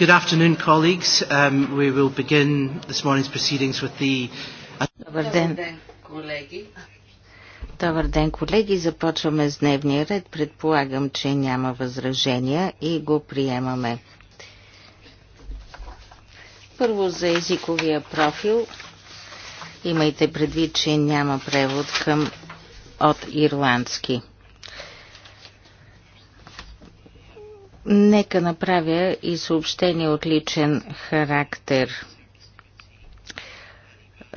Good afternoon, colleagues. Um, we will begin this morning's proceedings with the... Добър ден, колеги. Добър ден, колеги. Започваме с дневния ред. Предполагам, че няма възражения и го приемаме. Първо за езиковия профил. Имайте предвид, че няма превод към от ирландски. Нека направя и съобщение от личен характер.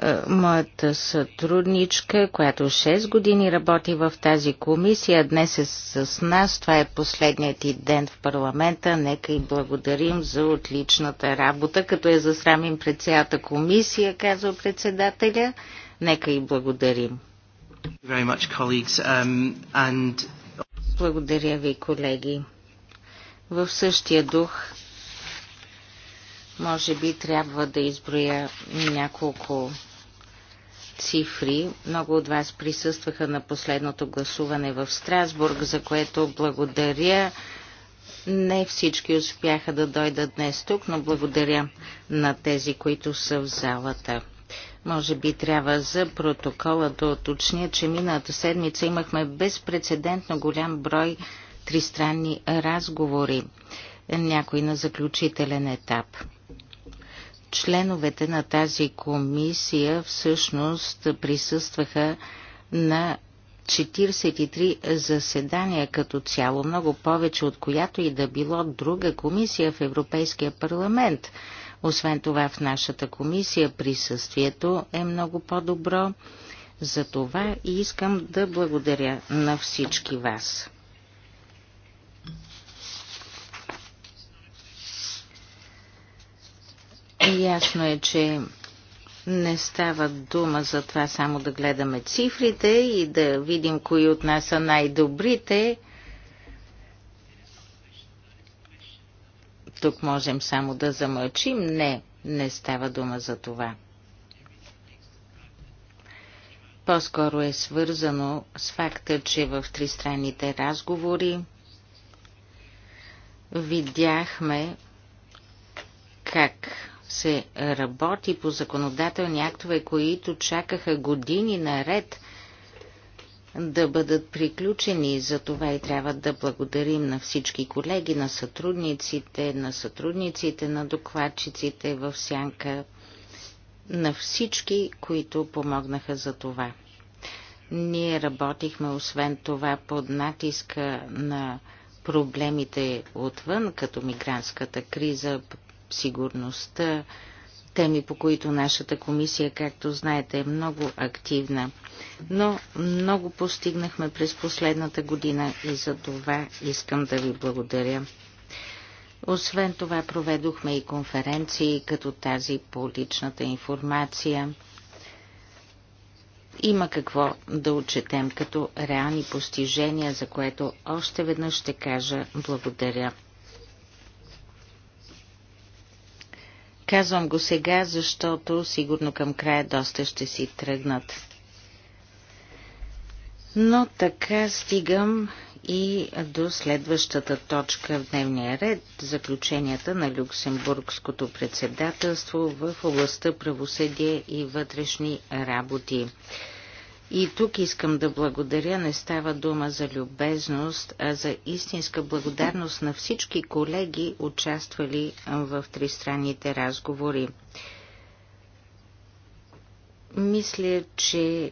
Е, моята сътрудничка, която 6 години работи в тази комисия, днес е с нас. Това е последният и ден в парламента. Нека и благодарим за отличната работа, като я засрамим пред цялата комисия, казва председателя. Нека и благодарим. Um, Благодаря ви, колеги. В същия дух, може би трябва да изброя няколко цифри. Много от вас присъстваха на последното гласуване в Страсбург, за което благодаря. Не всички успяха да дойдат днес тук, но благодаря на тези, които са в залата. Може би трябва за протокола да уточня, че миналата седмица имахме безпредседентно голям брой тристранни разговори, някой на заключителен етап. Членовете на тази комисия всъщност присъстваха на 43 заседания като цяло, много повече от която и да било друга комисия в Европейския парламент. Освен това в нашата комисия присъствието е много по-добро. За това и искам да благодаря на всички вас. Ясно е, че не става дума за това само да гледаме цифрите и да видим кои от нас са най-добрите. Тук можем само да замълчим. Не, не става дума за това. По-скоро е свързано с факта, че в тристранните разговори видяхме как се работи по законодателни актове, които чакаха години наред да бъдат приключени. За това и трябва да благодарим на всички колеги, на сътрудниците, на сътрудниците, на докладчиците в Сянка, на всички, които помогнаха за това. Ние работихме освен това под натиска на проблемите отвън, като мигрантската криза, сигурността, теми по които нашата комисия, както знаете, е много активна. Но много постигнахме през последната година и за това искам да ви благодаря. Освен това проведохме и конференции, като тази по личната информация. Има какво да отчетем като реални постижения, за което още веднъж ще кажа благодаря Казвам го сега, защото сигурно към края доста ще си тръгнат. Но така стигам и до следващата точка в дневния ред – заключенията на Люксембургското председателство в областта правосъдие и вътрешни работи. И тук искам да благодаря, не става дума за любезност, а за истинска благодарност на всички колеги, участвали в тристранните разговори. Мисля, че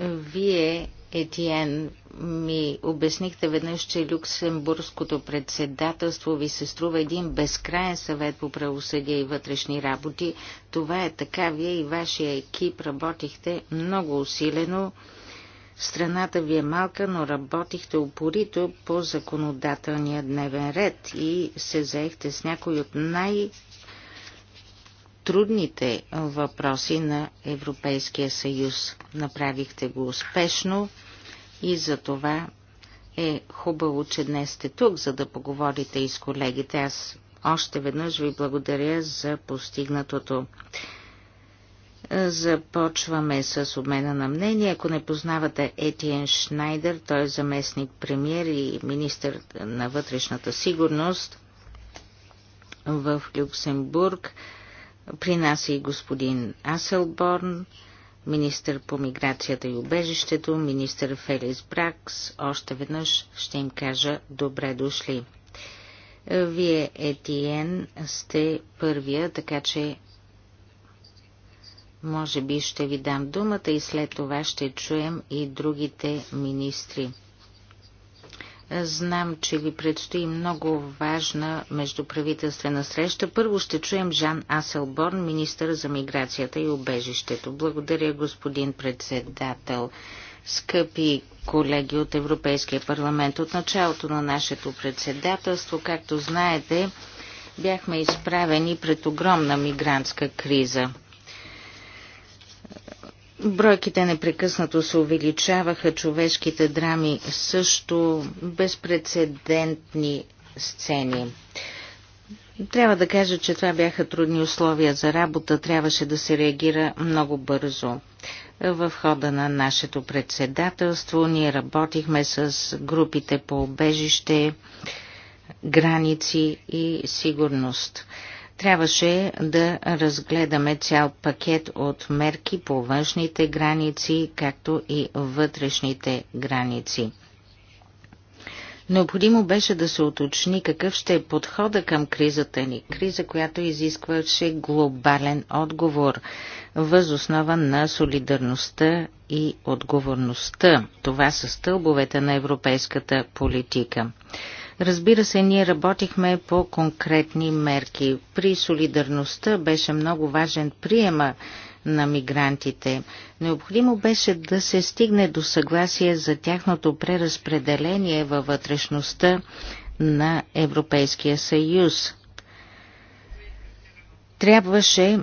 вие, Етиен, ми обяснихте веднъж, че Люксембургското председателство ви се струва един безкрайен съвет по правосъдие и вътрешни работи. Това е така. Вие и вашия екип работихте много усилено. Страната ви е малка, но работихте упорито по законодателния дневен ред и се заехте с някои от най- трудните въпроси на Европейския съюз. Направихте го успешно и за това е хубаво, че днес сте тук, за да поговорите и с колегите. Аз още веднъж ви благодаря за постигнатото. Започваме с обмена на мнение. Ако не познавате Етиен Шнайдер, той е заместник премьер и министър на вътрешната сигурност в Люксембург. При нас е и господин Аселборн, министър по миграцията и убежището, министър Фелис Бракс. Още веднъж ще им кажа добре дошли. Вие, Етиен, сте първия, така че може би ще ви дам думата и след това ще чуем и другите министри. Знам, че ви предстои много важна междуправителствена среща. Първо ще чуем Жан Аселборн, министър за миграцията и обежището. Благодаря, господин председател. Скъпи колеги от Европейския парламент, от началото на нашето председателство, както знаете, бяхме изправени пред огромна мигрантска криза – Бройките непрекъснато се увеличаваха, човешките драми също безпредседентни сцени. Трябва да кажа, че това бяха трудни условия за работа, трябваше да се реагира много бързо. В хода на нашето председателство ние работихме с групите по обежище, граници и сигурност трябваше да разгледаме цял пакет от мерки по външните граници, както и вътрешните граници. Необходимо беше да се уточни какъв ще е подхода към кризата ни, криза, която изискваше глобален отговор, възоснова на солидарността и отговорността. Това са стълбовете на европейската политика. Разбира се, ние работихме по конкретни мерки. При солидарността беше много важен приема на мигрантите. Необходимо беше да се стигне до съгласие за тяхното преразпределение във вътрешността на Европейския съюз трябваше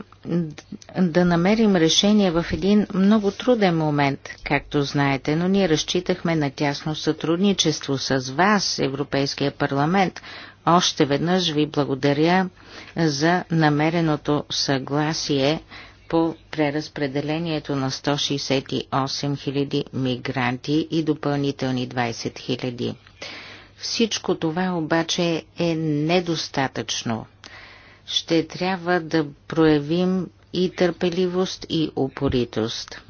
да намерим решение в един много труден момент, както знаете, но ние разчитахме на тясно сътрудничество с вас, Европейския парламент. Още веднъж ви благодаря за намереното съгласие по преразпределението на 168 000 мигранти и допълнителни 20 000. Всичко това обаче е недостатъчно – ще трябва да проявим и търпеливост, и упоритост.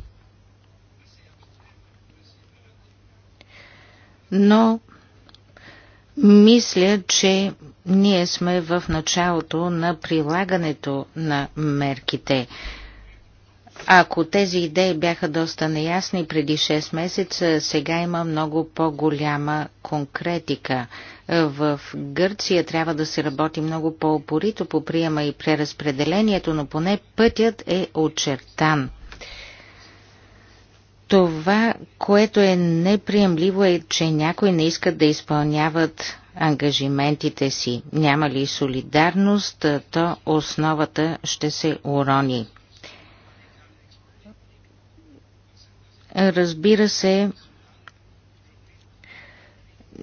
Но мисля, че ние сме в началото на прилагането на мерките. Ако тези идеи бяха доста неясни преди 6 месеца, сега има много по-голяма конкретика. В Гърция трябва да се работи много по-опорито по приема и преразпределението, но поне пътят е очертан. Това, което е неприемливо е, че някой не искат да изпълняват ангажиментите си. Няма ли солидарност, то основата ще се урони. Разбира се,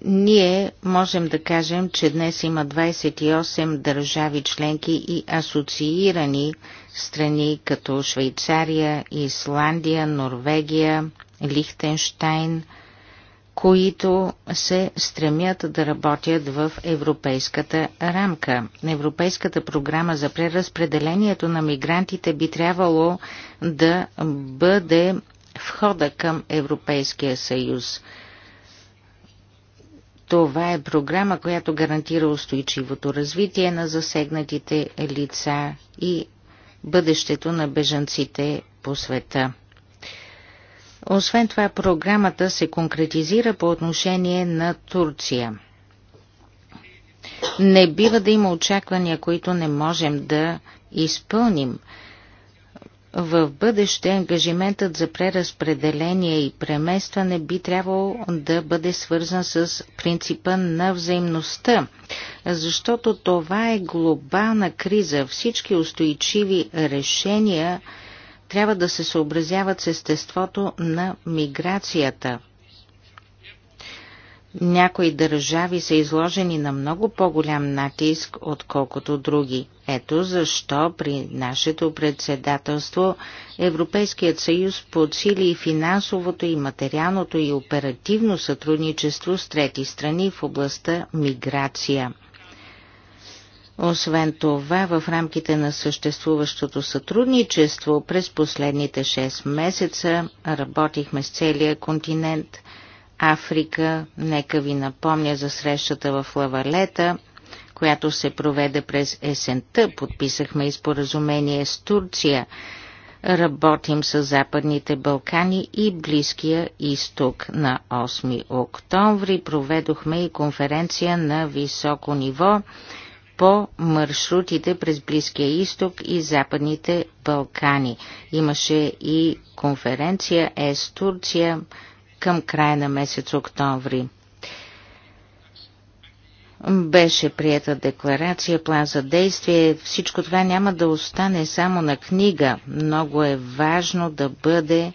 ние можем да кажем, че днес има 28 държави членки и асоциирани страни като Швейцария, Исландия, Норвегия, Лихтенштайн, които се стремят да работят в европейската рамка. Европейската програма за преразпределението на мигрантите би трябвало да бъде входа към Европейския съюз. Това е програма, която гарантира устойчивото развитие на засегнатите лица и бъдещето на бежанците по света. Освен това, програмата се конкретизира по отношение на Турция. Не бива да има очаквания, които не можем да изпълним – в бъдеще ангажиментът за преразпределение и преместване би трябвало да бъде свързан с принципа на взаимността, защото това е глобална криза. Всички устойчиви решения трябва да се съобразяват с естеството на миграцията – някои държави са изложени на много по-голям натиск, отколкото други. Ето защо при нашето председателство Европейският съюз подсили и финансовото, и материалното, и оперативно сътрудничество с трети страни в областта миграция. Освен това, в рамките на съществуващото сътрудничество през последните 6 месеца работихме с целия континент – Африка. Нека ви напомня за срещата в Лавалета, която се проведе през есента. Подписахме и споразумение с Турция. Работим с Западните Балкани и Близкия изток. На 8 октомври проведохме и конференция на високо ниво по маршрутите през Близкия изток и Западните Балкани. Имаше и конференция ЕС Турция към края на месец октомври. Беше прията декларация, план за действие. Всичко това няма да остане само на книга. Много е важно да бъде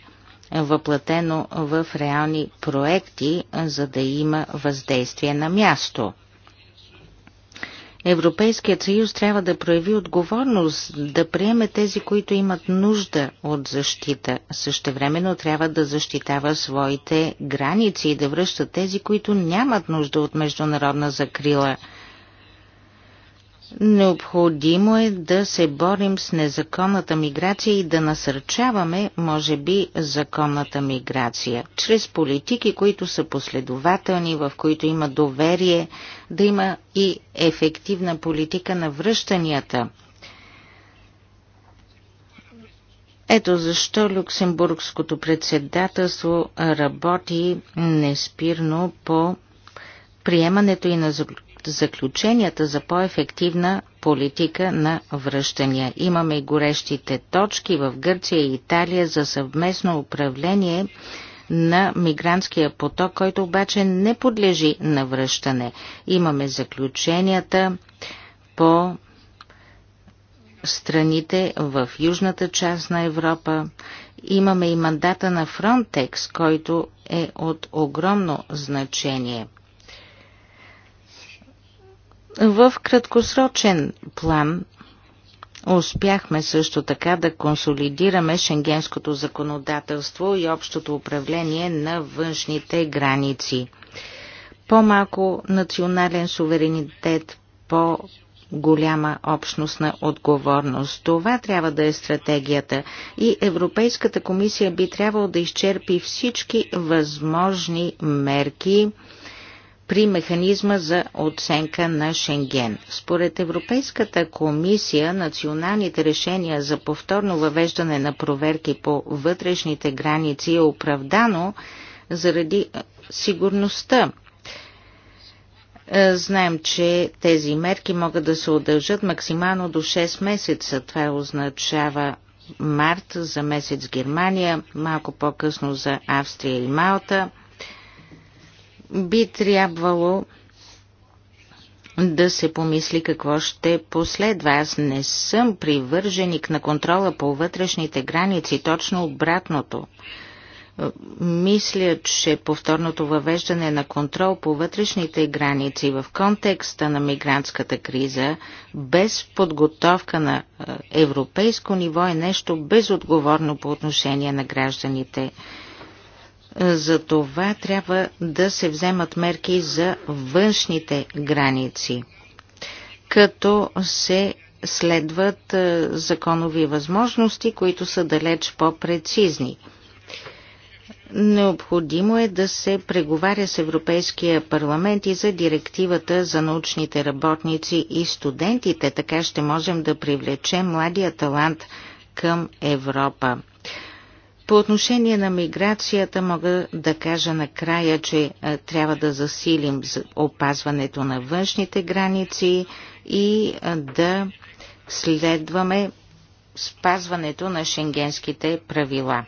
въплатено в реални проекти, за да има въздействие на място. Европейският съюз трябва да прояви отговорност, да приеме тези, които имат нужда от защита. Същевременно трябва да защитава своите граници и да връща тези, които нямат нужда от международна закрила – Необходимо е да се борим с незаконната миграция и да насърчаваме, може би, законната миграция. Чрез политики, които са последователни, в които има доверие, да има и ефективна политика на връщанията. Ето защо Люксембургското председателство работи неспирно по приемането и на заключенията за по-ефективна политика на връщания. Имаме и горещите точки в Гърция и Италия за съвместно управление на мигрантския поток, който обаче не подлежи на връщане. Имаме заключенията по страните в южната част на Европа. Имаме и мандата на Frontex, който е от огромно значение – в краткосрочен план успяхме също така да консолидираме шенгенското законодателство и общото управление на външните граници. По-малко национален суверенитет, по голяма общностна отговорност. Това трябва да е стратегията и Европейската комисия би трябвало да изчерпи всички възможни мерки, при механизма за оценка на Шенген. Според Европейската комисия, националните решения за повторно въвеждане на проверки по вътрешните граници е оправдано заради е, сигурността. Е, знаем, че тези мерки могат да се удължат максимално до 6 месеца. Това означава март за месец Германия, малко по-късно за Австрия и Малта би трябвало да се помисли какво ще последва. Аз не съм привърженик на контрола по вътрешните граници, точно обратното. Мисля, че повторното въвеждане на контрол по вътрешните граници в контекста на мигрантската криза без подготовка на е, европейско ниво е нещо безотговорно по отношение на гражданите. За това трябва да се вземат мерки за външните граници, като се следват е, законови възможности, които са далеч по-прецизни. Необходимо е да се преговаря с Европейския парламент и за директивата за научните работници и студентите. Така ще можем да привлечем младия талант към Европа. По отношение на миграцията мога да кажа накрая, че е, трябва да засилим опазването на външните граници и е, да следваме спазването на шенгенските правила.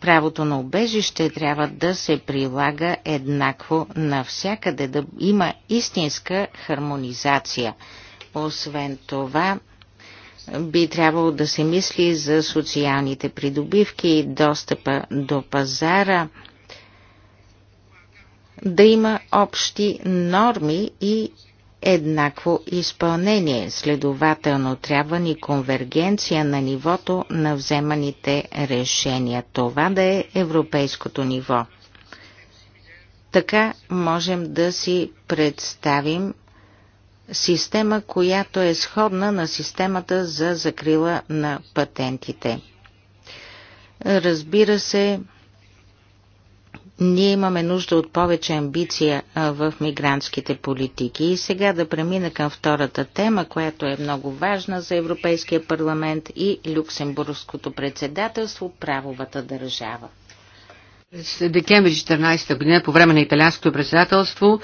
Правото на убежище трябва да се прилага еднакво навсякъде, да има истинска хармонизация. Освен това, би трябвало да се мисли за социалните придобивки и достъпа до пазара, да има общи норми и еднакво изпълнение. Следователно трябва ни конвергенция на нивото на вземаните решения. Това да е европейското ниво. Така можем да си представим система, която е сходна на системата за закрила на патентите. Разбира се, ние имаме нужда от повече амбиция в мигрантските политики. И сега да премина към втората тема, която е много важна за Европейския парламент и Люксембургското председателство – правовата държава. През декември 14 година, по време на италианското председателство,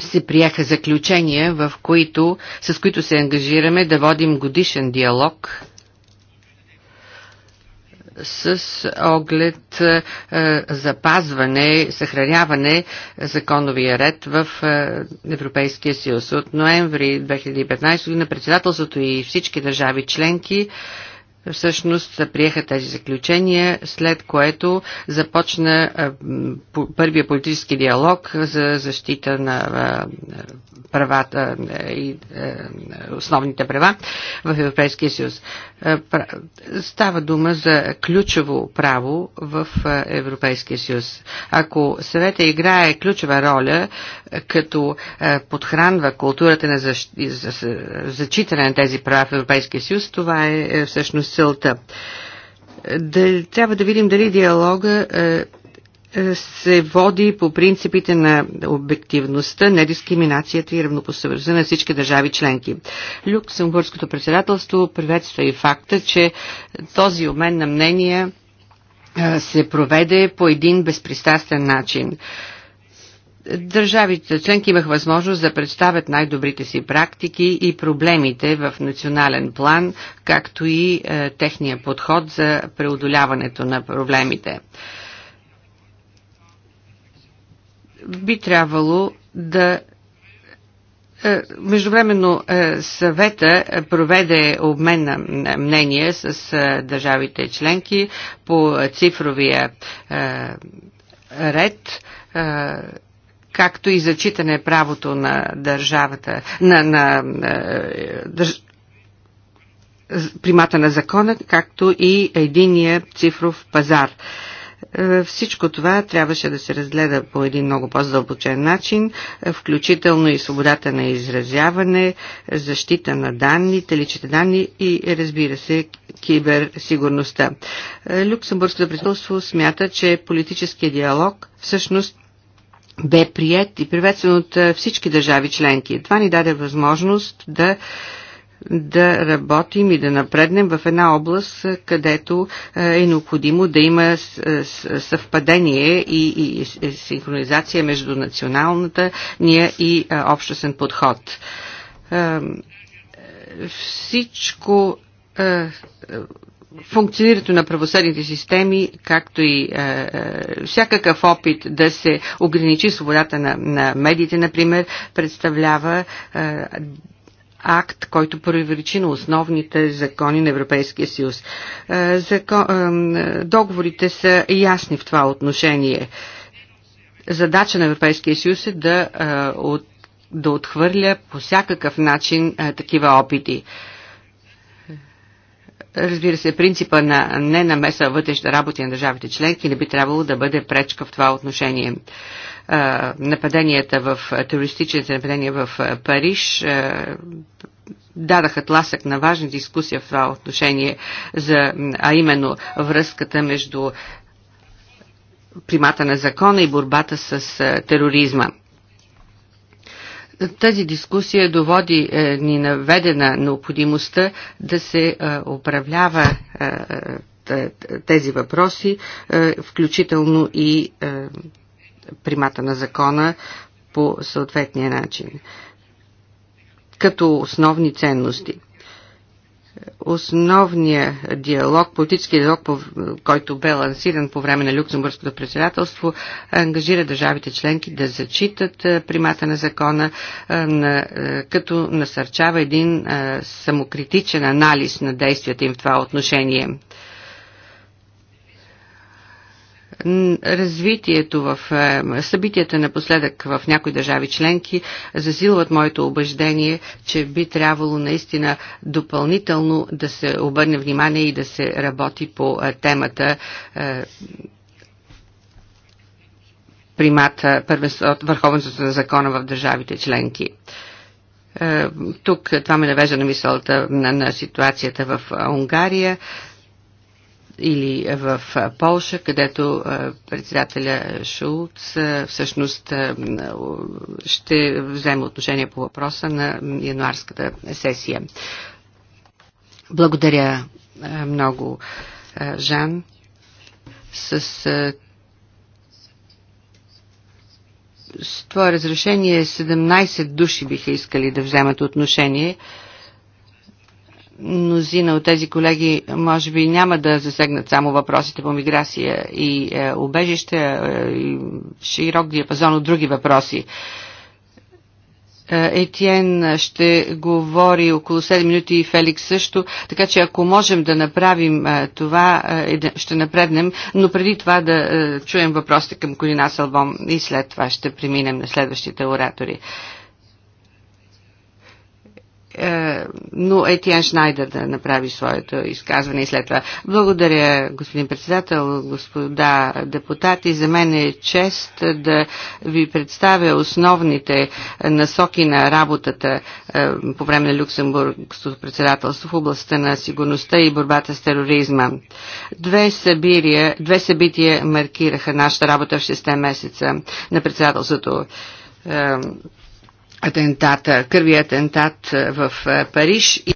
се приеха заключения, в които, с които се ангажираме да водим годишен диалог с оглед е, е запазване, съхраняване законовия ред в е, Европейския съюз. От ноември 2015 година председателството и всички държави членки е, всъщност приеха тези заключения, след което започна първия политически диалог за защита на правата и основните права в Европейския съюз. Става дума за ключово право в Европейския съюз. Ако съвета играе ключова роля, като подхранва културата на зачитане на тези права в Европейския съюз, това е, е всъщност целта. Да, трябва да видим дали диалога е, е се води по принципите на обективността, недискриминацията и равнопоставеността на всички държави членки. Люксембургското председателство приветства и факта, че този обмен на мнения е, се проведе по един безпристрастен начин. Държавите членки имах възможност да представят най-добрите си практики и проблемите в национален план, както и е, техния подход за преодоляването на проблемите. Би трябвало да е, Междувременно е, съвета проведе обмен на мнение с е, държавите членки по цифровия ред както и зачитане правото на държавата, на, на, на държ... примата на закона, както и единия цифров пазар. Е, всичко това трябваше да се разгледа по един много по-задълбочен начин, е, включително и свободата на изразяване, защита на данните, личните данни и разбира се киберсигурността. Е, Люксембургското правителство смята, че политическия диалог всъщност бе прият и приветствен от всички държави членки. Това ни даде възможност да да работим и да напреднем в една област, където е необходимо да има съвпадение и, и, и е, синхронизация между националната ния и обществен подход. Всичко функционирането на правосъдните системи, както и е, е, всякакъв опит да се ограничи свободата на, на медиите, например, представлява е, акт, който противоречи на основните закони на Европейския съюз. Е, закон, е, договорите са ясни в това отношение. Задача на Европейския съюз е да, е, от, да отхвърля по всякакъв начин е, такива опити. Е, Разбира се, принципа на ненамеса вътрешни работи на държавите членки не би трябвало да бъде пречка в това отношение нападенията в терористичните нападения в Париж дадаха тласък на важна дискусия в това отношение, за, а именно връзката между примата на закона и борбата с тероризма. Тази дискусия доводи е, ни наведена необходимостта да се е, управлява е, е тези въпроси, е, включително и е, примата на закона по съответния начин, като основни ценности основния диалог, политически диалог, който бе лансиран по време на Люксембургското председателство, ангажира държавите членки да зачитат е, примата на закона, е, е, като насърчава един самокритичен анализ на действията им в това отношение. Развитието в е, събитията напоследък в някои държави членки засилват моето убеждение, че би трябвало наистина допълнително да се обърне внимание и да се работи по е, темата е, примата, върховенството на закона в държавите членки. Тук това ме навежда на мисълта на, на ситуацията в Унгария или в Полша, където председателя Шулц всъщност ще вземе отношение по въпроса на януарската сесия. Благодаря много, Жан. С, с твое разрешение 17 души биха искали да вземат отношение мнозина от тези колеги може би няма да засегнат само въпросите по миграция и е, убежище, е, и широк диапазон от други въпроси. Е, Етиен ще говори около 7 минути и Феликс също, така че ако можем да направим е, това, е, ще напреднем, но преди това да чуем въпросите към Колина Салбом и след това ще преминем на следващите оратори. Е, но Етиан Шнайдер да направи своето изказване и след това. Благодаря, господин председател, господа депутати. За мен е чест да ви представя основните насоки на работата е, по време на Люксембургското председателство в областта на сигурността и борбата с тероризма. Две, събирия, две събития маркираха нашата работа в 6 месеца на председателството е, атентата, кървия атентат в Париж. И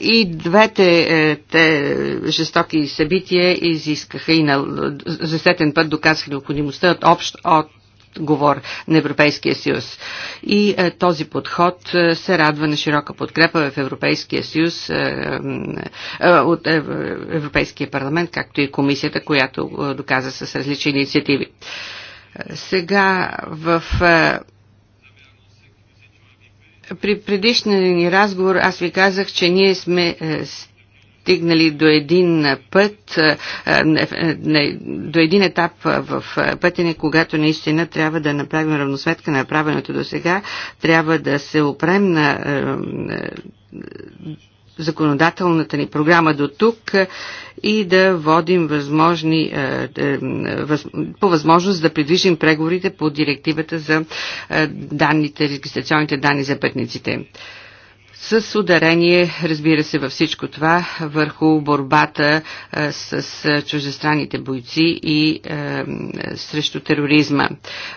И двете е, те, жестоки събития изискаха и на, за сетен път доказаха необходимостта от общ от отговор на Европейския съюз. И е, този подход е, се радва на широка подкрепа в Европейския съюз е, е, е, от е, Европейския парламент, както и комисията, която е, доказа с различни инициативи. Сега в е, при предишния ни разговор аз ви казах, че ние сме е, стигнали до един път, до един етап в ни, когато наистина трябва да направим равносметка на правеното до сега, трябва да се опрем на законодателната ни програма до тук и да водим възможни, по възможност да придвижим преговорите по директивата за данните, регистрационните данни за пътниците с ударение, разбира се, във всичко това, върху борбата а, с чуждестранните бойци и а, срещу тероризма.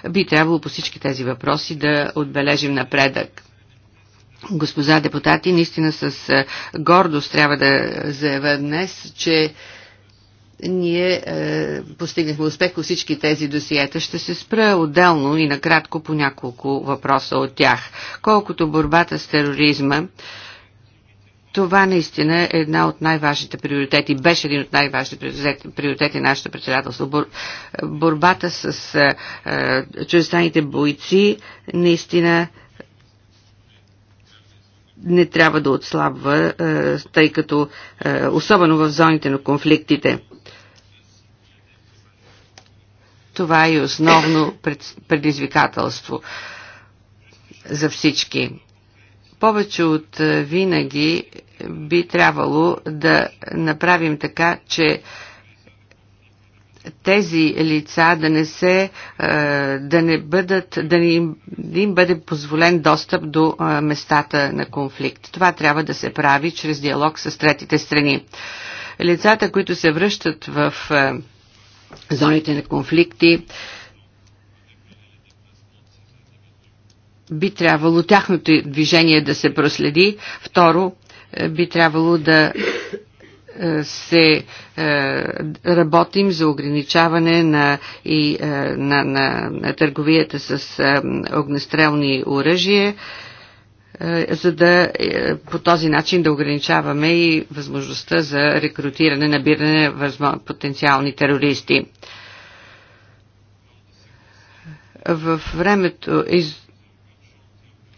Би трябвало по всички тези въпроси да отбележим напредък. Госпожа депутати, наистина с гордост трябва да заявя днес, че ние е, постигнахме успех по всички тези досиета. Ще се спра отделно и накратко по няколко въпроса от тях. Колкото борбата с тероризма, това наистина е една от най-важните приоритети, беше един от най-важните приоритети на нашето председателство. Бор, борбата с е, е чуждестранните бойци наистина не трябва да отслабва, е, тъй като е, особено в зоните на конфликтите. Това е и основно предизвикателство за всички. Повече от е, винаги би трябвало да направим така, че тези лица да не се, е, да не бъдат, да не им, да им бъде позволен достъп до е, местата на конфликт. Това трябва да се прави чрез диалог с третите страни. Лицата, които се връщат в зоните на конфликти. Би трябвало тяхното движение да се проследи. Второ, е, би трябвало да е, се е, работим за ограничаване на, и, е, на, на, на търговията с е, огнестрелни оръжия. Е, за да е, по този начин да ограничаваме и възможността за рекрутиране, набиране на потенциални терористи. В времето из...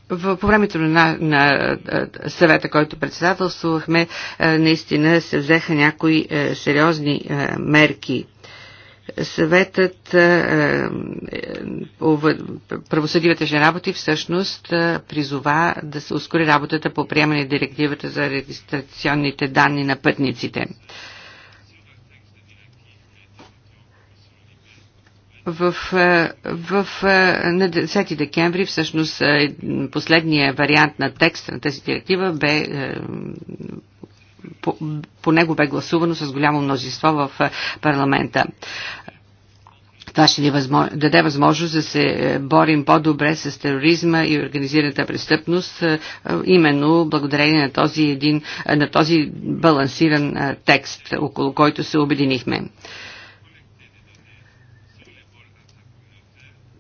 В, по времето на, на е, съвета, който председателствахме, наистина се взеха някои сериозни мерки съветът по е, е, правосъдивата же работи всъщност призова да се ускори работата по приемане на директивата за регистрационните данни на пътниците. В, в, на 10 декември всъщност е, последния вариант на текста на тази директива бе по, по него бе гласувано с голямо мнозинство в е, парламента. Това ще ни възможно, даде възможност да се е, борим по-добре с тероризма и организираната престъпност, е, именно благодарение на този, един, на този балансиран текст, около който се обединихме.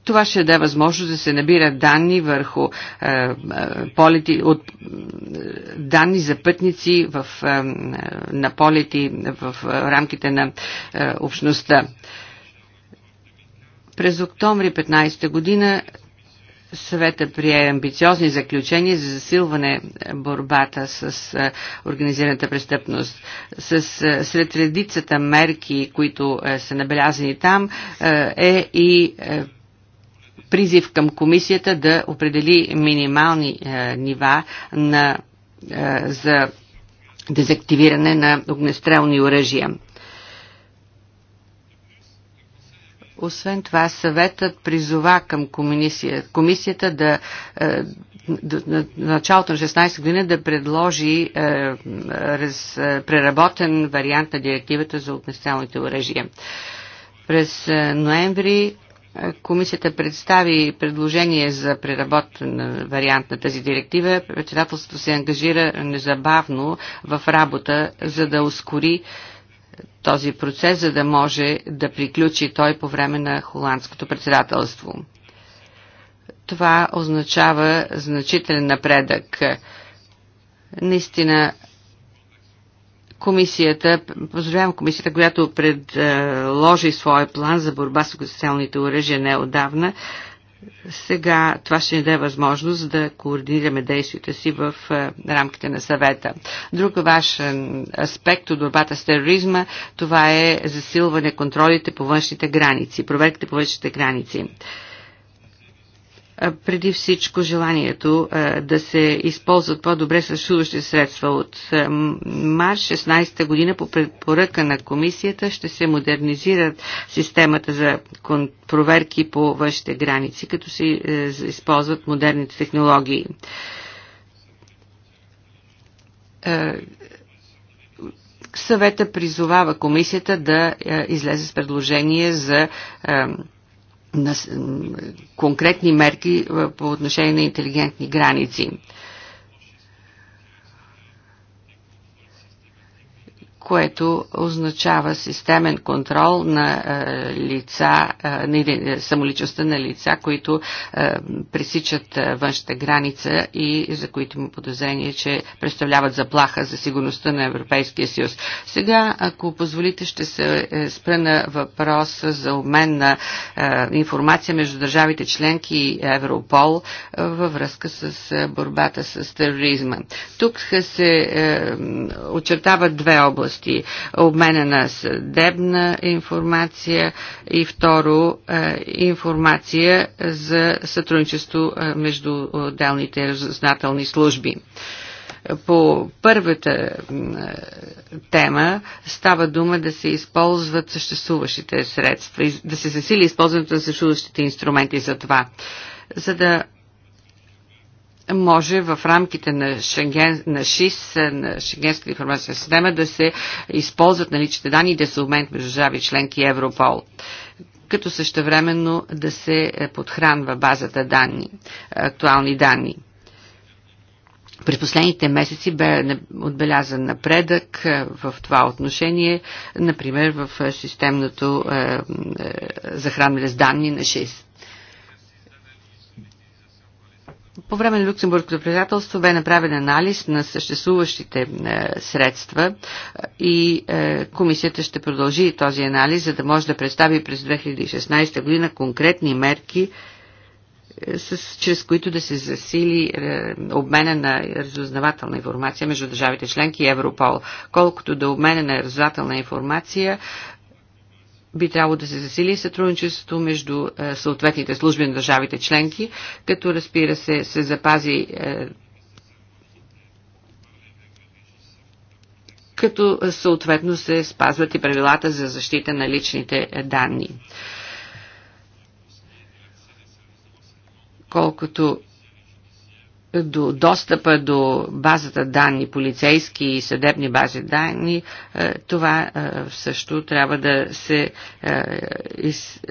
Това ще даде възможност да се набират данни върху е, е полети, от, е, данни за пътници в, е, на полети в рамките на е, общността. През октомври 15 година съвета прие амбициозни заключения за засилване е, борбата с организираната престъпност. С, сред редицата мерки, които са набелязани там, е и призив към комисията да определи минимални е, нива на, е, за дезактивиране на огнестрелни оръжия. Освен това, съветът призова към комисия, комисията да е, на началото на 16 година да предложи е, раз, преработен вариант на директивата за огнестрелните оръжия. През ноември Комисията представи предложение за преработен вариант на тази директива. Председателството се ангажира незабавно в работа, за да ускори този процес, за да може да приключи той по време на холандското председателство. Това означава значителен напредък. Наистина комисията, поздравявам комисията, която предложи своя план за борба с социалните оръжия неодавна. Сега това ще ни даде възможност да координираме действията си в рамките на съвета. Друг важен аспект от борбата с тероризма, това е засилване контролите по външните граници, проверките по външните граници преди всичко желанието да се използват по-добре съществуващи средства. От март 16 година по препоръка на комисията ще се модернизират системата за проверки по външните граници, като се е, използват модерните технологии съвета призовава комисията да е, излезе с предложение за на конкретни мерки по отношение на интелигентни граници. което означава системен контрол на е, лица, е, на е, самоличността на лица, които пресичат външната граница и за които има подозрение, че представляват заплаха за сигурността на Европейския съюз. Сега, ако позволите, ще се спра на въпроса за обмен на информация между държавите членки и Европол във връзка с борбата с тероризма. Тук се очертават две области области, обмена на съдебна информация и второ е, информация за сътрудничество е, между отделните разузнателни служби по първата е, тема става дума да се използват съществуващите средства, да се засили използването на съществуващите инструменти за това. За да може в рамките на, Шенген, на ШИС, на Шенгенската информация система, да се използват наличните данни и да се обменят между държави членки Европол като същевременно да се подхранва базата данни, актуални данни. През последните месеци бе отбелязан напредък е, в това отношение, например в системното е, е, захранване с данни на 6. По време на Люксембургското председателство бе направен анализ на съществуващите е, средства е, и е, комисията ще продължи този анализ, за да може да представи през 2016 година конкретни мерки, с, чрез които да се засили е, обмена на разузнавателна информация между държавите членки и Европол. Колкото до да обмена на разузнавателна информация, би трябвало да се засили сътрудничеството между е, съответните служби на държавите членки, като разбира се се запази е, като е, съответно се спазват и правилата за защита на личните данни. Колкото до достъпа до базата данни, полицейски и съдебни бази данни, е, това е, също трябва да се е, из,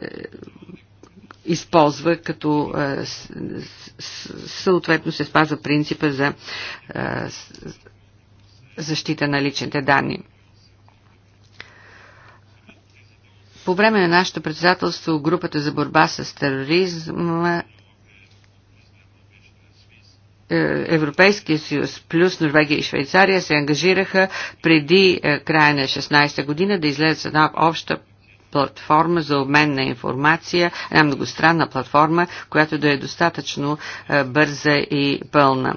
използва като съответно се спазва принципа за защита на личните данни. По време на нашето председателство групата за борба с тероризма е, Европейския съюз плюс Норвегия и Швейцария се ангажираха преди е, края на 16-та година да излезат с една обща платформа за обмен на информация, една многостранна платформа, която да е достатъчно е, бърза и пълна.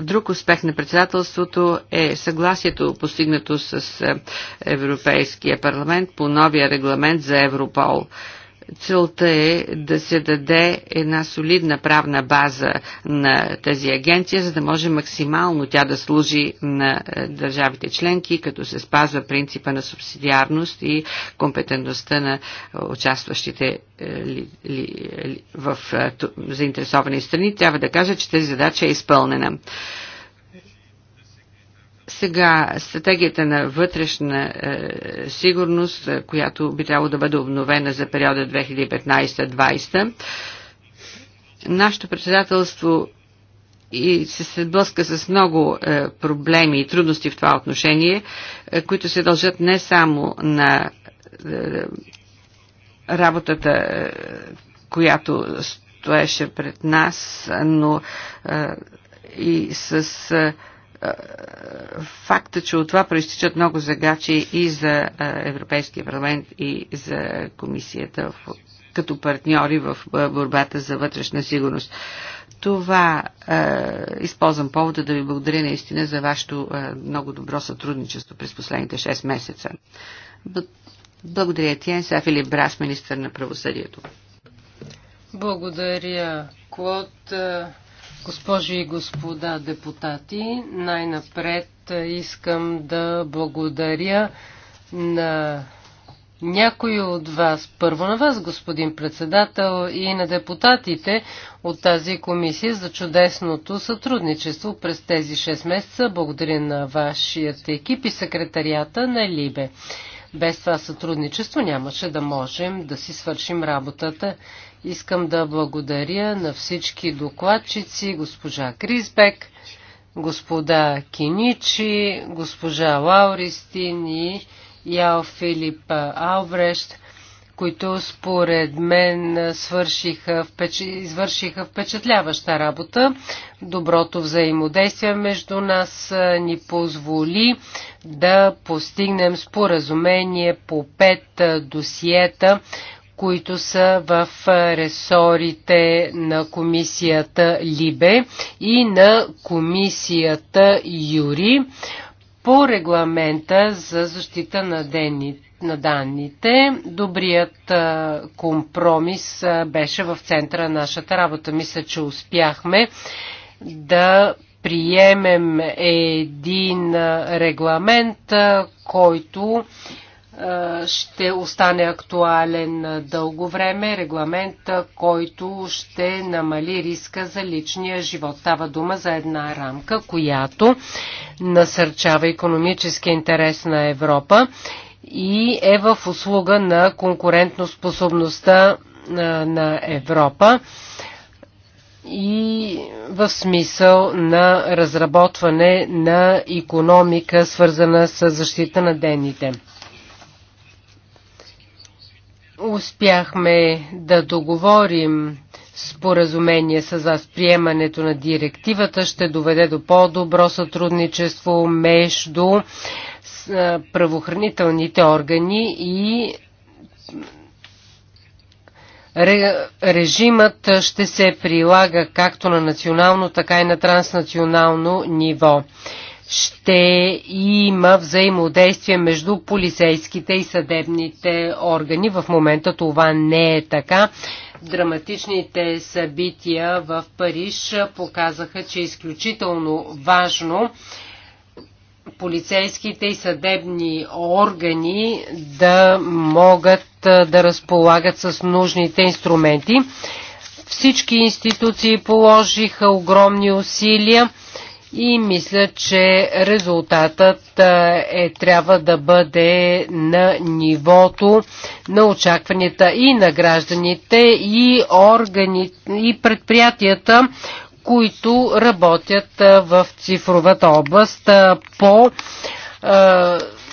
Друг успех на председателството е съгласието, постигнато с Европейския парламент по новия регламент за Европол. Целта е да се даде една солидна правна база на тази агенция, за да може максимално тя да служи на е, държавите членки, като се спазва принципа на субсидиарност и компетентността на участващите е, ли, ли, е, ли, в заинтересовани страни. Трябва да кажа, че тази задача е изпълнена. Сега стратегията на вътрешна е, сигурност, е, която би трябвало да бъде обновена за периода 2015-2020, нашето председателство и се съблъска с много е, проблеми и трудности в това отношение, е, които се дължат не само на е, работата, е, която стоеше пред нас, но е, и с. Е, факта, че от това проистичат много загачи и за Европейския парламент и за комисията като партньори в борбата за вътрешна сигурност. Това е, използвам повода да ви благодаря наистина за вашето е, много добро сътрудничество през последните 6 месеца. Благодаря ти, Енса Филип Брас, министър на правосъдието. Благодаря, Клод. Госпожи и господа депутати, най-напред искам да благодаря на някои от вас, първо на вас, господин председател, и на депутатите от тази комисия за чудесното сътрудничество през тези 6 месеца. Благодаря на вашият екип и секретарията на Либе. Без това сътрудничество нямаше да можем да си свършим работата. Искам да благодаря на всички докладчици, госпожа Кризбек, господа Киничи, госпожа Лауристин и Яо Филип Албрещ, които според мен свършиха, извършиха впечатляваща работа. Доброто взаимодействие между нас ни позволи да постигнем споразумение по пет досиета, които са в ресорите на комисията Либе и на комисията Юри по регламента за защита на, дени, на данните. Добрият компромис беше в центъра на нашата работа. Мисля, че успяхме да приемем един регламент, който е, ще остане актуален дълго време регламент, който ще намали риска за личния живот. Става дума за една рамка, която насърчава економически интерес на Европа и е в услуга на конкурентоспособността е, на Европа и в смисъл на разработване на економика, свързана с защита на денните успяхме да договорим споразумение с вас. Приемането на директивата ще доведе до по-добро сътрудничество между правоохранителните органи и режимът ще се прилага както на национално, така и на транснационално ниво ще има взаимодействие между полицейските и съдебните органи. В момента това не е така. Драматичните събития в Париж показаха, че е изключително важно полицейските и съдебни органи да могат да разполагат с нужните инструменти. Всички институции положиха огромни усилия и мисля, че резултатът е, трябва да бъде на нивото на очакванията и на гражданите, и органи, и предприятията, които работят в цифровата област по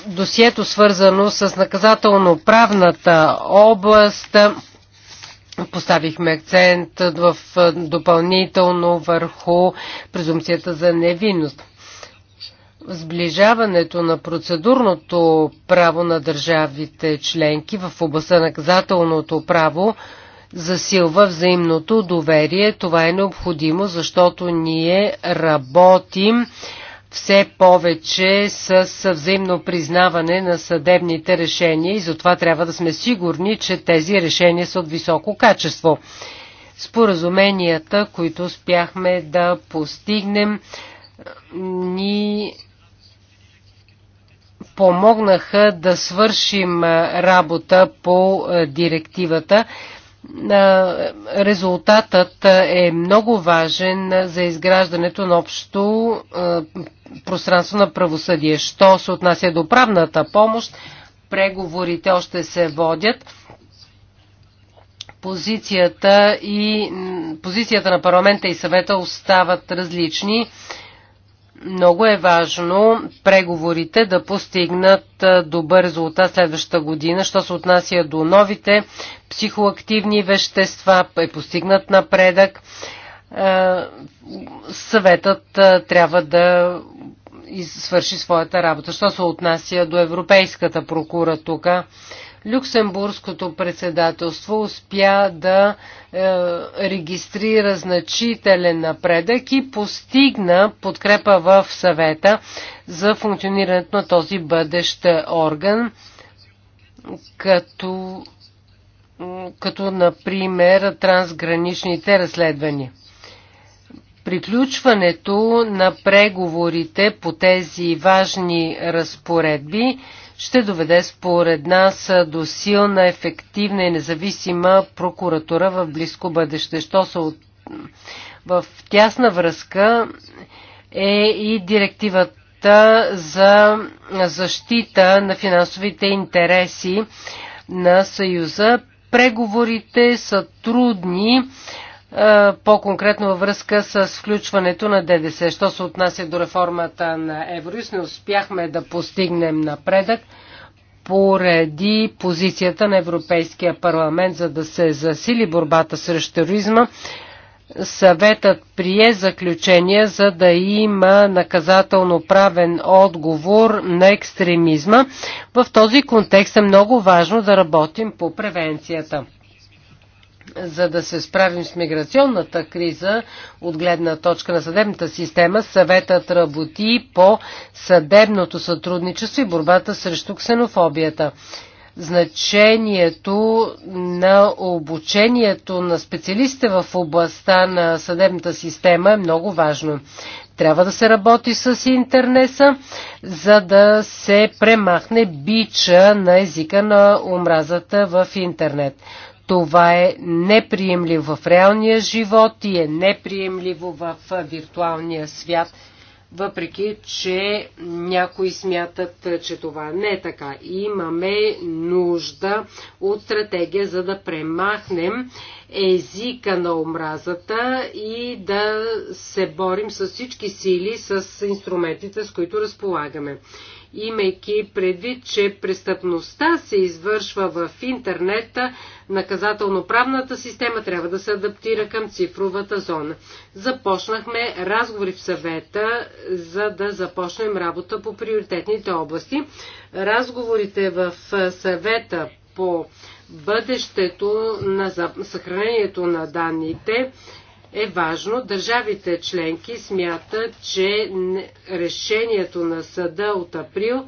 досието свързано с наказателно-правната област Поставихме акцент в допълнително върху презумцията за невинност. Сближаването на процедурното право на държавите членки в областта на наказателното право засилва взаимното доверие. Това е необходимо, защото ние работим все повече с взаимно признаване на съдебните решения и затова трябва да сме сигурни, че тези решения са от високо качество. Споразуменията, които успяхме да постигнем, ни помогнаха да свършим работа по директивата. Резултатът е много важен за изграждането на общо пространство на правосъдие. Що се отнася до правната помощ, преговорите още се водят. Позицията, и, позицията на парламента и съвета остават различни. Много е важно преговорите да постигнат добър резултат следващата година. Що се отнася до новите психоактивни вещества, е постигнат напредък съветът трябва да свърши своята работа. Що се отнася до Европейската прокура тук, Люксембургското председателство успя да е, регистрира значителен напредък и постигна подкрепа в съвета за функционирането на този бъдещ орган, като, като например трансграничните разследвания. Приключването на преговорите по тези важни разпоредби ще доведе според нас до силна, ефективна и независима прокуратура в близко бъдеще. Що са от... В тясна връзка е и директивата за защита на финансовите интереси на Съюза. Преговорите са трудни е, по-конкретно във връзка с включването на ДДС. Що се отнася до реформата на Евроюз, не успяхме да постигнем напредък поради позицията на Европейския парламент, за да се засили борбата срещу тероризма. Съветът прие заключение, за да има наказателно-правен отговор на екстремизма. В този контекст е много важно да работим по превенцията за да се справим с миграционната криза от гледна точка на съдебната система, съветът работи по съдебното сътрудничество и борбата срещу ксенофобията. Значението на обучението на специалистите в областта на съдебната система е много важно. Трябва да се работи с интернеса, за да се премахне бича на езика на омразата в интернет. Това е неприемливо в реалния живот и е неприемливо в виртуалния свят, въпреки че някои смятат, че това не е така. Имаме нужда от стратегия, за да премахнем езика на омразата и да се борим с всички сили с инструментите, с които разполагаме имайки предвид, че престъпността се извършва в интернета, наказателно-правната система трябва да се адаптира към цифровата зона. Започнахме разговори в съвета, за да започнем работа по приоритетните области. Разговорите в съвета по бъдещето на съхранението на данните е важно. Държавите членки смятат, че решението на съда от април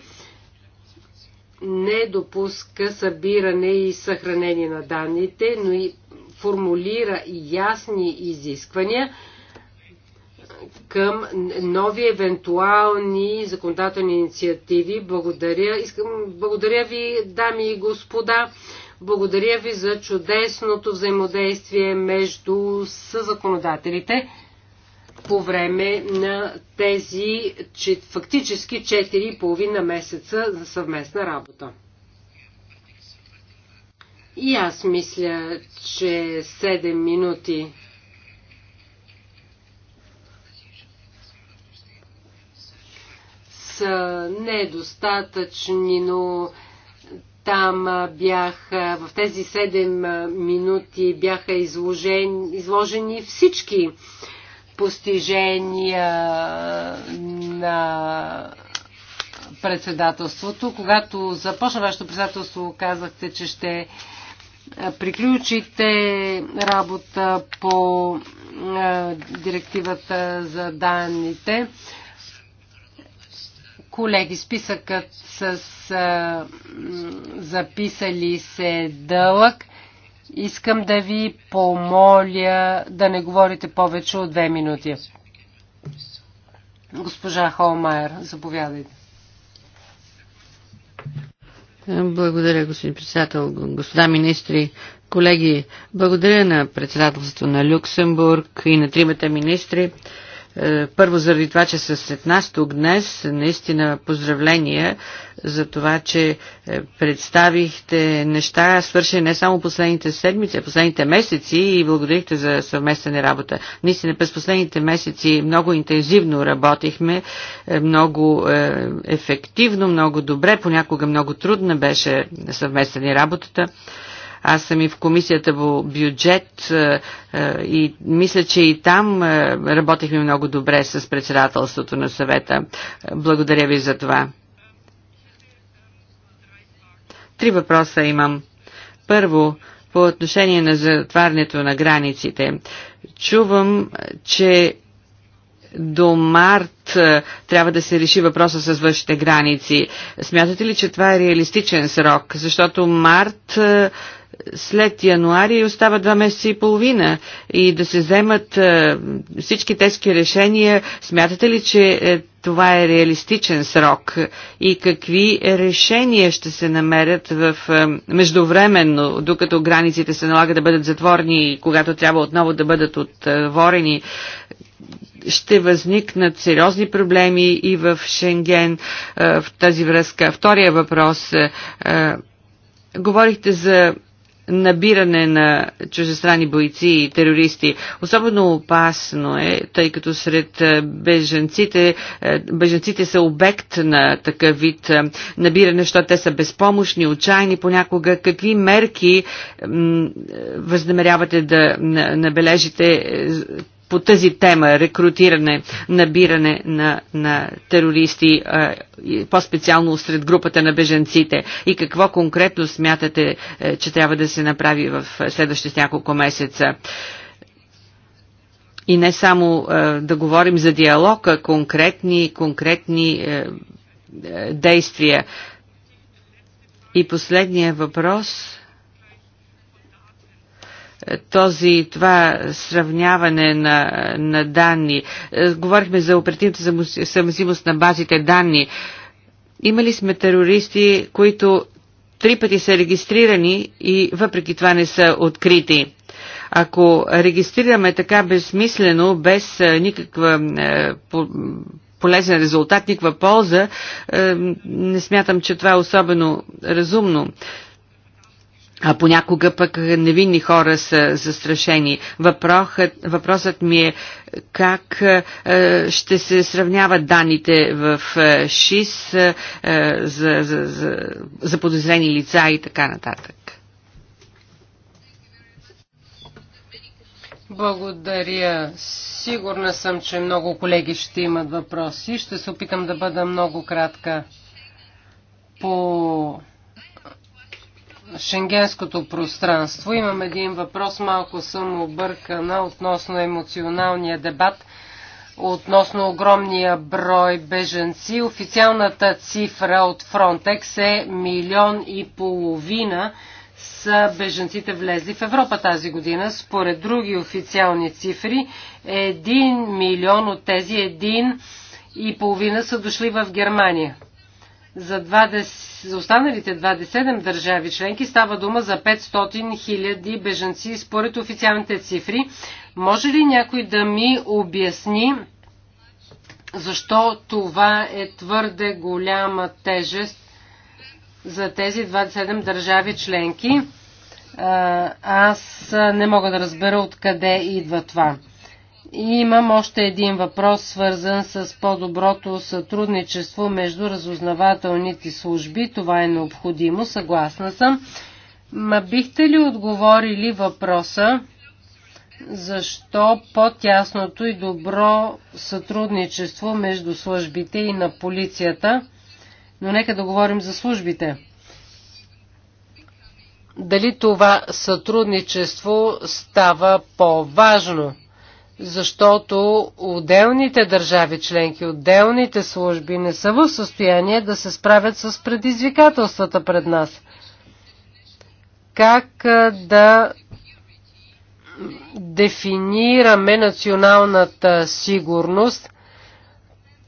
не допуска събиране и съхранение на данните, но и формулира ясни изисквания към нови евентуални законодателни инициативи. Благодаря, искам, благодаря ви, дами и господа. Благодаря ви за чудесното взаимодействие между съзаконодателите по време на тези че, фактически 4,5 месеца за съвместна работа. И аз мисля, че 7 минути са недостатъчни, но там бях, в тези 7 минути бяха изложени, изложени всички постижения на председателството. Когато започна вашето председателство, казахте, че ще приключите работа по директивата за данните. Колеги, списъкът с а, записали се дълъг. Искам да ви помоля да не говорите повече от две минути. Госпожа Холмайер, заповядайте. Благодаря, господин председател, господа министри, колеги. Благодаря на председателството на Люксембург и на тримата министри. Е, първо заради това, че са след нас тук днес, наистина поздравления за това, че е, представихте неща, свършени не само последните седмици, а последните месеци и благодарихте за съвместна работа. Наистина през последните месеци много интензивно работихме, е, много ефективно, много добре, понякога много трудна беше съвместна работата. Аз съм и в комисията по бюджет е, е, и мисля, че и там е, работихме много добре с председателството на съвета. Благодаря ви за това. Три въпроса имам. Първо, по отношение на затварянето на границите. Чувам, че до март трябва да се реши въпроса с външните граници. Смятате ли, че това е реалистичен срок? Защото март след януари остава два месеца и половина и да се вземат е, всички тежки решения. Смятате ли, че е, това е реалистичен срок и какви решения ще се намерят в е, междувременно, докато границите се налага да бъдат затворни и когато трябва отново да бъдат отворени? ще възникнат сериозни проблеми и в Шенген в тази връзка. Втория въпрос. Говорихте за набиране на чужестранни бойци и терористи. Особено опасно е, тъй като сред е, беженците, е, беженците са обект на такъв вид е, набиране, защото те са безпомощни, отчаяни понякога. Какви мерки възнамерявате да набележите по тази тема рекрутиране, набиране на, на терористи, по-специално сред групата на беженците и какво конкретно смятате, е, че трябва да се направи в следващите няколко месеца? И не само е, да говорим за диалог, а конкретни, конкретни е, действия. И последния въпрос този, това сравняване на, на данни. Е, говорихме за оперативната съвместимост на базите данни. Имали сме терористи, които три пъти са регистрирани и въпреки това не са открити. Ако регистрираме така безсмислено, без е, никаква е, полезен резултат, никаква полза, не смятам, че това е особено разумно а понякога пък невинни хора са застрашени. Въпросът, въпросът ми е как е, ще се сравняват данните в е, ШИС е, за, за, за, за подозрени лица и така нататък. Благодаря. Сигурна съм, че много колеги ще имат въпроси. Ще се опитам да бъда много кратка по шенгенското пространство. Имам един въпрос, малко съм объркана относно емоционалния дебат, относно огромния брой беженци. Официалната цифра от Frontex е милион и половина са беженците влезли в Европа тази година. Според други официални цифри, един милион от тези един и половина са дошли в Германия. За, 20, за останалите 27 държави членки става дума за 500 000 бежанци според официалните цифри. Може ли някой да ми обясни защо това е твърде голяма тежест за тези 27 държави членки? Аз не мога да разбера откъде идва това. И имам още един въпрос, свързан с по-доброто сътрудничество между разузнавателните служби. Това е необходимо, съгласна съм. Ма бихте ли отговорили въпроса защо по-тясното и добро сътрудничество между службите и на полицията, но нека да говорим за службите. Дали това сътрудничество става по-важно? защото отделните държави членки, отделните служби не са в състояние да се справят с предизвикателствата пред нас. Как да дефинираме националната сигурност,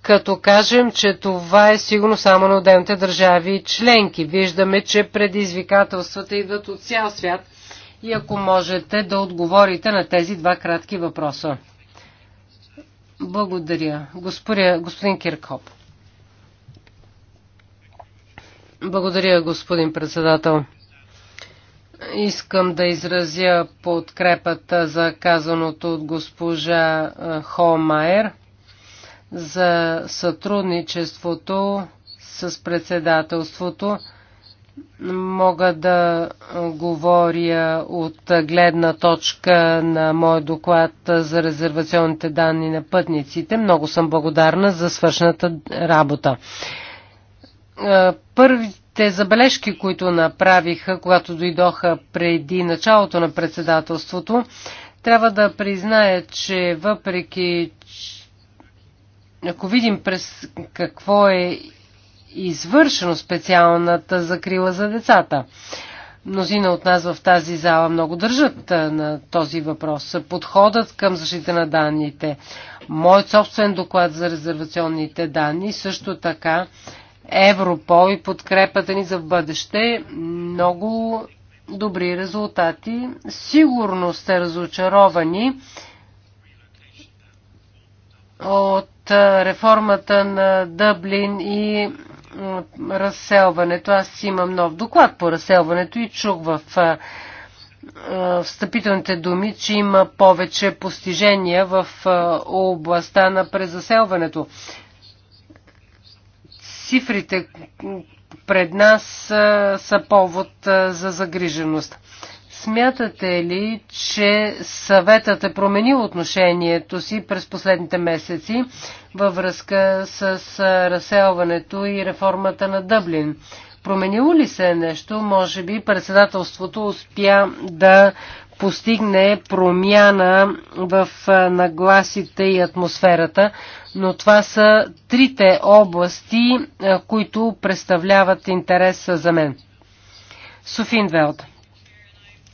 като кажем, че това е сигурно само на отделните държави членки. Виждаме, че предизвикателствата идват от цял свят – и ако можете да отговорите на тези два кратки въпроса. Благодаря. Господин, господин Киркоп. Благодаря, господин председател. Искам да изразя подкрепата за казаното от госпожа Холмайер за сътрудничеството с председателството мога да говоря от гледна точка на мой доклад за резервационните данни на пътниците. Много съм благодарна за свършната работа. Е, първите забележки, които направиха, когато дойдоха преди началото на председателството, трябва да призная, че въпреки ако видим през какво е извършено специалната закрила за децата. Мнозина от нас в тази зала много държат на този въпрос. Подходът към защита на данните. Моят собствен доклад за резервационните данни, също така Европол и подкрепата ни за бъдеще. Много добри резултати. Сигурно сте разочаровани от реформата на Дъблин и разселването. Аз имам нов доклад по разселването и чух в встъпителните думи, че има повече постижения в областта на презаселването. Цифрите пред нас са повод за загриженост. Смятате ли, че съветът е променил отношението си през последните месеци във връзка с разселването и реформата на Дъблин? Променило ли се нещо? Може би председателството успя да постигне промяна в нагласите и атмосферата, но това са трите области, които представляват интерес за мен. Софин Велд.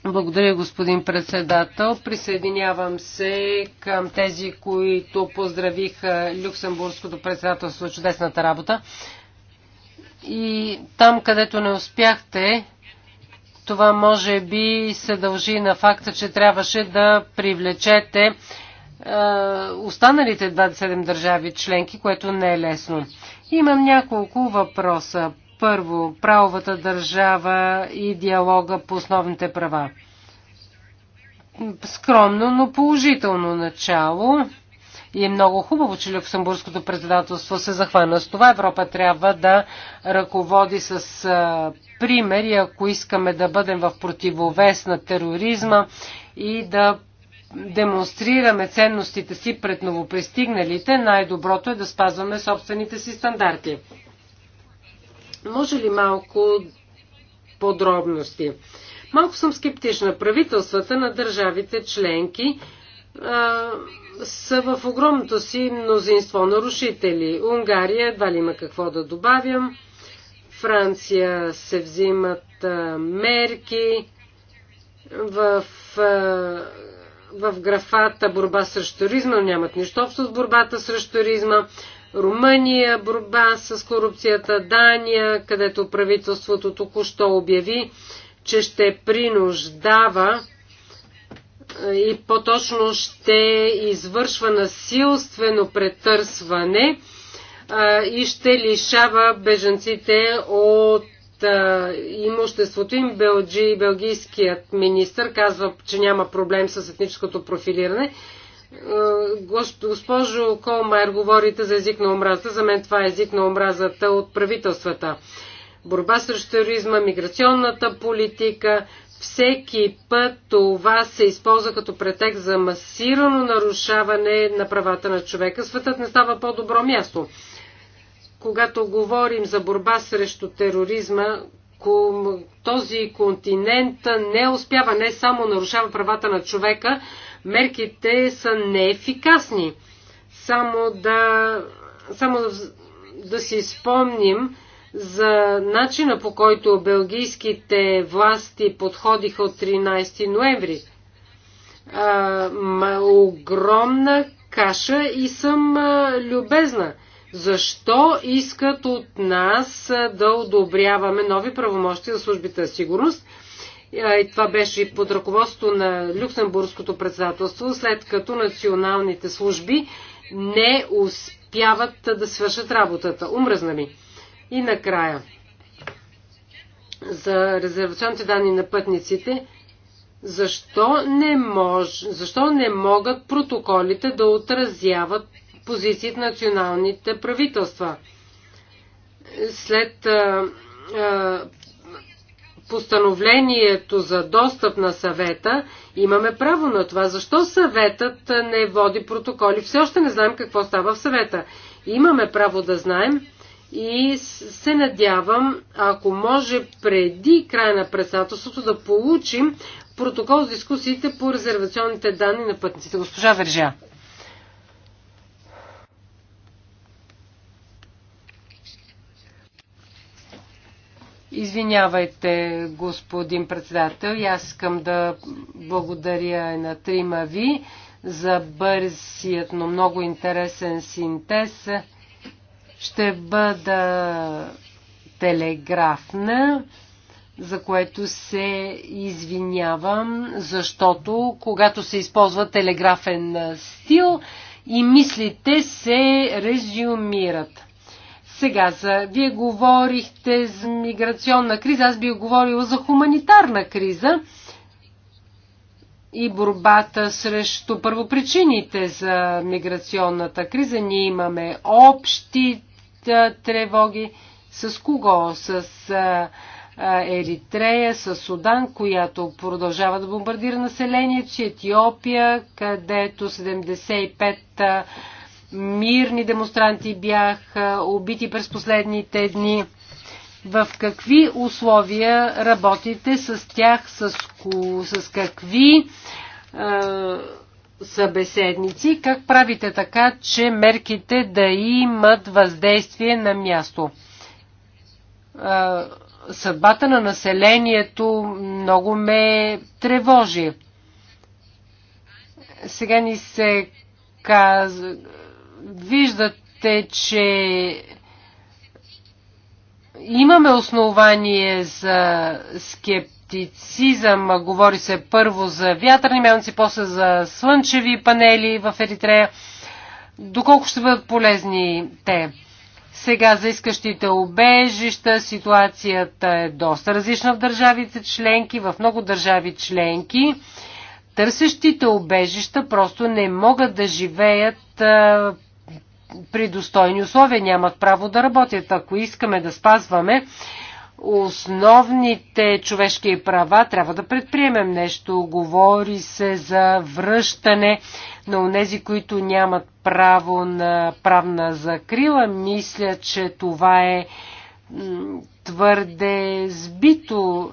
Благодаря, господин председател. Присъединявам се към тези, които поздравиха Люксембургското председателство за чудесната работа. И там, където не успяхте, това може би се дължи на факта, че трябваше да привлечете е, останалите 27 държави членки, което не е лесно. Имам няколко въпроса. Първо, правовата държава и диалога по основните права. Скромно, но положително начало. И е много хубаво, че Люксембургското председателство се захвана с това. Европа трябва да ръководи с примери, ако искаме да бъдем в противовес на тероризма и да демонстрираме ценностите си пред новопристигналите, най-доброто е да спазваме собствените си стандарти. Може ли малко подробности? Малко съм скептична. Правителствата на държавите членки а, са в огромното си мнозинство нарушители. Унгария, едва ли има какво да добавям. Франция се взимат а, мерки в, а, в графата борба срещу туризма, нямат нищо общо с борбата срещу туризма. Румъния, борба с корупцията, Дания, където правителството току-що обяви, че ще принуждава е, и по-точно ще извършва насилствено претърсване е, и ще лишава беженците от е, имуществото им. Белджи, белгийският министр казва, че няма проблем с етническото профилиране. Госпожо Колмайер, говорите за език на омразата. За мен това е език на омразата от правителствата. Борба срещу тероризма, миграционната политика, всеки път това се използва като претекст за масирано нарушаване на правата на човека. Светът не става по-добро място. Когато говорим за борба срещу тероризма, този континент не успява, не само нарушава правата на човека, мерките са неефикасни. Само да, само да си спомним за начина по който белгийските власти подходиха от 13 ноември. А, огромна каша и съм а, любезна. Защо искат от нас да одобряваме нови правомощи за службите за сигурност, и това беше и под ръководство на Люксембургското председателство, след като националните служби не успяват да свършат работата. Умръзна ми. И накрая, за резервационните данни на пътниците, защо не, мож, защо не могат протоколите да отразяват позициите на националните правителства? След а, а, постановлението за достъп на съвета, имаме право на това. Защо съветът не води протоколи? Все още не знаем какво става в съвета. Имаме право да знаем и се надявам, ако може преди края на председателството да получим протокол с дискусиите по резервационните данни на пътниците. Госпожа Вержа. Извинявайте, господин председател, и аз искам да благодаря на трима ви за бързият, но много интересен синтез. Ще бъда телеграфна, за което се извинявам, защото когато се използва телеграфен стил и мислите се резюмират. Сега, за, вие говорихте за миграционна криза, аз би говорила за хуманитарна криза и борбата срещу първопричините за миграционната криза. Ние имаме общи тревоги. С кого? С Еритрея, с Судан, която продължава да бомбардира населението си, Етиопия, където 75 мирни демонстранти бяха убити през последните дни. В какви условия работите с тях, с, ко, с какви е, събеседници, как правите така, че мерките да имат въздействие на място? Е, съдбата на населението много ме тревожи. Сега ни се каза виждате, че имаме основание за скептицизъм. Говори се първо за вятърни мелници, после за слънчеви панели в Еритрея. Доколко ще бъдат полезни те? Сега за искащите обежища ситуацията е доста различна в държавите членки, в много държави членки. Търсещите обежища просто не могат да живеят при достойни условия нямат право да работят. Ако искаме да спазваме основните човешки права, трябва да предприемем нещо. Говори се за връщане на онези, които нямат право на правна закрила. Мисля, че това е твърде сбито.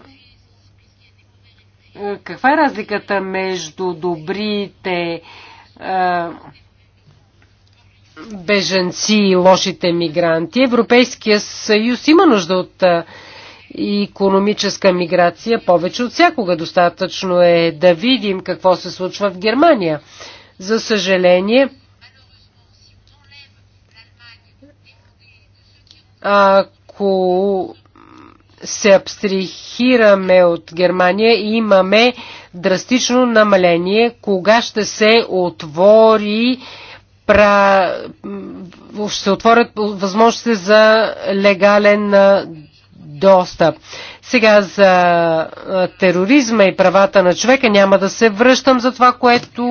Е, каква е разликата между добрите е, беженци и лошите мигранти. Европейския съюз има нужда от економическа миграция повече от всякога. Достатъчно е да видим какво се случва в Германия. За съжаление, ако се абстрихираме от Германия имаме драстично намаление, кога ще се отвори ще се отворят възможности за легален достъп. Сега за тероризма и правата на човека няма да се връщам за това, което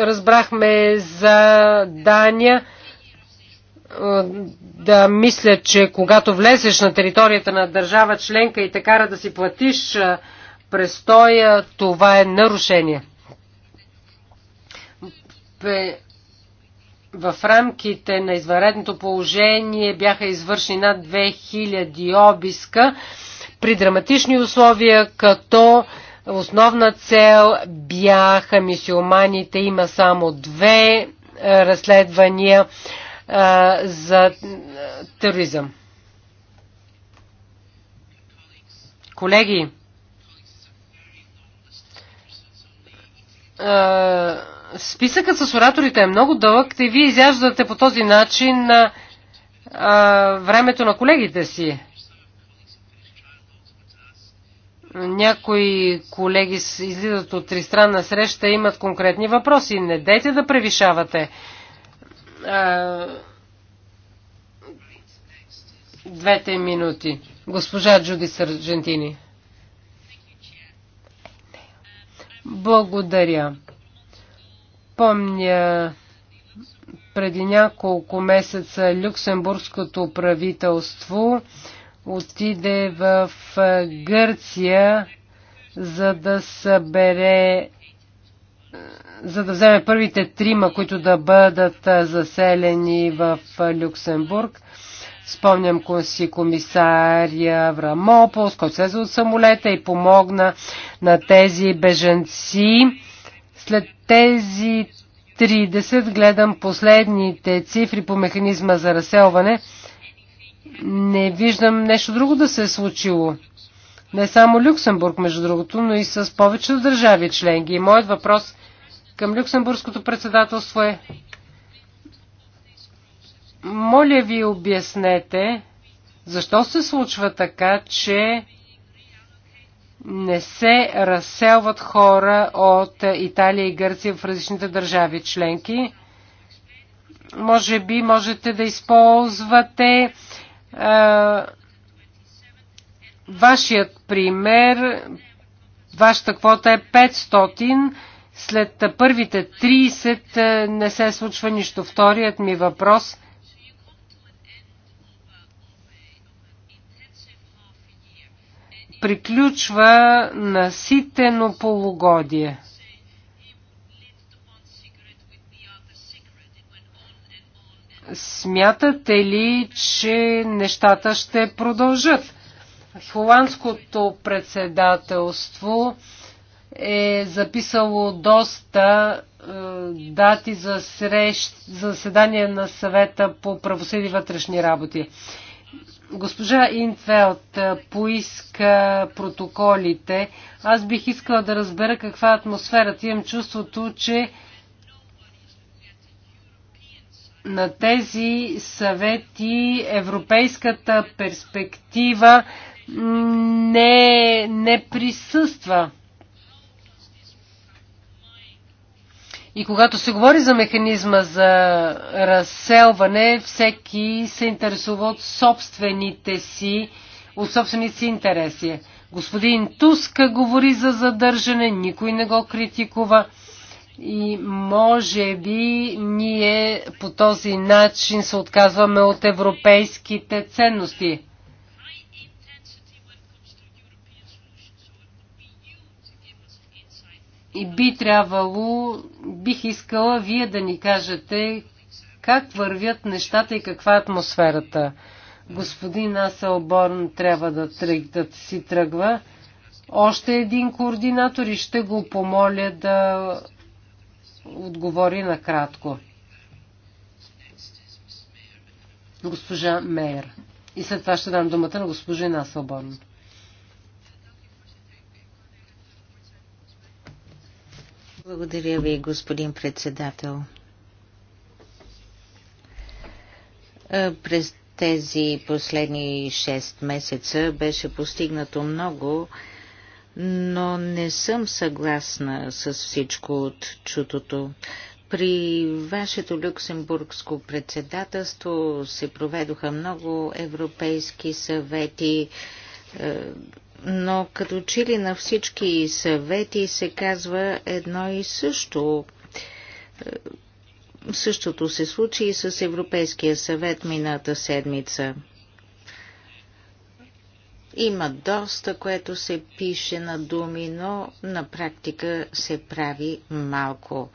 разбрахме за Дания. Да мисля, че когато влезеш на територията на държава членка и те кара да си платиш престоя, това е нарушение в рамките на извънредното положение бяха извършени над 2000 обиска при драматични условия, като основна цел бяха мисиоманите. Има само две разследвания а, за тероризъм. Колеги, Списъкът с ораторите е много дълъг и вие изяждате по този начин а, времето на колегите си. Някои колеги излизат от тристранна среща и имат конкретни въпроси. Не дейте да превишавате. А, двете минути. Госпожа Джуди Сържентини. Благодаря. Помня преди няколко месеца люксембургското правителство отиде в Гърция, за да събере за да вземе първите трима, които да бъдат заселени в Люксембург. Спомням си комисария Аврамопол, който слезе от самолета и помогна на тези беженци след тези 30 гледам последните цифри по механизма за разселване. Не виждам нещо друго да се е случило. Не само Люксембург, между другото, но и с повечето държави членки. И моят въпрос към Люксембургското председателство е моля ви обяснете, защо се случва така, че не се разселват хора от Италия и Гърция в различните държави членки. Може би можете да използвате а, вашият пример. Вашата квота е 500. След първите 30 не се случва нищо. Вторият ми въпрос – приключва наситено полугодие. Смятате ли, че нещата ще продължат? Холандското председателство е записало доста е, дати за срещ, заседания на съвета по правосъди и вътрешни работи. Госпожа Инфелд поиска протоколите. Аз бих искала да разбера каква е атмосферата. Имам чувството, че на тези съвети европейската перспектива не, не присъства. И когато се говори за механизма за разселване, всеки се интересува от собствените си, от собствените си интереси. Господин Туск говори за задържане, никой не го критикува. И може би ние по този начин се отказваме от европейските ценности. И би трябвало, бих искала вие да ни кажете как вървят нещата и каква е атмосферата. Господин Аселборн трябва да, тръг, да си тръгва. Още един координатор и ще го помоля да отговори накратко. Госпожа Мейер. И след това ще дам думата на госпожа Аселборн. Благодаря ви, господин председател. Е, през тези последни 6 месеца беше постигнато много, но не съм съгласна с всичко от чутото. При вашето люксембургско председателство се проведоха много европейски съвети, е, но като че ли на всички съвети се казва едно и също. Е, същото се случи и с Европейския съвет мината седмица. Има доста, което се пише на думи, но на практика се прави малко.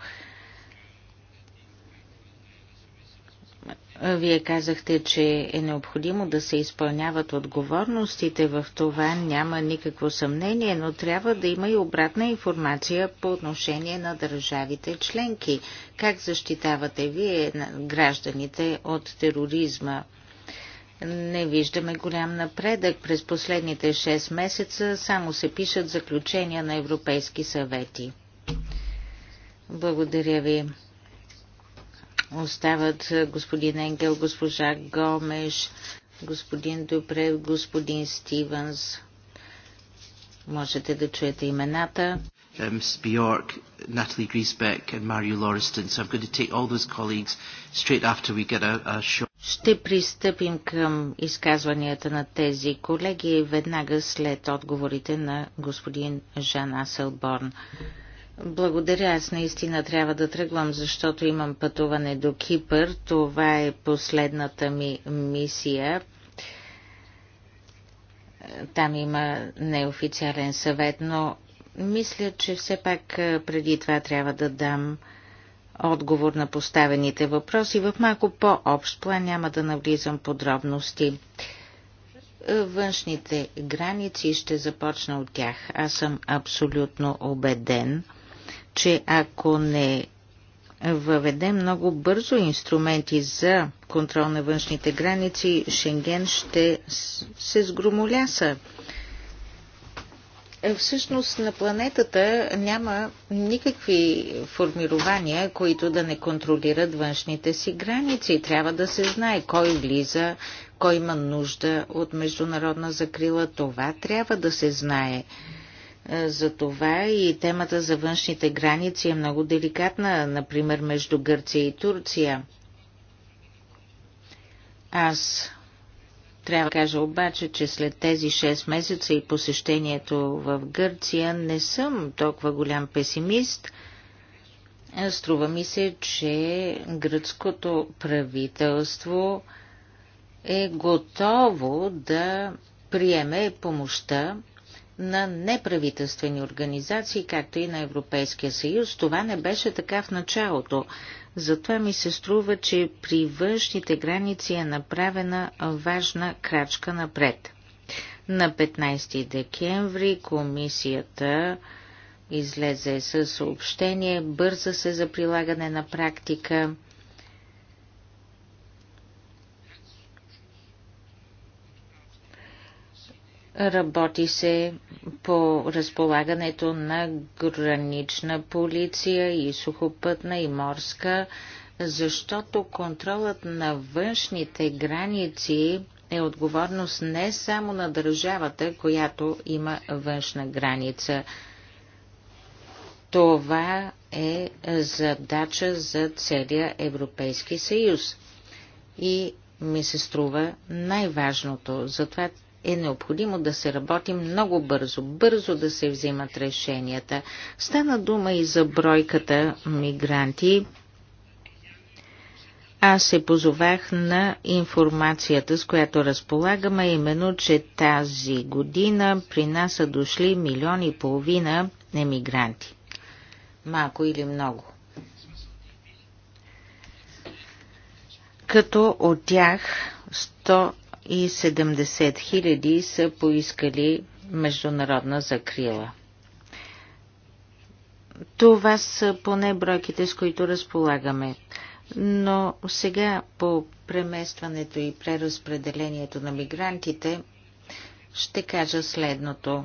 Вие казахте, че е необходимо да се изпълняват отговорностите, в това няма никакво съмнение, но трябва да има и обратна информация по отношение на държавите членки. Как защитавате вие гражданите от тероризма? Не виждаме голям напредък. През последните 6 месеца само се пишат заключения на европейски съвети. Благодаря ви. Остават е, господин Енгел, госпожа Гомеш, господин Добрев, господин Стивенс. Можете да чуете имената. Ms um, Bjork, Natalie Griesbeck and Mario Lauriston. So I'm going to take all those colleagues straight after we get a, a short... Ще пристъпим към изказванията на тези колеги веднага след отговорите на господин Жан Аселборн. Благодаря, аз наистина трябва да тръгвам, защото имам пътуване до Кипър. Това е последната ми мисия. Там има неофициален съвет, но мисля, че все пак преди това трябва да дам отговор на поставените въпроси. В малко по-общ план няма да навлизам подробности. Външните граници ще започна от тях. Аз съм абсолютно убеден – че ако не въведе много бързо инструменти за контрол на външните граници, Шенген ще се сгромоляса. Всъщност на планетата няма никакви формирования, които да не контролират външните си граници. Трябва да се знае кой влиза, кой има нужда от международна закрила. Това трябва да се знае за това и темата за външните граници е много деликатна, например между Гърция и Турция. Аз трябва да кажа обаче, че след тези 6 месеца и посещението в Гърция не съм толкова голям песимист. Струва ми се, че гръцкото правителство е готово да приеме помощта на неправителствени организации, както и на Европейския съюз. Това не беше така в началото. Затова ми се струва, че при външните граници е направена важна крачка напред. На 15 декември комисията излезе със съобщение, бърза се за прилагане на практика Работи се по разполагането на гранична полиция и сухопътна и морска, защото контролът на външните граници е отговорност не само на държавата, която има външна граница. Това е задача за целия Европейски съюз. И ми се струва най-важното. Затова е необходимо да се работи много бързо, бързо да се взимат решенията. Стана дума и за бройката мигранти. Аз се позовах на информацията, с която разполагаме, именно, че тази година при нас са дошли милион и половина емигранти. Малко или много. Като от тях и 70 хиляди са поискали международна закрила. Това са поне бройките, с които разполагаме. Но сега по преместването и преразпределението на мигрантите ще кажа следното.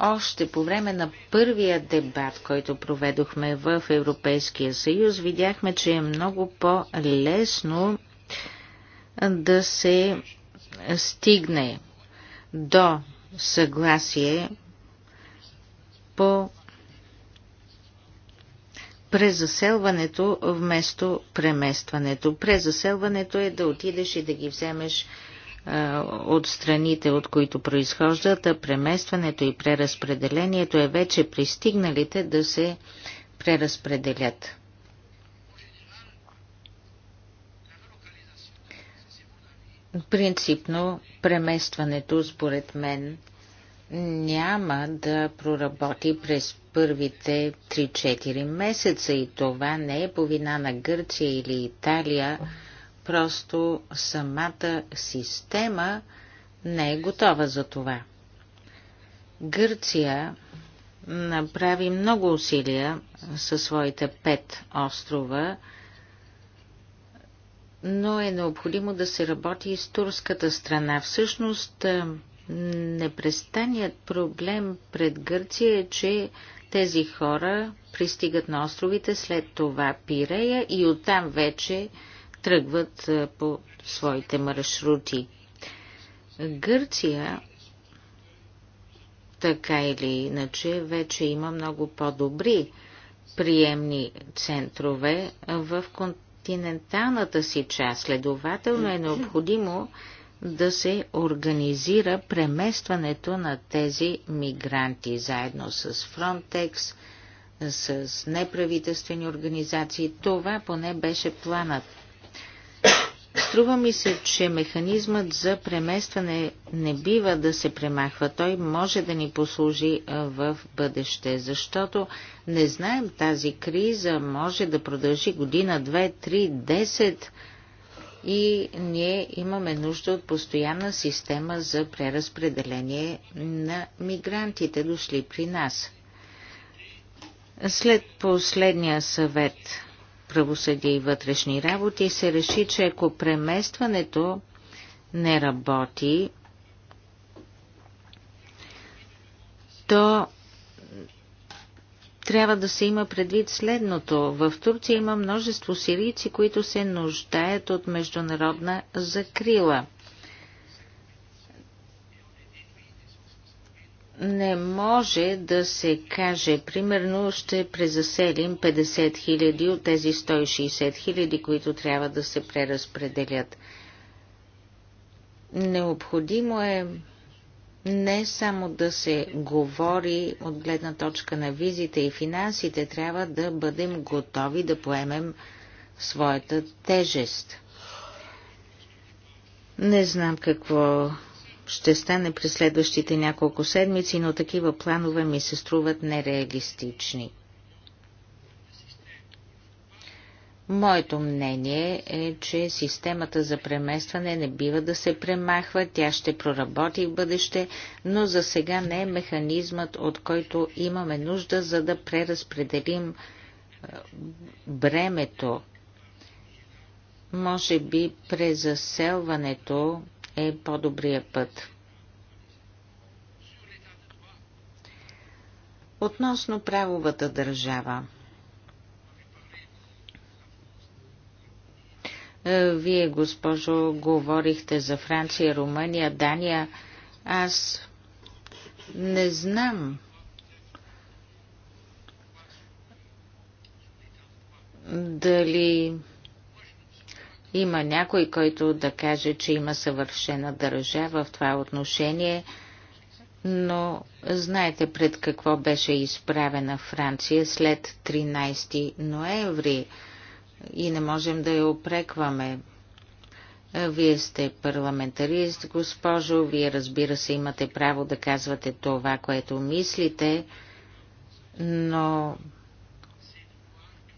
Още по време на първия дебат, който проведохме в Европейския съюз, видяхме, че е много по-лесно да се стигне до съгласие по презаселването вместо преместването. Презаселването е да отидеш и да ги вземеш от страните, от които произхождат, а преместването и преразпределението е вече пристигналите да се преразпределят. Принципно преместването, според мен, няма да проработи през първите 3-4 месеца и това не е по вина на Гърция или Италия, просто самата система не е готова за това. Гърция направи много усилия със своите пет острова но е необходимо да се работи и с турската страна. Всъщност, е, непрестаният проблем пред Гърция е, че тези хора пристигат на островите, след това Пирея и оттам вече тръгват е, по своите маршрути. Гърция така или иначе вече има много по-добри приемни центрове в контакт континенталната си част. Следователно е необходимо да се организира преместването на тези мигранти заедно с Frontex, с неправителствени организации. Това поне беше планът – Струва ми се, че механизмът за преместване не бива да се премахва. Той може да ни послужи в бъдеще, защото не знаем тази криза може да продължи година, две, три, десет и ние имаме нужда от постоянна система за преразпределение на мигрантите, дошли при нас. След последния съвет правосъдие и вътрешни работи се реши, че ако преместването не работи, то трябва да се има предвид следното. В Турция има множество сирийци, които се нуждаят от международна закрила – не може да се каже, примерно ще презаселим 50 хиляди от тези 160 хиляди, които трябва да се преразпределят. Необходимо е не само да се говори от гледна точка на визите и финансите, трябва да бъдем готови да поемем своята тежест. Не знам какво ще стане през следващите няколко седмици, но такива планове ми се струват нереалистични. Моето мнение е, че системата за преместване не бива да се премахва, тя ще проработи в бъдеще, но за сега не е механизмът, от който имаме нужда, за да преразпределим е, бремето. Може би презаселването е по-добрия път. Относно правовата държава. Е, вие, госпожо, говорихте за Франция, Румъния, Дания. Аз не знам. Дали има някой, който да каже, че има съвършена държава в това отношение, но знаете пред какво беше изправена Франция след 13 ноември и не можем да я опрекваме. Вие сте парламентарист, госпожо, вие разбира се имате право да казвате това, което мислите, но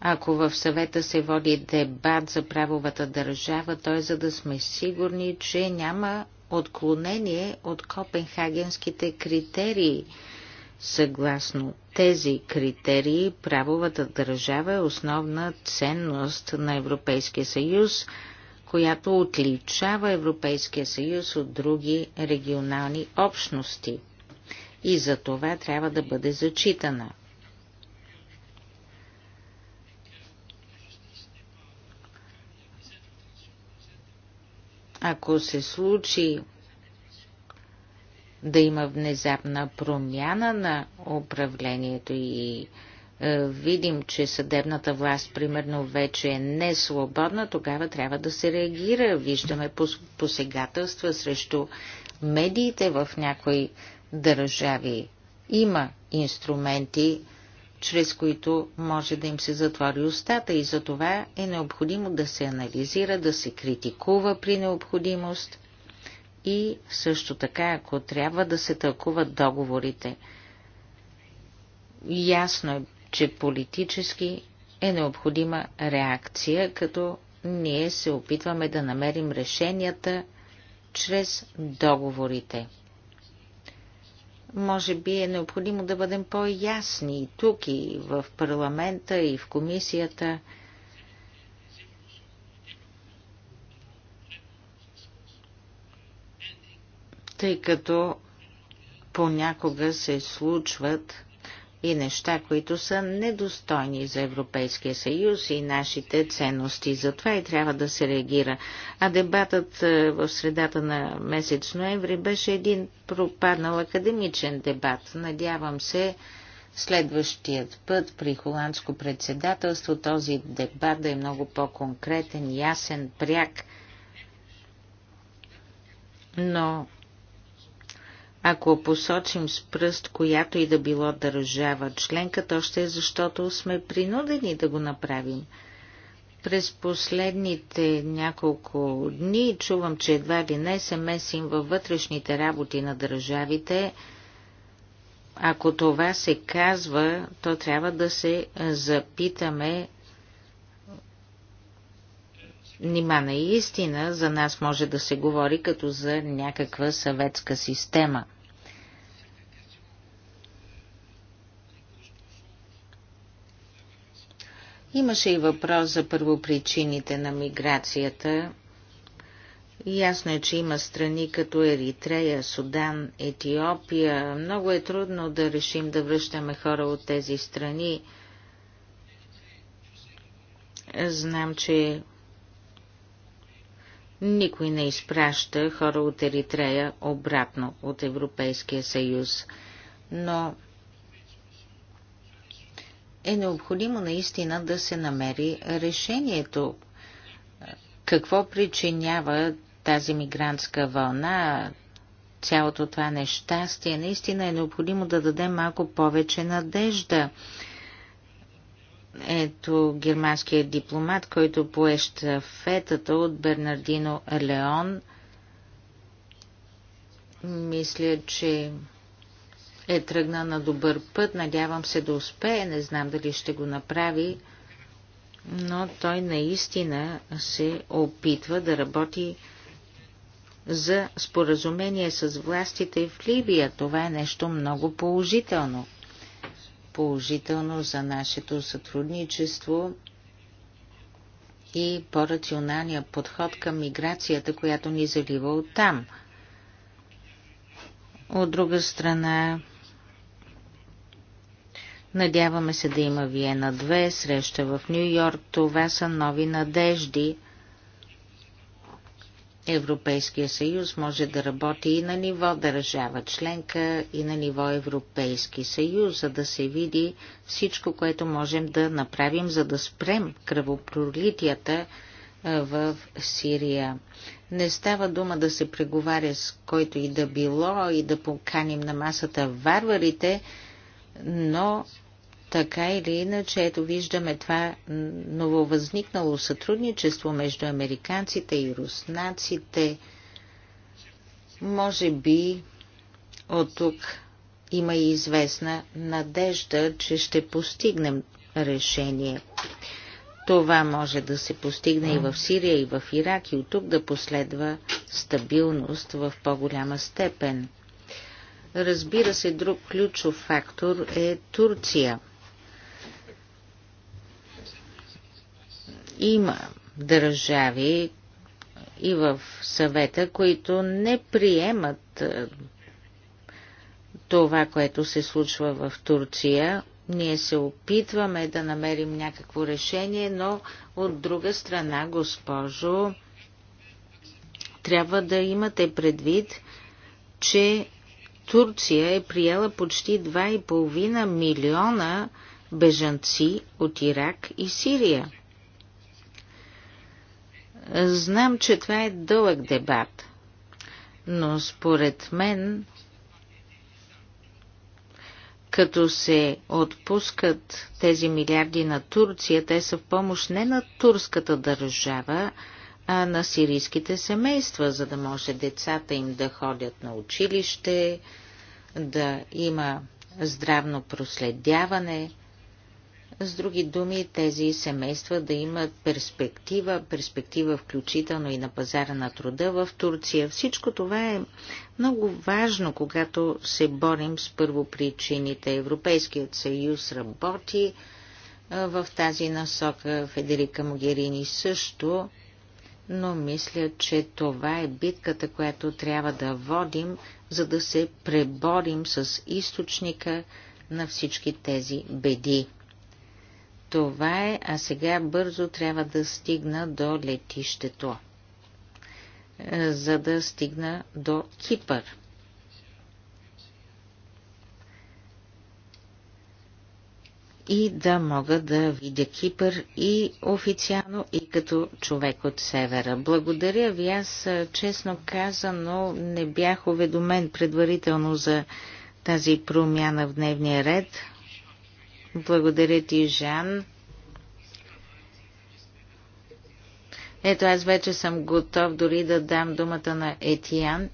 ако в съвета се води дебат за правовата държава, то е за да сме сигурни, че няма отклонение от копенхагенските критерии. Съгласно тези критерии, правовата държава е основна ценност на Европейския съюз, която отличава Европейския съюз от други регионални общности. И за това трябва да бъде зачитана. Ако се случи да има внезапна промяна на управлението и е, видим, че съдебната власт, примерно, вече е несвободна, тогава трябва да се реагира. Виждаме посегателства срещу медиите в някои държави. Има инструменти чрез които може да им се затвори устата и за това е необходимо да се анализира, да се критикува при необходимост и също така, ако трябва да се тълкуват договорите. Ясно е, че политически е необходима реакция, като ние се опитваме да намерим решенията чрез договорите. Може би е необходимо да бъдем по-ясни и тук, и в парламента, и в комисията. Тъй като понякога се случват и неща, които са недостойни за Европейския съюз и нашите ценности. Затова и трябва да се реагира. А дебатът е, в средата на месец ноември беше един пропаднал академичен дебат. Надявам се следващият път при холандско председателство този дебат да е много по-конкретен, ясен, пряк. Но ако посочим с пръст която и да било държава членка, то ще е защото сме принудени да го направим. През последните няколко дни чувам, че едва ли не се месим във вътрешните работи на държавите. Ако това се казва, то трябва да се запитаме Нима наистина за нас може да се говори като за някаква съветска система – Имаше и въпрос за първопричините на миграцията. Ясно е, че има страни като Еритрея, Судан, Етиопия. Много е трудно да решим да връщаме хора от тези страни. Знам, че никой не изпраща хора от Еритрея обратно от Европейския съюз. Но е необходимо наистина да се намери решението. Какво причинява тази мигрантска вълна, цялото това нещастие? Наистина е необходимо да дадем малко повече надежда. Ето германският дипломат, който поеща фетата от Бернардино Леон. Мисля, че е тръгнал на добър път. Надявам се да успее. Не знам дали ще го направи, но той наистина се опитва да работи за споразумение с властите в Либия. Това е нещо много положително. Положително за нашето сътрудничество и по-рационалния подход към миграцията, която ни залива оттам. От друга страна, Надяваме се да има Виена 2, среща в Нью Йорк. Това са нови надежди. Европейския съюз може да работи и на ниво държава членка, и на ниво Европейски съюз, за да се види всичко, което можем да направим, за да спрем кръвопролитията в Сирия. Не става дума да се преговаря с който и да било и да поканим на масата варварите, но така или иначе, ето виждаме това нововъзникнало сътрудничество между американците и руснаците. Може би от тук има и известна надежда, че ще постигнем решение. Това може да се постигне и в Сирия, и в Ирак, и от тук да последва стабилност в по-голяма степен. Разбира се, друг ключов фактор е Турция. Има държави и в съвета, които не приемат е, това, което се случва в Турция. Ние се опитваме да намерим някакво решение, но от друга страна, госпожо, трябва да имате предвид, че Турция е приела почти 2,5 милиона бежанци от Ирак и Сирия. Знам, че това е дълъг дебат, но според мен, като се отпускат тези милиарди на Турция, те са в помощ не на турската държава, на сирийските семейства, за да може децата им да ходят на училище, да има здравно проследяване. С други думи, тези семейства да имат перспектива, перспектива включително и на пазара на труда в Турция. Всичко това е много важно, когато се борим с първопричините. Европейският съюз работи в тази насока. Федерика Могерини също но мисля, че това е битката, която трябва да водим, за да се преборим с източника на всички тези беди. Това е, а сега бързо трябва да стигна до летището, е, за да стигна до Кипър. и да мога да видя Кипър и официално, и като човек от севера. Благодаря ви, аз честно казано не бях уведомен предварително за тази промяна в дневния ред. Благодаря ти, Жан. Ето, аз вече съм готов дори да дам думата на Етиян.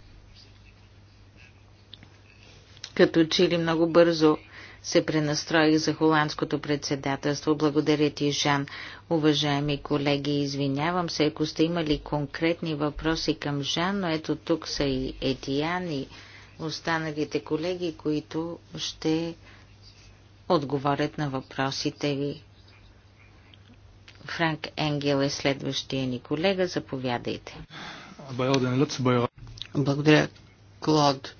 Като че ли много бързо се пренастроих за холандското председателство. Благодаря ти, Жан. Уважаеми колеги, извинявам се, ако сте имали конкретни въпроси към Жан, но ето тук са и Етиян и останалите колеги, които ще отговорят на въпросите ви. Франк Енгел е следващия ни колега. Заповядайте. Благодаря, Клод.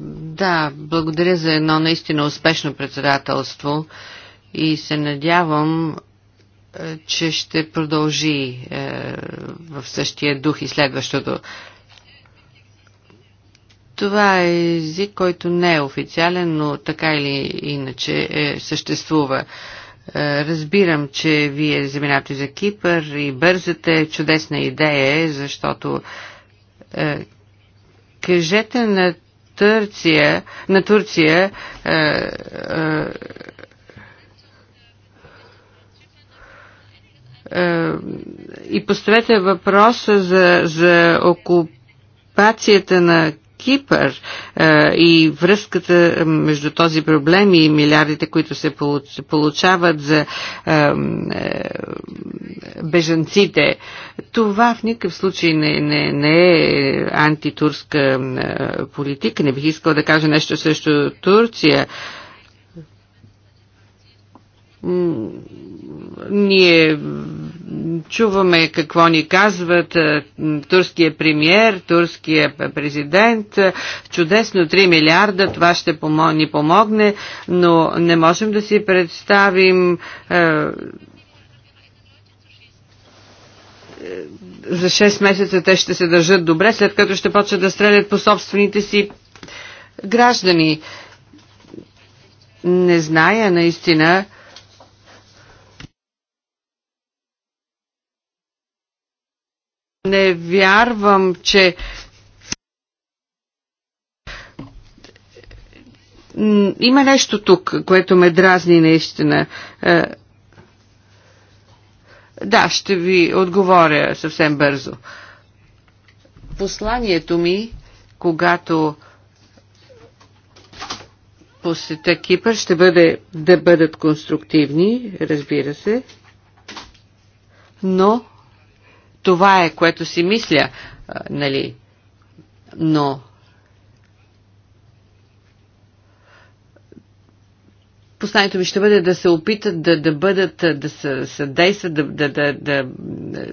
Да, благодаря за едно наистина успешно председателство и се надявам, е, че ще продължи е, в същия дух и следващото. Това е език, който не е официален, но така или иначе е, съществува. Е, разбирам, че вие заминате за Кипър и бързате. Чудесна идея е, защото е, кажете на Турция, на Турция е, е, е, и поставете въпроса за, за окупацията на Кипър и връзката между този проблем и милиардите, които се получават за бежанците, това в никакъв случай не, не, не е антитурска политика. Не бих искал да кажа нещо срещу Турция ние чуваме какво ни казват турския премьер, турския президент. Чудесно 3 милиарда, това ще ни помогне, но не можем да си представим за 6 месеца те ще се държат добре, след като ще почат да стрелят по собствените си граждани. Не зная наистина Не вярвам, че има нещо тук, което ме дразни наистина. Е, да, ще ви отговоря съвсем бързо. Посланието ми, когато посета Кипър, ще бъде да бъдат конструктивни, разбира се, но това е, което си мисля, нали. Но посланието ми ще бъде да се опитат да, да бъдат, да се съдействат, да, да, да, да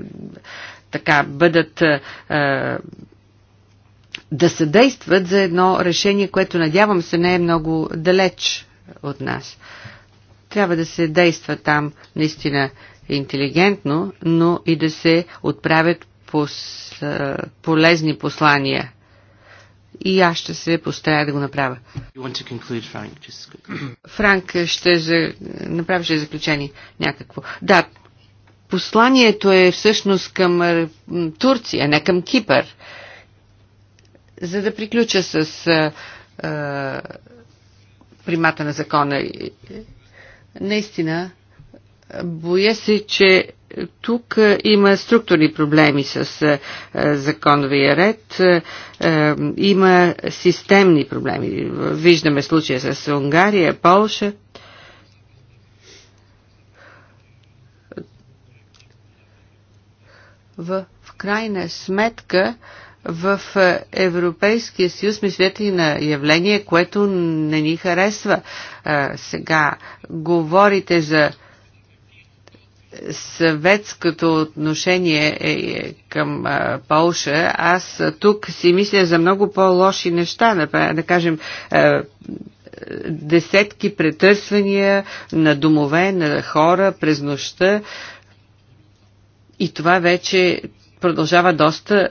така, бъдат да съдействат за едно решение, което надявам се не е много далеч от нас. Трябва да се действа там наистина интелигентно, но и да се отправят пос, полезни послания. И аз ще се постарая да го направя. Conclude, Frank? Just... Франк, ще за... ще заключение някакво. Да, посланието е всъщност към Турция, не към Кипър. За да приключа с а, а, примата на закона. Наистина, Боя се, че тук е, има структурни проблеми с е, законовия ред, е, има системни проблеми. Виждаме случая с Унгария, Полша. В, в крайна сметка, в Европейския съюз сме свидетели на явление, което не ни харесва. Сега говорите за съветското отношение е, е към а, Полша, аз тук си мисля за много по-лоши неща, да, да кажем а, десетки претърсвания на домове, на хора през нощта и това вече продължава доста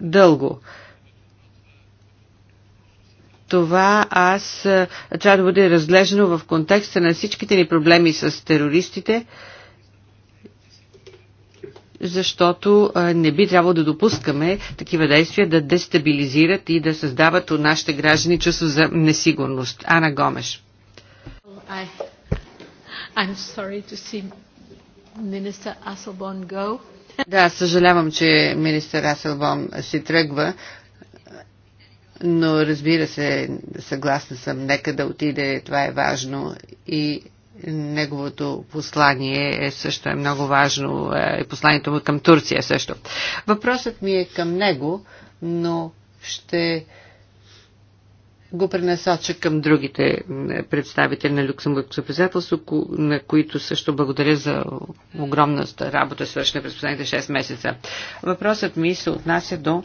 дълго това аз трябва да бъде разглеждано в контекста на всичките ни проблеми с терористите, защото не би трябвало да допускаме такива действия да дестабилизират и да създават у нашите граждани чувство за несигурност. Ана Гомеш. Да, съжалявам, че министър Аселбон си тръгва, но разбира се, съгласна съм, нека да отиде, това е важно и неговото послание е също е много важно, е посланието му към Турция също. Въпросът ми е към него, но ще го пренасоча към другите представители на Люксембургското председателство, на които също благодаря за огромната работа, свършена през последните 6 месеца. Въпросът ми се отнася до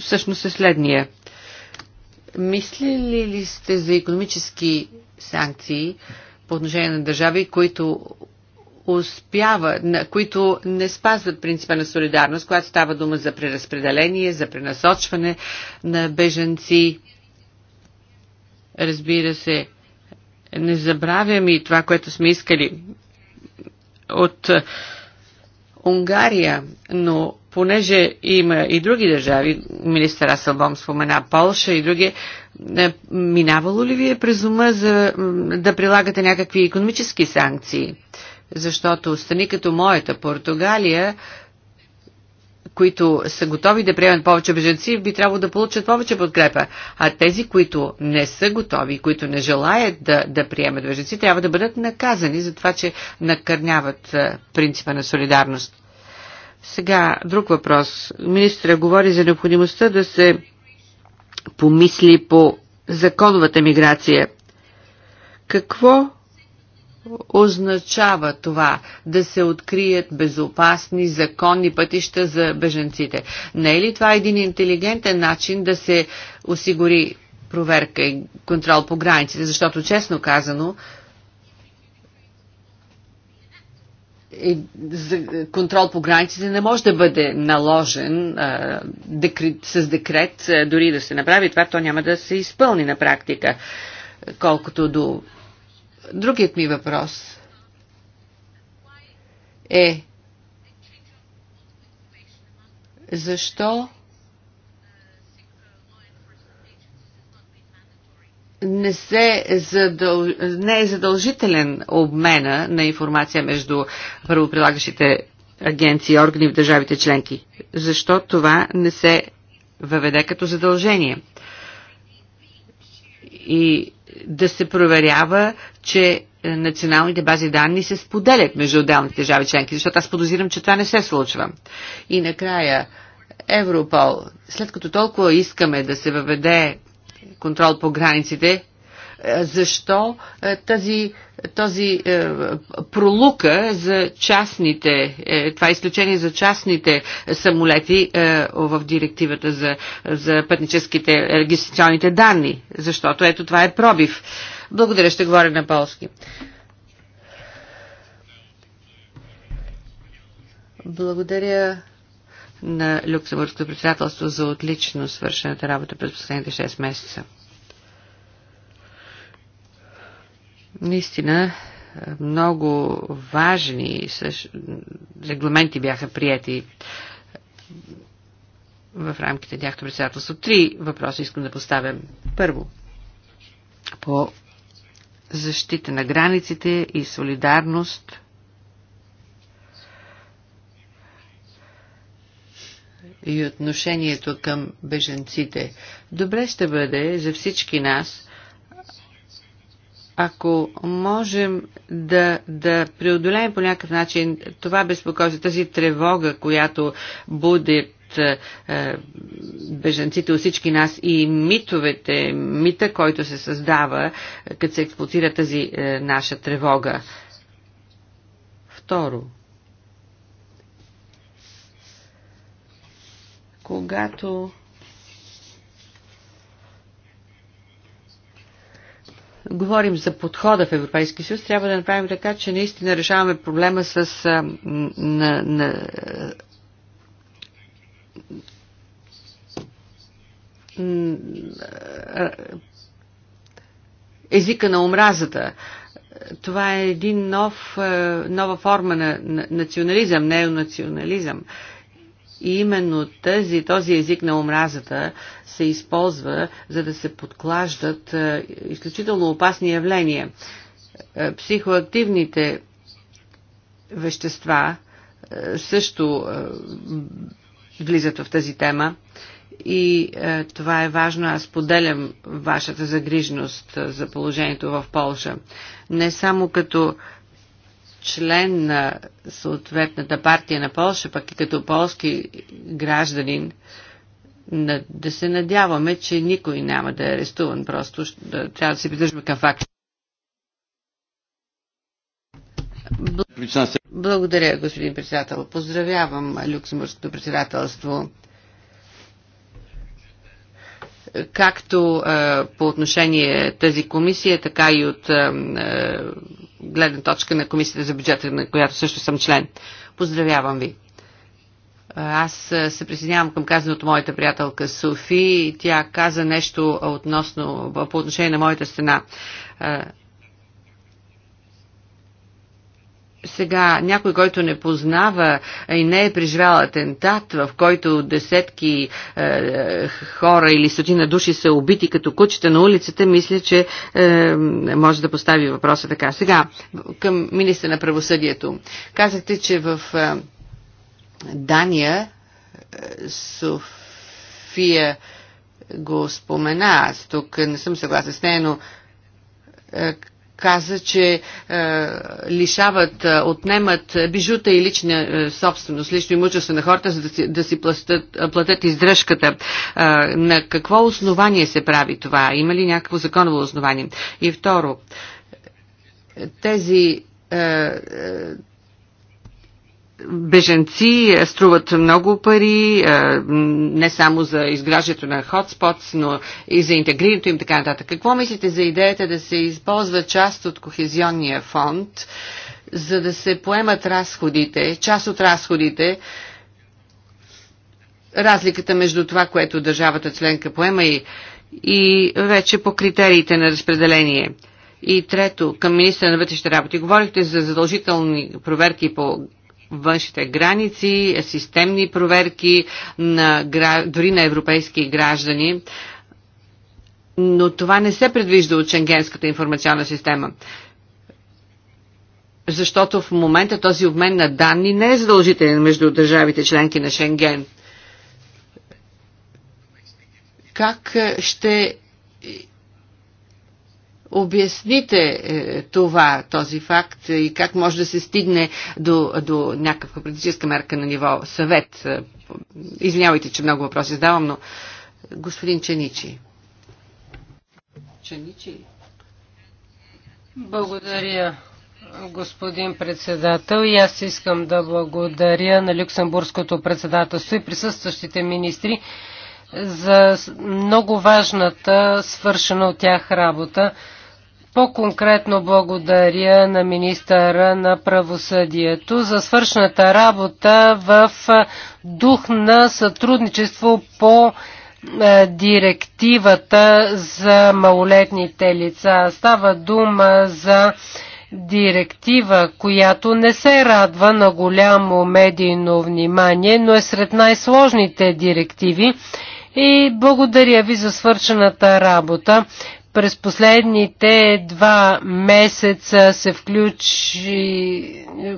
всъщност е следния. Мислили ли сте за економически санкции по отношение на държави, които успява, на, които не спазват принципа на солидарност, когато става дума за преразпределение, за пренасочване на беженци. Разбира се, не забравям и това, което сме искали от е, Унгария, но понеже има и други държави, министър Асълбом спомена Полша и други, е, минавало ли ви е през ума за да прилагате някакви економически санкции? Защото страни като моята, Португалия, които са готови да приемат повече беженци, би трябвало да получат повече подкрепа. А тези, които не са готови, които не желаят да, да приемат беженци, трябва да бъдат наказани за това, че накърняват е, принципа на солидарност. Сега, друг въпрос. Министра говори за необходимостта да се помисли по законовата миграция. Какво означава това да се открият безопасни, законни пътища за беженците? Не е ли това един интелигентен начин да се осигури проверка и контрол по границите, защото честно казано за контрол по границите не може да бъде наложен а, декрет, с декрет, а, дори да се направи това, то няма да се изпълни на практика. Колкото до другият ми въпрос е защо не, се задъл... не е задължителен обмена на информация между правоприлагащите агенции и органи в държавите членки. Защо това не се въведе като задължение? И да се проверява, че националните бази данни се споделят между отделните държави членки, защото аз подозирам, че това не се случва. И накрая, Европол, след като толкова искаме да се въведе контрол по границите, е, защо е, тази, този е, пролука за частните, това изключение за частните самолети в директивата за, за пътническите регистрационните данни, защото ето това е пробив. Благодаря, ще говоря на полски. Благодаря на Люксембургското председателство за отлично свършената работа през последните 6 месеца. Наистина, много важни регламенти бяха прияти в рамките на тяхното председателство. Три въпроса искам да поставям. Първо, по защита на границите и солидарност – и отношението към беженците. Добре ще бъде за всички нас, ако можем да, да преодолеем по някакъв начин това безпокойство, тази тревога, която буде беженците от всички нас и митовете, мита, който се създава, като се експлуатира тази е, наша тревога. Второ, когато говорим за подхода в Европейския съюз, трябва да направим така, че наистина решаваме проблема с а, на, на, езика на омразата. Това е един нов, нова форма на национализъм, неонационализъм. И именно тази, този език на омразата се използва, за да се подклаждат е, изключително опасни явления. Е, психоактивните вещества е, също влизат в тази тема и е, това е важно. Аз поделям вашата загрижност за положението в Полша. Не само като член на съответната партия на Польша, пък и като полски гражданин, да се надяваме, че никой няма да е арестуван. Просто да, трябва да се придържаме към факта. Благодаря, господин председател. Поздравявам Люксембургското председателство както е, по отношение тази комисия, така и от е, е, гледна точка на комисията за бюджета, на която също съм член. Поздравявам ви! Аз се присъединявам към казаното моята приятелка Софи. Тя каза нещо относно, по отношение на моята стена. Сега, някой, който не познава и не е преживял атентат, в който десетки е, хора или стотина души са убити като кучета на улицата, мисля, че е, може да постави въпроса така. Сега, към министра на правосъдието. Казахте, че в е, Дания е, София го спомена. Аз тук не съм съгласен с нея, но е, каза, че е, лишават, е, отнемат бижута и лична е, собственост, лично имущество на хората, за да си, да си платят, е, платят издръжката. Е, на какво основание се прави това? Има ли някакво законово основание? И второ, тези е, беженци е, струват много пари, е, не само за изграждането на хотспотс, но и за интегрирането им така нататък. Какво мислите за идеята да се използва част от кохезионния фонд, за да се поемат разходите, част от разходите, разликата между това, което държавата членка поема и, и вече по критериите на разпределение? И трето, към министра на вътрешните работи. Говорихте за задължителни проверки по външните граници, системни проверки на, дори на европейски граждани. Но това не се предвижда от Шенгенската информационна система защото в момента този обмен на данни не е задължителен между държавите членки на Шенген. Как е, ще обясните е, това, този факт и как може да се стигне до, до някаква политическа мерка на ниво съвет. Е, извинявайте, че много въпроси задавам, но господин Ченичи. Ченичи? Благодаря, господин председател. И аз искам да благодаря на Люксембургското председателство и присъстващите министри за много важната свършена от тях работа. По-конкретно благодаря на министъра на правосъдието за свършната работа в дух на сътрудничество по директивата за малолетните лица. Става дума за директива, която не се радва на голямо медийно внимание, но е сред най-сложните директиви. И благодаря ви за свършената работа. През последните два месеца се включи е,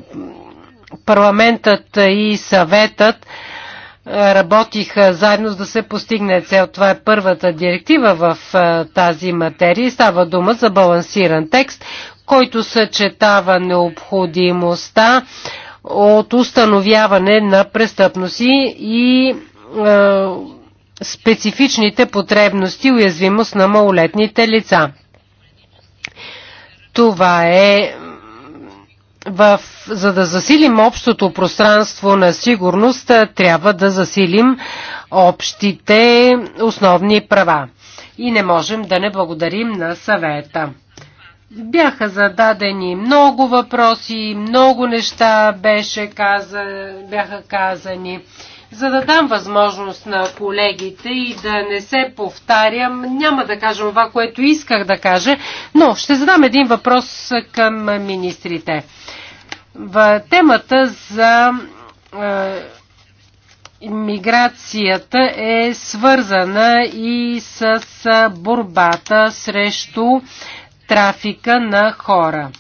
парламентът и съветът е, работиха заедно за да се постигне цел. Това е първата директива в е, тази материя. Става дума за балансиран текст, който съчетава необходимостта от установяване на престъпности и специфичните потребности и уязвимост на малолетните лица. Това е в, за да засилим общото пространство на сигурност, трябва да засилим общите основни права. И не можем да не благодарим на съвета. Бяха зададени много въпроси, много неща беше каза, бяха казани. За да дам възможност на колегите и да не се повтарям, няма да кажа това, което исках да кажа, но ще задам един въпрос към министрите. В темата за миграцията е свързана и с борбата срещу трафика на хора.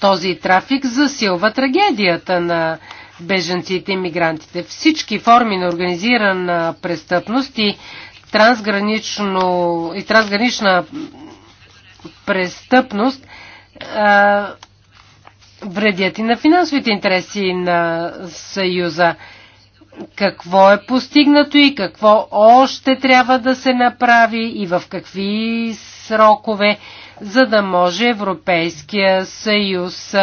Този трафик засилва трагедията на беженците мигрантите. Всички форми на организирана престъпност и, трансгранично, и трансгранична престъпност а, вредят и на финансовите интереси на Съюза. Какво е постигнато и какво още трябва да се направи и в какви срокове за да може Европейския съюз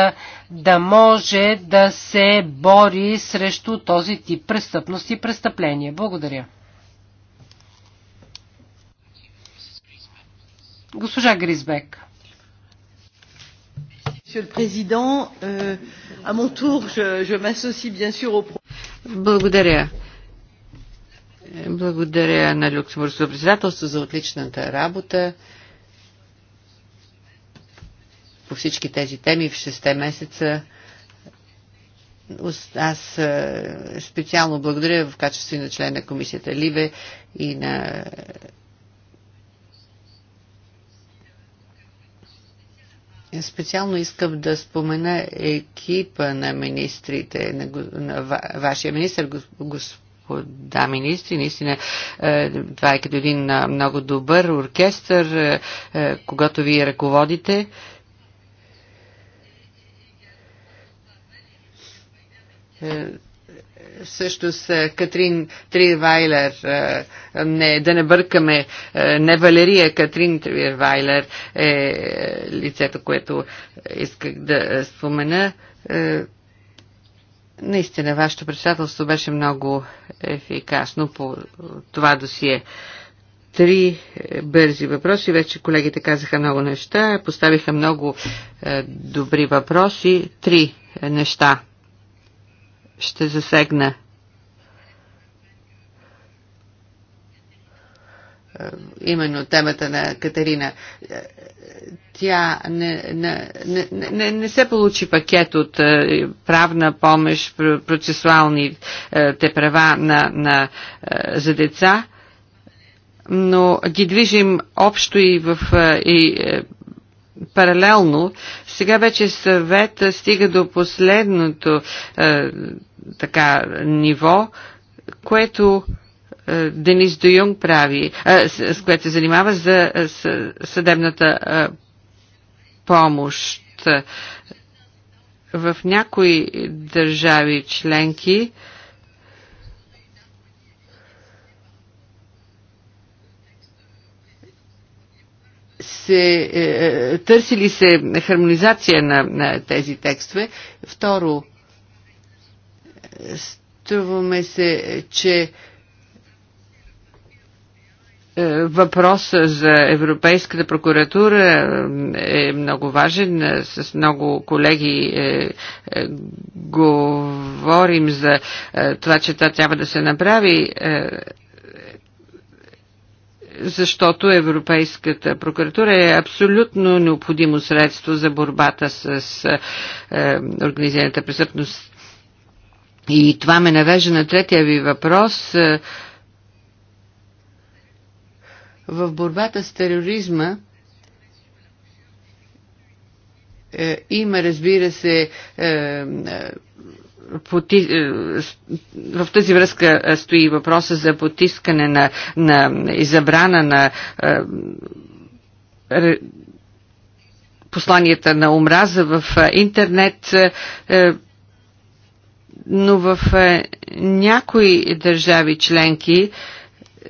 да може да се бори срещу този тип престъпност и престъпления. Благодаря. Госпожа Гризбек. Euh, Благодаря. Благодаря на Люксембургското председателство за отличната работа по всички тези теми в 6 месеца. Аз е, специално благодаря в качество и на член на комисията Ливе и на е, Специално искам да спомена екипа на министрите, на, на вашия министр, господа министри. Наистина, е, това е като един много добър оркестър, когато вие ръководите. също с е, Катрин Тривайлер, е, не, да не бъркаме, е, не Валерия, Катрин Тривайлер е лицето, което исках да спомена. Наистина, вашето председателство беше много ефикасно по това досие. Три бързи въпроси. Вече колегите казаха много неща, поставиха много добри въпроси. Три неща ще засегна. Е, именно темата на Катерина. Е, тя не, не, не, не, не се получи пакет от е, правна помощ, процесуални те права на, на, за деца, но ги движим общо и в и, паралелно. Сега вече съвет стига до последното така ниво, което е, Денис Де Юнг прави, е, с, с което се занимава за е, с, съдебната помощ. В някои държави членки се, е, търсили се хармонизация на, на тези текстове? Второ, Струваме се, че е, въпроса за Европейската прокуратура е, е много важен. С много колеги е, говорим за това, че това трябва да се направи защото Европейската прокуратура е абсолютно необходимо средство за борбата с е, организираната престъпност и това ме навежда на третия ви въпрос. Е, в борбата с тероризма е, има, разбира се, е, е, е в тази връзка стои въпроса за потискане на, на и забрана на е, посланията на омраза в интернет. Е, но в е, някои държави членки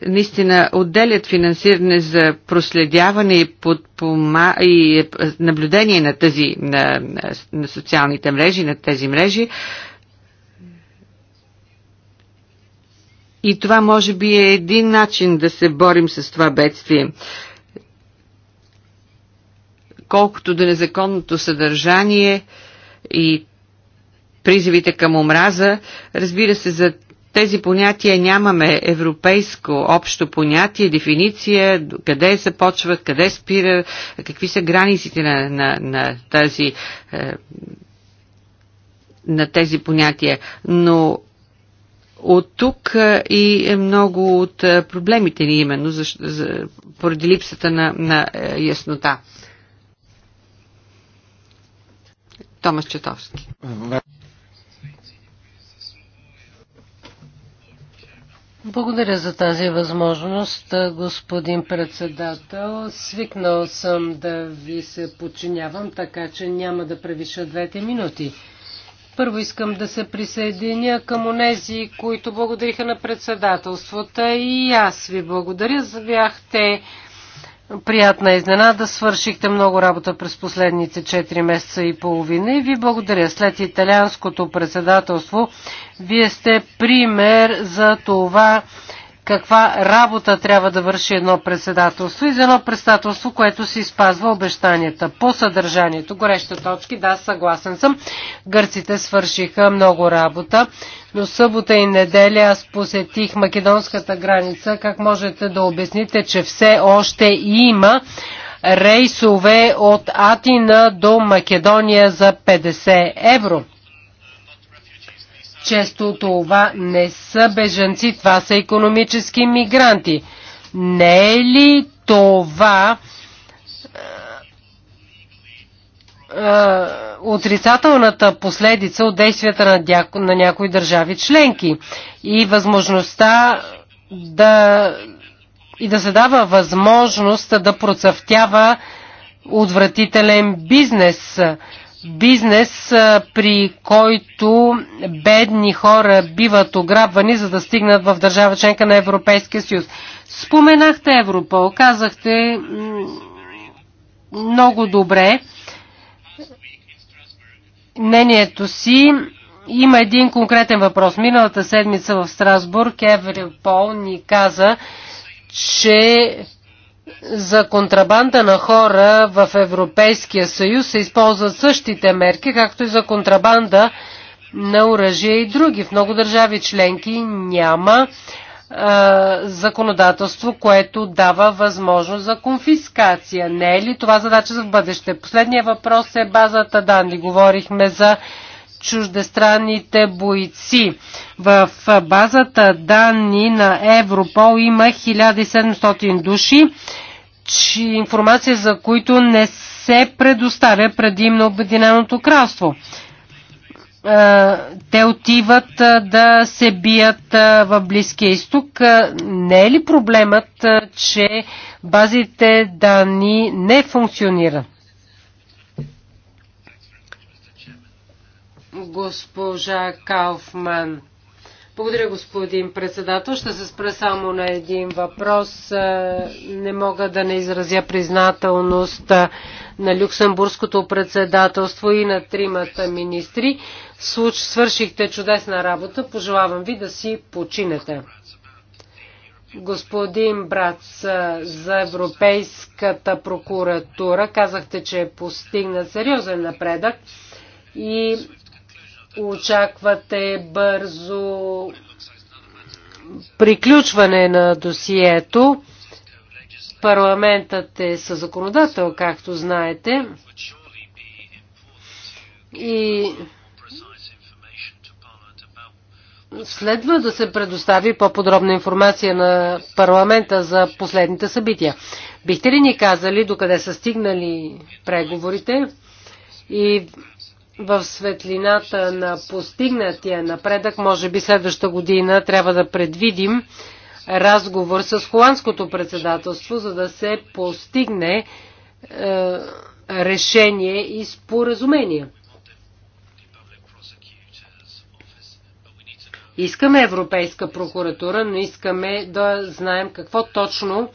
наистина отделят финансиране за проследяване и, подпома... и наблюдение на тази на, на социалните мрежи, на тези мрежи. И това може би е един начин да се борим с това бедствие. Колкото до незаконното съдържание и призивите към омраза. Разбира се, за тези понятия нямаме европейско общо понятие, дефиниция, къде се почват, къде спира, какви са границите на, на, на тази е, на тези понятия. Но от тук е, и е много от е, проблемите ни именно за, за, поради липсата на, на яснота. Томас Четовски. Благодаря за тази възможност, господин председател. Свикнал съм да ви се подчинявам, така че няма да превиша двете минути. Първо искам да се присъединя към онези, които благодариха на председателствата и аз ви благодаря. Бяхте Приятна изненада, свършихте много работа през последните 4 месеца и половина и ви благодаря. След италианското председателство, вие сте пример за това каква работа трябва да върши едно председателство и за едно председателство, което си спазва обещанията. По съдържанието, гореща точки, да, съгласен съм. Гърците свършиха много работа, но събота и неделя аз посетих македонската граница. Как можете да обясните, че все още има рейсове от Атина до Македония за 50 евро? Често това не са бежанци, това са економически мигранти. Не е ли това отрицателната последица от действията на, дяко, на някои държави членки и възможността да и да се дава възможност да процъфтява отвратителен бизнес бизнес, при който бедни хора биват ограбвани, за да стигнат в държава членка на Европейския съюз. Споменахте Европол, казахте много добре мнението си. Има един конкретен въпрос. Миналата седмица в Страсбург Европол ни каза, че за контрабанда на хора в Европейския съюз се използват същите мерки, както и за контрабанда на оръжие и други. В много държави членки няма а, законодателство, което дава възможност за конфискация. Не е ли това задача за в бъдеще? Последният въпрос е базата данни. Говорихме за чуждестранните бойци. В базата данни на Европол има 1700 души, че информация за които не се предоставя предимно Обединеното кралство. Е, те отиват е, да се бият е, в Близкия изток. Не е ли проблемът, че базите данни не функционират? госпожа Кауфман. Благодаря, господин председател. Ще се спра само на един въпрос. Е, не мога да не изразя признателност е, на Люксембургското председателство и на тримата министри. Случ, свършихте чудесна работа. Пожелавам ви да си починете. Господин Брац, е, за Европейската прокуратура казахте, че е постигнат сериозен напредък и очаквате бързо приключване на досието. Парламентът е със законодател, както знаете. И следва да се предостави по-подробна информация на парламента за последните събития. Бихте ли ни казали докъде са стигнали преговорите и в светлината на постигнатия напредък, може би следваща година трябва да предвидим разговор с холандското председателство, за да се постигне е, решение и споразумение. Искаме Европейска прокуратура, но искаме да знаем какво точно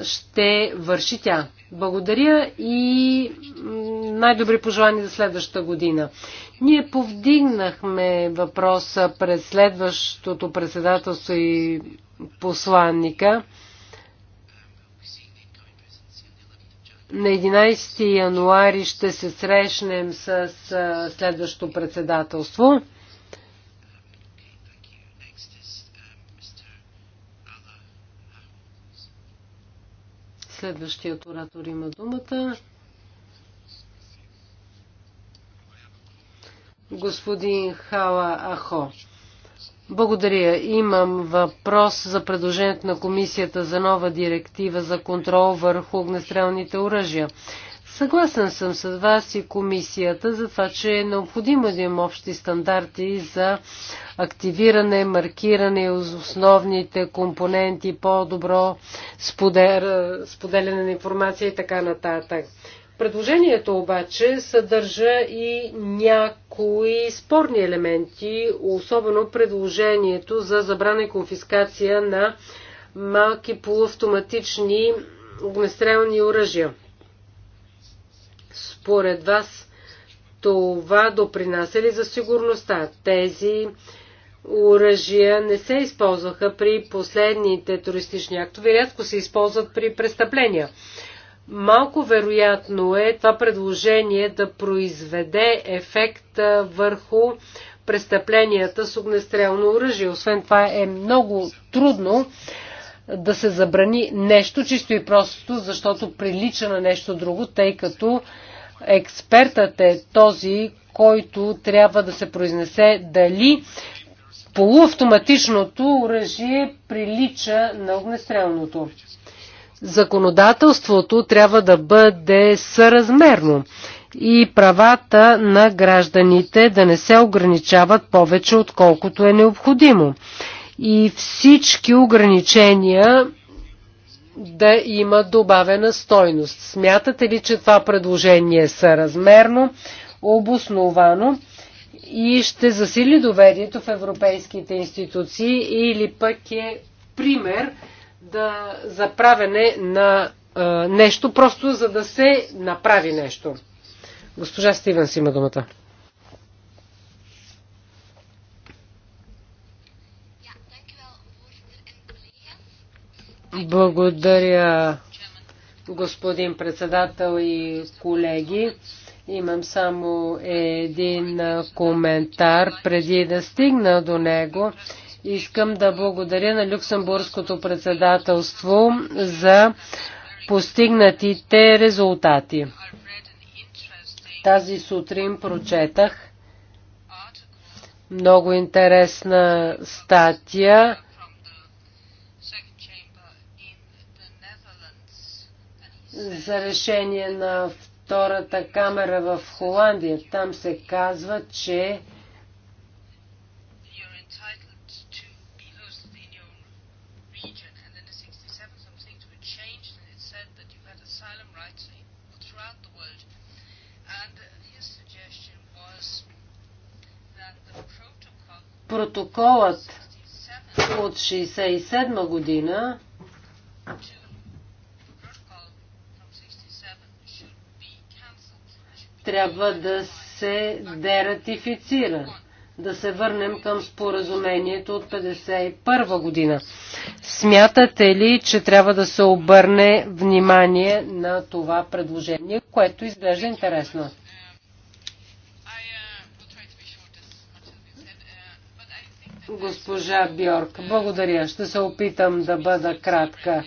е, ще върши тя. Благодаря и най-добри пожелания за следващата година. Ние повдигнахме въпроса през следващото председателство и посланника. На 11 януари ще се срещнем с следващото председателство. Следващият оратор има думата. Господин Хала Ахо. Благодаря. Имам въпрос за предложението на комисията за нова директива за контрол върху огнестрелните оръжия. Съгласен съм с вас и комисията за това, че е необходимо да има общи стандарти за активиране, маркиране от основните компоненти, по-добро споделяне на информация и така нататък. Предложението обаче съдържа и някои спорни елементи, особено предложението за забрана и конфискация на малки полуавтоматични огнестрелни оръжия. Според вас това допринася ли за сигурността? Тези оръжия не се използваха при последните туристични актове, рядко се използват при престъпления. Малко вероятно е това предложение да произведе ефект върху престъпленията с огнестрелно оръжие. Освен това е много трудно да се забрани нещо, чисто и просто, защото прилича на нещо друго, тъй като експертът е този, който трябва да се произнесе дали полуавтоматичното оръжие прилича на огнестрелното. Законодателството трябва да бъде съразмерно и правата на гражданите да не се ограничават повече, отколкото е необходимо и всички ограничения да има добавена стойност. Смятате ли, че това предложение е съразмерно, обосновано и ще засили доверието в европейските институции или пък е пример да, за правене на нещо, просто за да се направи нещо? Госпожа Стивенс има думата. Благодаря, господин председател и колеги. Имам само един коментар преди да стигна до него. Искам да благодаря на Люксембургското председателство за постигнатите резултати. Тази сутрин прочетах много интересна статия за решение на втората камера в Холандия. Там се казва, че протоколът от 67 година трябва да се дератифицира. Да се върнем към споразумението от 1951 година. Смятате ли, че трябва да се обърне внимание на това предложение, което изглежда интересно? Госпожа Бьорк, благодаря. Ще се опитам да бъда кратка.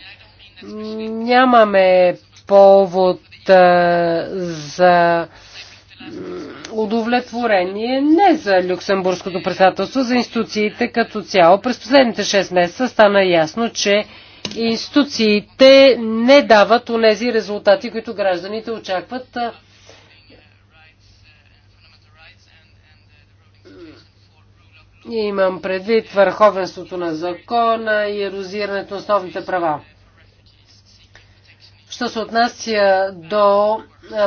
Нямаме повод а, за удовлетворение не за Люксембургското председателство, за институциите като цяло. През последните 6 месеца стана ясно, че институциите не дават онези резултати, които гражданите очакват. Имам предвид върховенството на закона и ерозирането на основните права. Що се отнася до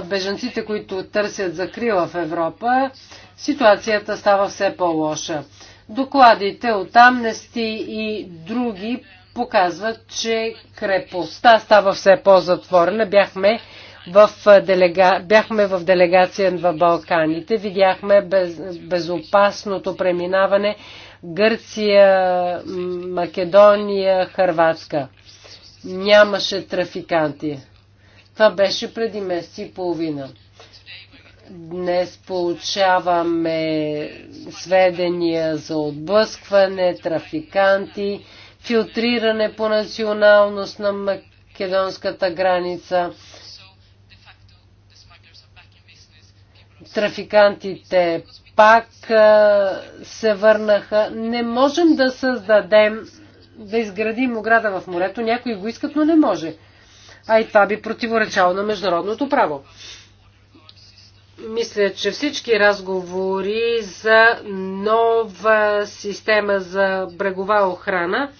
бежанците, които търсят закрила в Европа, ситуацията става все по-лоша. Докладите от Амнести и други показват, че крепостта става все по-затворена. Бяхме в, делега... бяхме в делегация в Балканите, видяхме без... безопасното преминаване Гърция, Македония, Харватска. Нямаше трафиканти. Това беше преди месец и половина. Днес получаваме сведения за отблъскване, трафиканти, филтриране по националност на македонската граница. Трафикантите пак се върнаха. Не можем да създадем, да изградим ограда в морето. Някои го искат, но не може а и това би противоречало на международното право. Мисля, че всички разговори за нова система за брегова охрана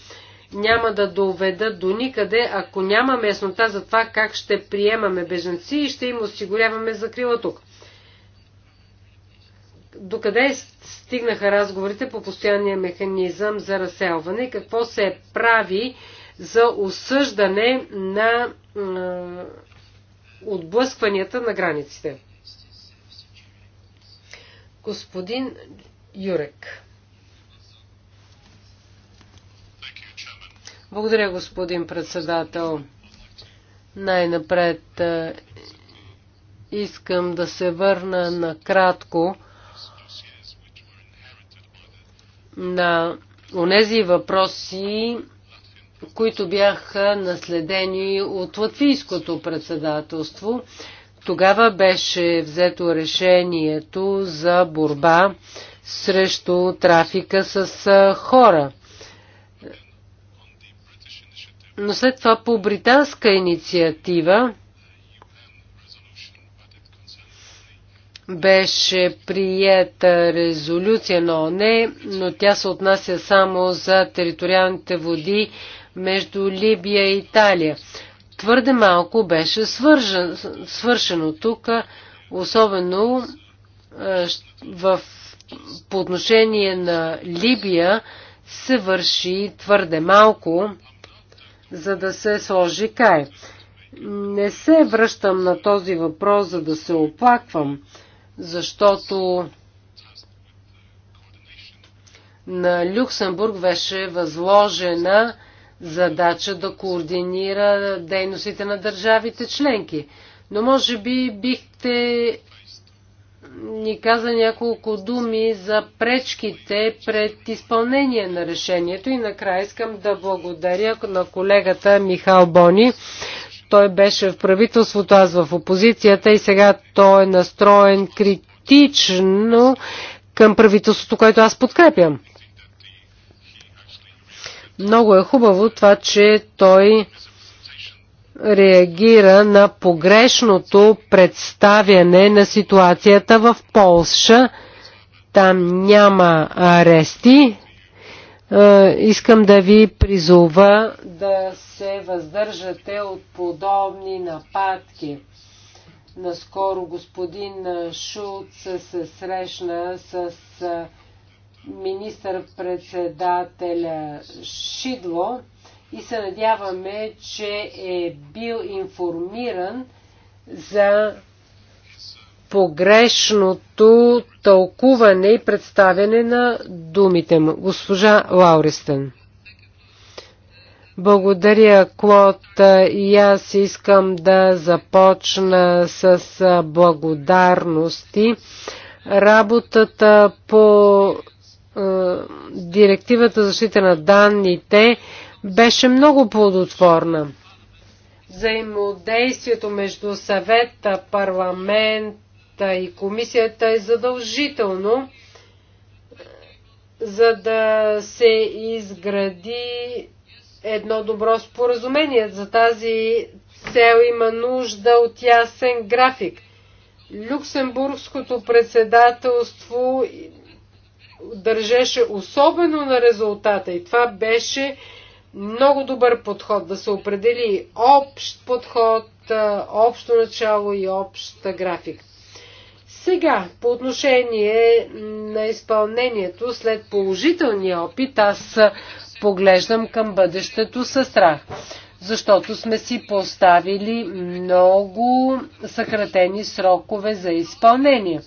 няма да доведат до никъде, ако няма яснота за това как ще приемаме беженци и ще им осигуряваме закрила тук. Докъде стигнаха разговорите по постоянния механизъм за разселване? Какво се прави за осъждане на отблъскванията на границите. Господин Юрек. Благодаря, господин председател. Най-напред е, искам да се върна накратко на онези въпроси, които бяха наследени от латвийското председателство. Тогава беше взето решението за борба срещу трафика с хора. Но след това по британска инициатива беше приета резолюция на ОНЕ, но тя се отнася само за териториалните води между Либия и Италия. Твърде малко беше свържен, свършено тук, особено в, по отношение на Либия се върши твърде малко, за да се сложи край. Не се връщам на този въпрос, за да се оплаквам, защото на Люксембург беше възложена задача да координира дейностите на държавите членки. Но може би бихте ни каза няколко думи за пречките пред изпълнение на решението и накрая искам да благодаря на колегата Михал Бони. Той беше в правителството, аз в опозицията и сега той е настроен критично към правителството, което аз подкрепям. Много е хубаво това, че той реагира на погрешното представяне на ситуацията в Полша. Там няма арести. Е, искам да ви призова да се въздържате от подобни нападки. Наскоро господин Шулц се срещна с е, министър-председателя Шидло и се надяваме, че е бил информиран за погрешното тълкуване и представяне на думите му. Госпожа Лауристен. Благодаря, Клод. И аз искам да започна с благодарности. Работата по е, директивата за защита на данните беше много плодотворна. Взаимодействието между съвета, парламента и комисията е задължително, за да се изгради едно добро споразумение. За тази цел има нужда от ясен график. Люксембургското председателство държеше особено на резултата и това беше много добър подход да се определи общ подход, общо начало и общ график. Сега, по отношение на изпълнението, след положителния опит, аз поглеждам към бъдещето със страх, защото сме си поставили много съкратени срокове за изпълнение.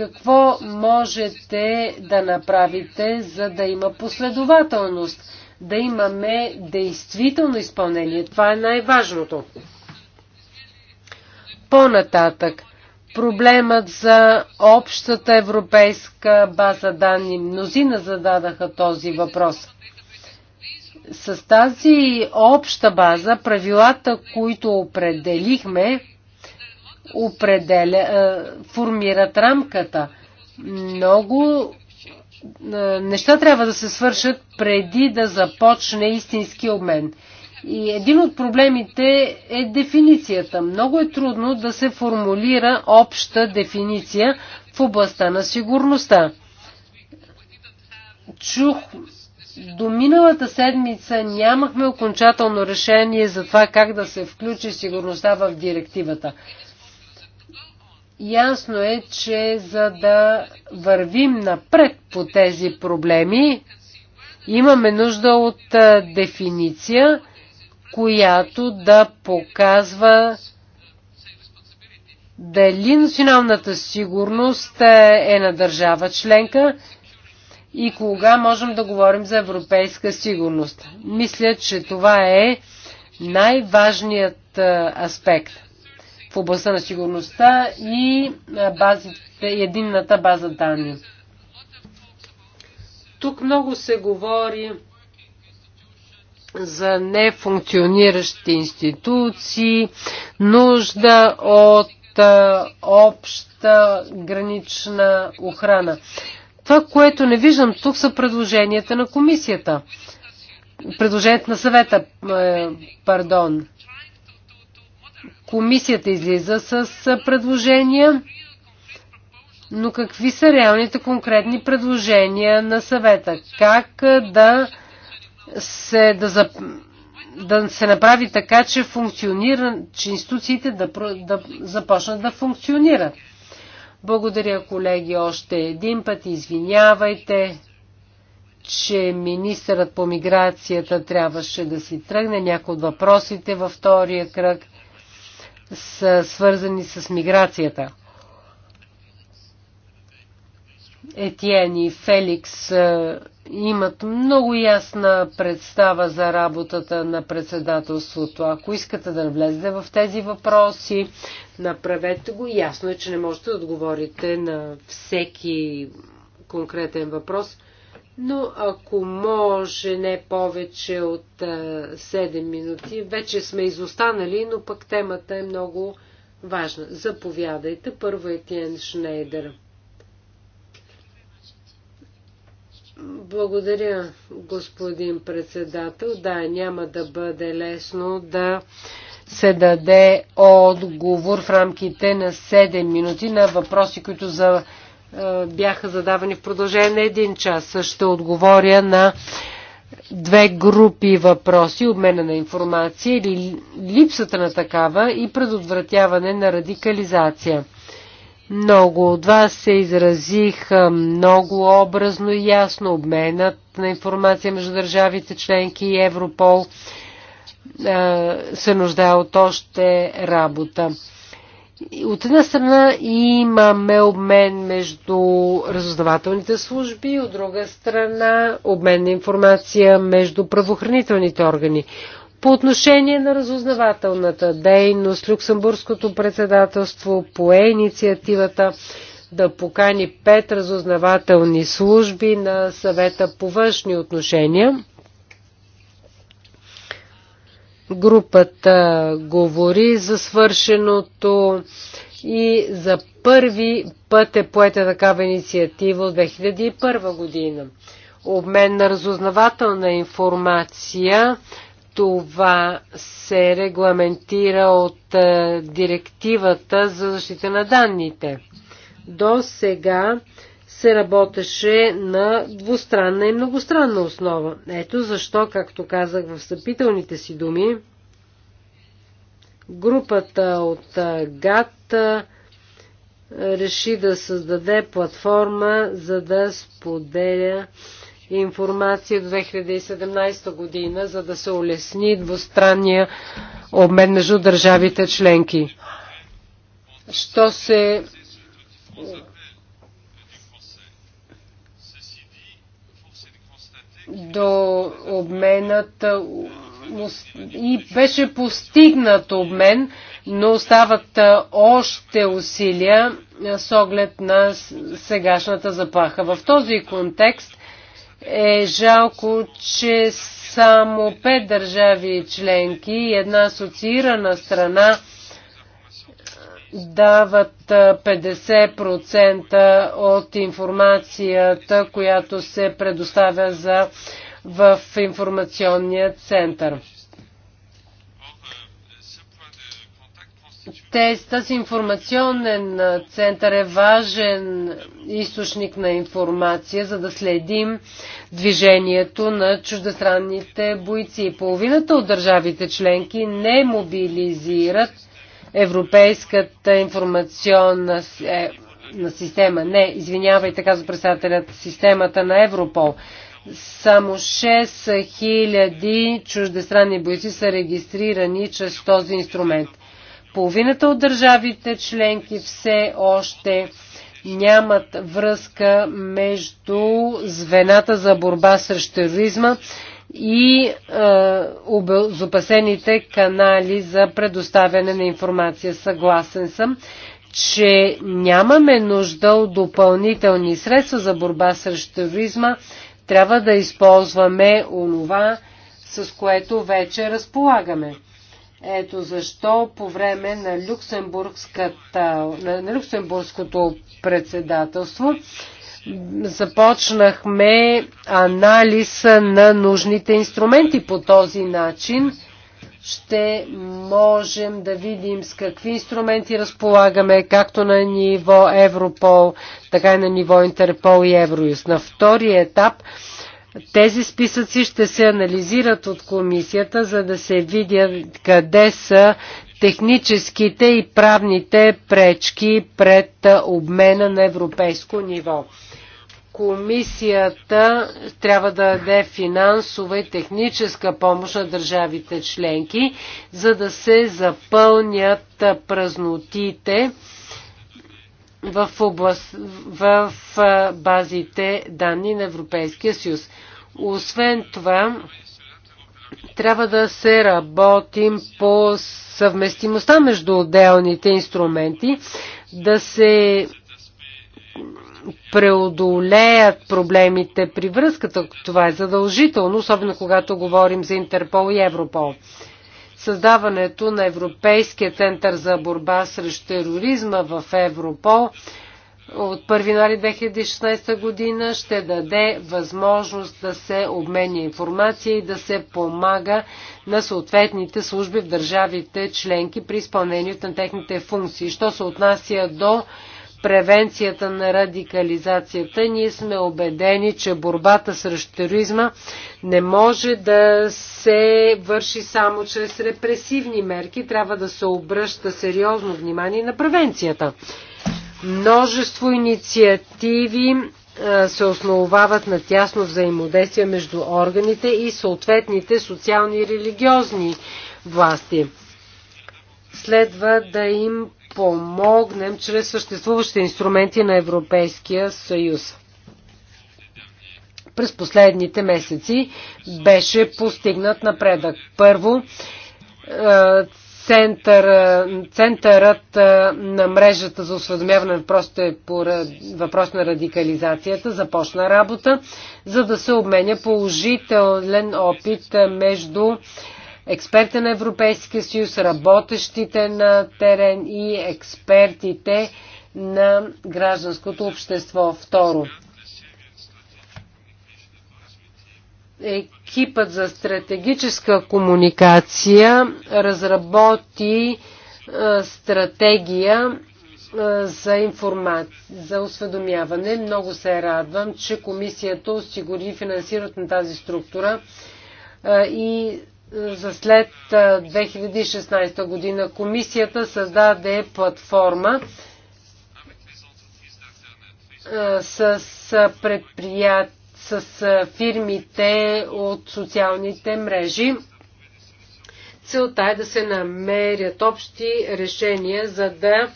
Какво можете да направите, за да има последователност, да имаме действително изпълнение? Това е най-важното. По-нататък, проблемът за общата европейска база данни. Мнозина зададаха този въпрос. С тази обща база, правилата, които определихме, определя, е, формират рамката. Много е, неща трябва да се свършат преди да започне истински обмен. И един от проблемите е дефиницията. Много е трудно да се формулира обща дефиниция в областта на сигурността. Чух до миналата седмица нямахме окончателно решение за това как да се включи сигурността в директивата. Ясно е, че за да вървим напред по тези проблеми, имаме нужда от дефиниция, която да показва дали националната сигурност е на държава членка и кога можем да говорим за европейска сигурност. Мисля, че това е най-важният аспект в областта на сигурността и базите, единната база данни. Тук много се говори за нефункциониращи институции, нужда от обща гранична охрана. Това, което не виждам тук, са предложенията на комисията. Предложението на съвета, е, пардон. Комисията излиза с предложения, но какви са реалните конкретни предложения на съвета? Как да се, да за, да се направи така, че, функционира, че институциите да, да започнат да функционират? Благодаря, колеги, още един път. Извинявайте, че министърът по миграцията трябваше да си тръгне. Някои от въпросите във втория кръг са свързани с миграцията. Етиен и Феликс е, имат много ясна представа за работата на председателството. Ако искате да влезете в тези въпроси, направете го. Ясно е, че не можете да отговорите на всеки конкретен въпрос – но ако може не повече от 7 минути, вече сме изостанали, но пък темата е много важна. Заповядайте, първо Етиен Шнейдер. Благодаря, господин председател. Да, няма да бъде лесно да се даде отговор в рамките на 7 минути на въпроси, които за е, бяха задавани в продължение на един час. Ще отговоря на две групи въпроси, обмена на информация или липсата на такава и предотвратяване на радикализация. Много от вас се изразиха много образно и ясно обменът на информация между държавите членки и Европол е, се нуждае от още работа. От една страна имаме обмен между разузнавателните служби, от друга страна обмен на информация между правоохранителните органи. По отношение на разузнавателната дейност, Люксембургското председателство пое инициативата да покани пет разузнавателни служби на съвета по външни отношения. Групата говори за свършеното и за първи път е поета такава инициатива от 2001 година. Обмен на разузнавателна информация това се регламентира от е, директивата за защита на данните. До сега се работеше на двустранна и многостранна основа. Ето защо, както казах в съпителните си думи, групата от ГАТ реши да създаде платформа за да споделя информация до 2017 година, за да се улесни двустранния обмен между държавите членки. Що се до обменът и беше постигнат обмен, но остават още усилия с оглед на сегашната заплаха. В този контекст е жалко, че само пет държави членки и една асоциирана страна дават 50% от информацията, която се предоставя за, в информационния център. Тези, тази информационен център е важен източник на информация, за да следим движението на чуждестранните бойци. Половината от държавите членки не мобилизират Европейската информационна е, на система. Не, извинявайте, казва председателят, системата на Европол. Само 6000 чуждестранни бойци са регистрирани чрез този инструмент. Половината от държавите членки все още нямат връзка между звената за борба срещу тероризма и е, обезопасените канали за предоставяне на информация. Съгласен съм, че нямаме нужда от допълнителни средства за борба срещу тероризма. Трябва да използваме онова, с което вече разполагаме. Ето защо по време на, на люксембургското председателство започнахме анализ на нужните инструменти по този начин. Ще можем да видим с какви инструменти разполагаме, както на ниво Европол, така и на ниво Интерпол и Евроюз. На втория етап тези списъци ще се анализират от комисията, за да се видят къде са техническите и правните пречки пред обмена на европейско ниво комисията трябва да даде финансова и техническа помощ на държавите членки, за да се запълнят празнотите в, област, в базите данни на Европейския съюз. Освен това, трябва да се работим по съвместимостта между отделните инструменти, да се преодолеят проблемите при връзката. Това е задължително, особено когато говорим за Интерпол и Европол. Създаването на Европейския център за борба срещу тероризма в Европол от 1 януари 2016 година ще даде възможност да се обменя информация и да се помага на съответните служби в държавите членки при изпълнението на техните функции. Що се отнася до превенцията на радикализацията. Ние сме убедени, че борбата срещу тероризма не може да се върши само чрез репресивни мерки. Трябва да се обръща сериозно внимание на превенцията. Множество инициативи се основават на тясно взаимодействие между органите и съответните социални и религиозни власти. Следва да им помогнем чрез съществуващите инструменти на Европейския съюз. През последните месеци беше постигнат напредък. Първо, е, център, е, центърът е, на мрежата за осведомяване въпросите по въпрос на радикализацията започна работа, за да се обменя положителен опит между експерта на Европейския съюз, работещите на терен и експертите на гражданското общество. Второ, екипът за стратегическа комуникация разработи стратегия за, информация, за осведомяване. Много се радвам, че комисията осигури финансирането на тази структура и за след 2016 година. Комисията създаде платформа с предприятия с фирмите от социалните мрежи. Целта е да се намерят общи решения, за да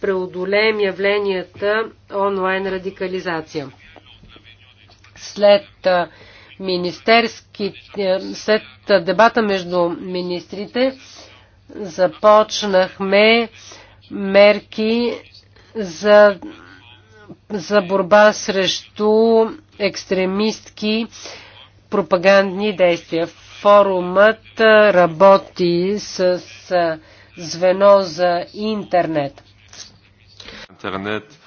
преодолеем явленията онлайн радикализация. След министерски, е, след дебата между министрите започнахме мерки за, за борба срещу екстремистки пропагандни действия. Форумът е, работи с е, звено за интернет. Интернет,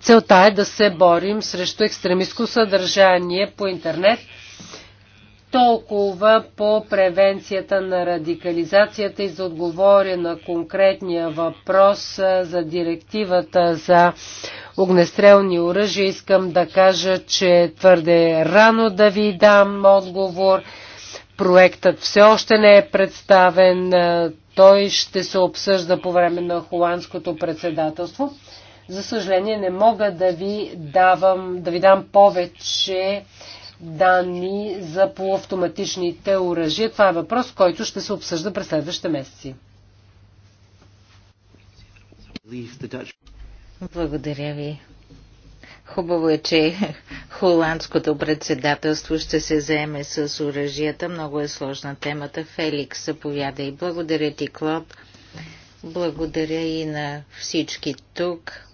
Целта е да се борим срещу екстремистско съдържание по интернет. Толкова по превенцията на радикализацията и за отговоря на конкретния въпрос за директивата за огнестрелни оръжия. Искам да кажа, че твърде рано да ви дам отговор. Проектът все още не е представен. Той ще се обсъжда по време на холандското председателство. За съжаление, не мога да ви, давам, да ви дам повече данни за полуавтоматичните оръжия. Това е въпрос, който ще се обсъжда през следващите месеци. Благодаря ви. Хубаво е, че холандското председателство ще се заеме с оръжията. Много е сложна темата. Феликс, заповядай. Благодаря ти, Клод. Благодаря и на всички тук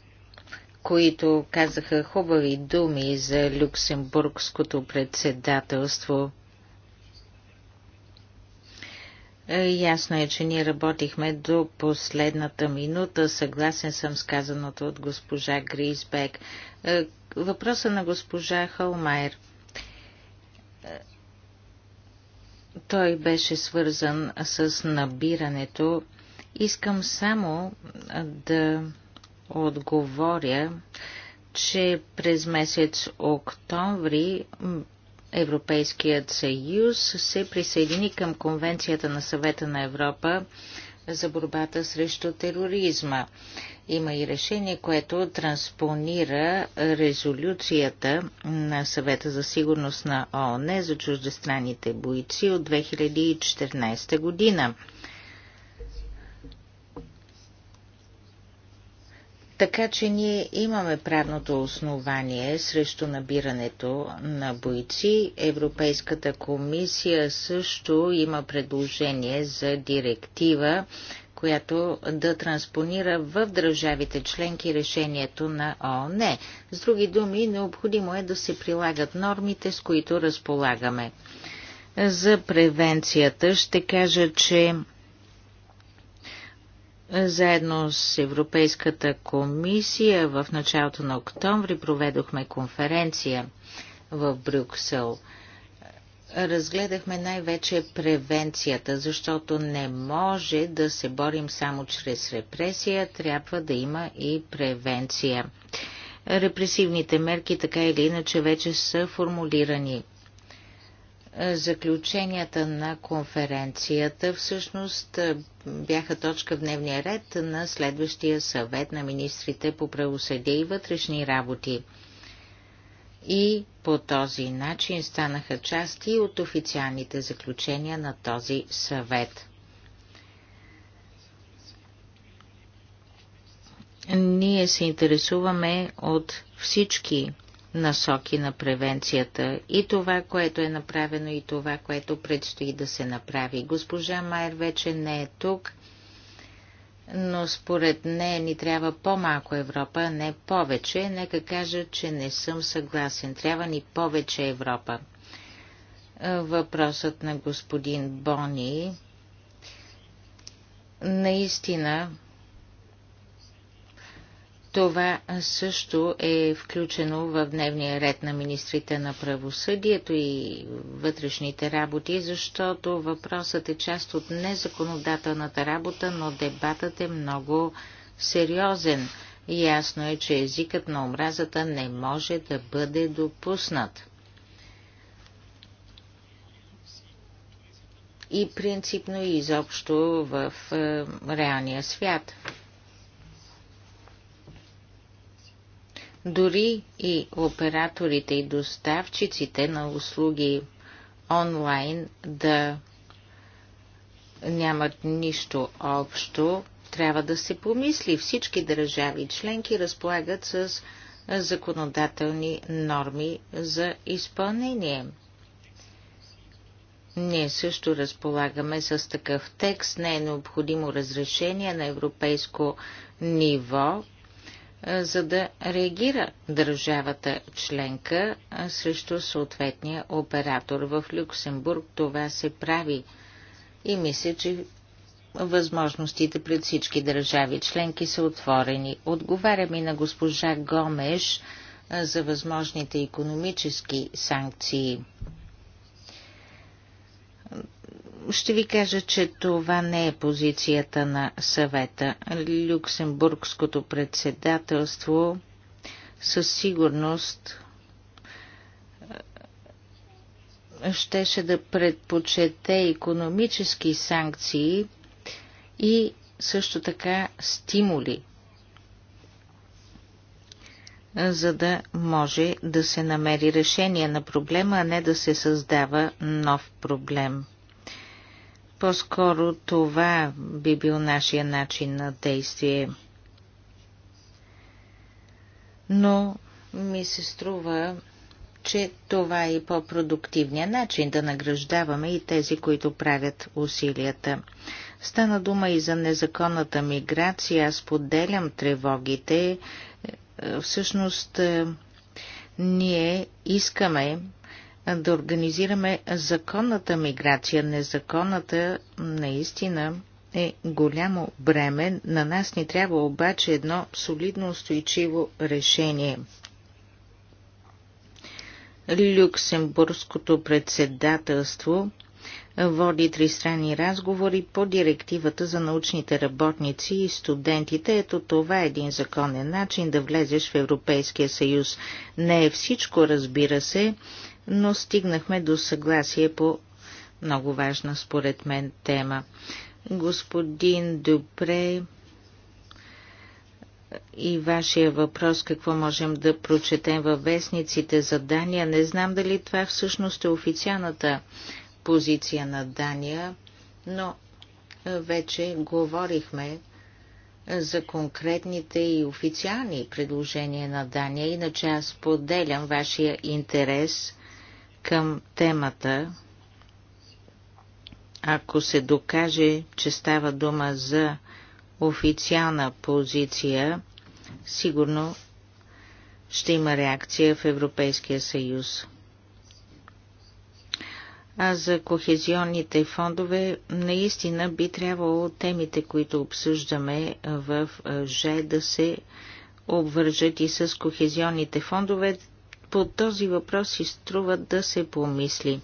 които казаха хубави думи за люксембургското председателство. Е, ясно е, че ние работихме до последната минута. Съгласен съм с казаното от госпожа Грисбек. Е, въпроса на госпожа Халмайер. Е, той беше свързан с набирането. Искам само да отговоря, че през месец октомври Европейският съюз се присъедини към Конвенцията на съвета на Европа за борбата срещу тероризма. Има и решение, което транспонира резолюцията на съвета за сигурност на ООН за чуждестранните бойци от 2014 година. Така че ние имаме правното основание срещу набирането на бойци. Европейската комисия също има предложение за директива, която да транспонира в държавите членки решението на ООН. С други думи, необходимо е да се прилагат нормите, с които разполагаме. За превенцията ще кажа, че заедно с Европейската комисия в началото на октомври проведохме конференция в Брюксел. Разгледахме най-вече превенцията, защото не може да се борим само чрез репресия, трябва да има и превенция. Репресивните мерки така или иначе вече са формулирани. Заключенията на конференцията всъщност бяха точка в дневния ред на следващия съвет на министрите по правосъдие и вътрешни работи. И по този начин станаха части от официалните заключения на този съвет. Ние се интересуваме от всички насоки на превенцията и това, което е направено и това, което предстои да се направи. Госпожа Майер вече не е тук, но според нея ни трябва по-малко Европа, а не повече. Нека кажа, че не съм съгласен. Трябва ни повече Европа. Въпросът на господин Бони наистина това също е включено в дневния ред на министрите на правосъдието и вътрешните работи, защото въпросът е част от незаконодателната работа, но дебатът е много сериозен. Ясно е, че езикът на омразата не може да бъде допуснат. И принципно и изобщо в е, реалния свят. Дори и операторите и доставчиците на услуги онлайн да нямат нищо общо, трябва да се помисли. Всички държави членки разполагат с законодателни норми за изпълнение. Ние също разполагаме с такъв текст. Не е необходимо разрешение на европейско ниво за да реагира държавата членка срещу съответния оператор. В Люксембург това се прави и мисля, че възможностите пред всички държави членки са отворени. Отговарям и на госпожа Гомеш за възможните економически санкции ще ви кажа, че това не е позицията на съвета. Люксембургското председателство със сигурност щеше да предпочете економически санкции и също така стимули, за да може да се намери решение на проблема, а не да се създава нов проблем. По-скоро това би бил нашия начин на действие. Но ми се струва, че това е и по-продуктивният начин да награждаваме и тези, които правят усилията. Стана дума и за незаконната миграция. Аз поделям тревогите. Всъщност, е, ние искаме да организираме законната миграция. Незаконната наистина е голямо бреме. На нас ни трябва обаче едно солидно устойчиво решение. Люксембургското председателство води тристранни разговори по директивата за научните работници и студентите. Ето това е един законен начин да влезеш в Европейския съюз. Не е всичко, разбира се но стигнахме до съгласие по много важна според мен тема. Господин Дупре и вашия въпрос какво можем да прочетем във вестниците за Дания. Не знам дали това всъщност е официалната позиция на Дания, но вече говорихме за конкретните и официални предложения на Дания. Иначе аз поделям вашия интерес към темата, ако се докаже, че става дума за официална позиция, сигурно ще има реакция в Европейския съюз. А за кохезионните фондове наистина би трябвало темите, които обсъждаме в ЖЕ да се обвържат и с кохезионните фондове по този въпрос си струва да се помисли.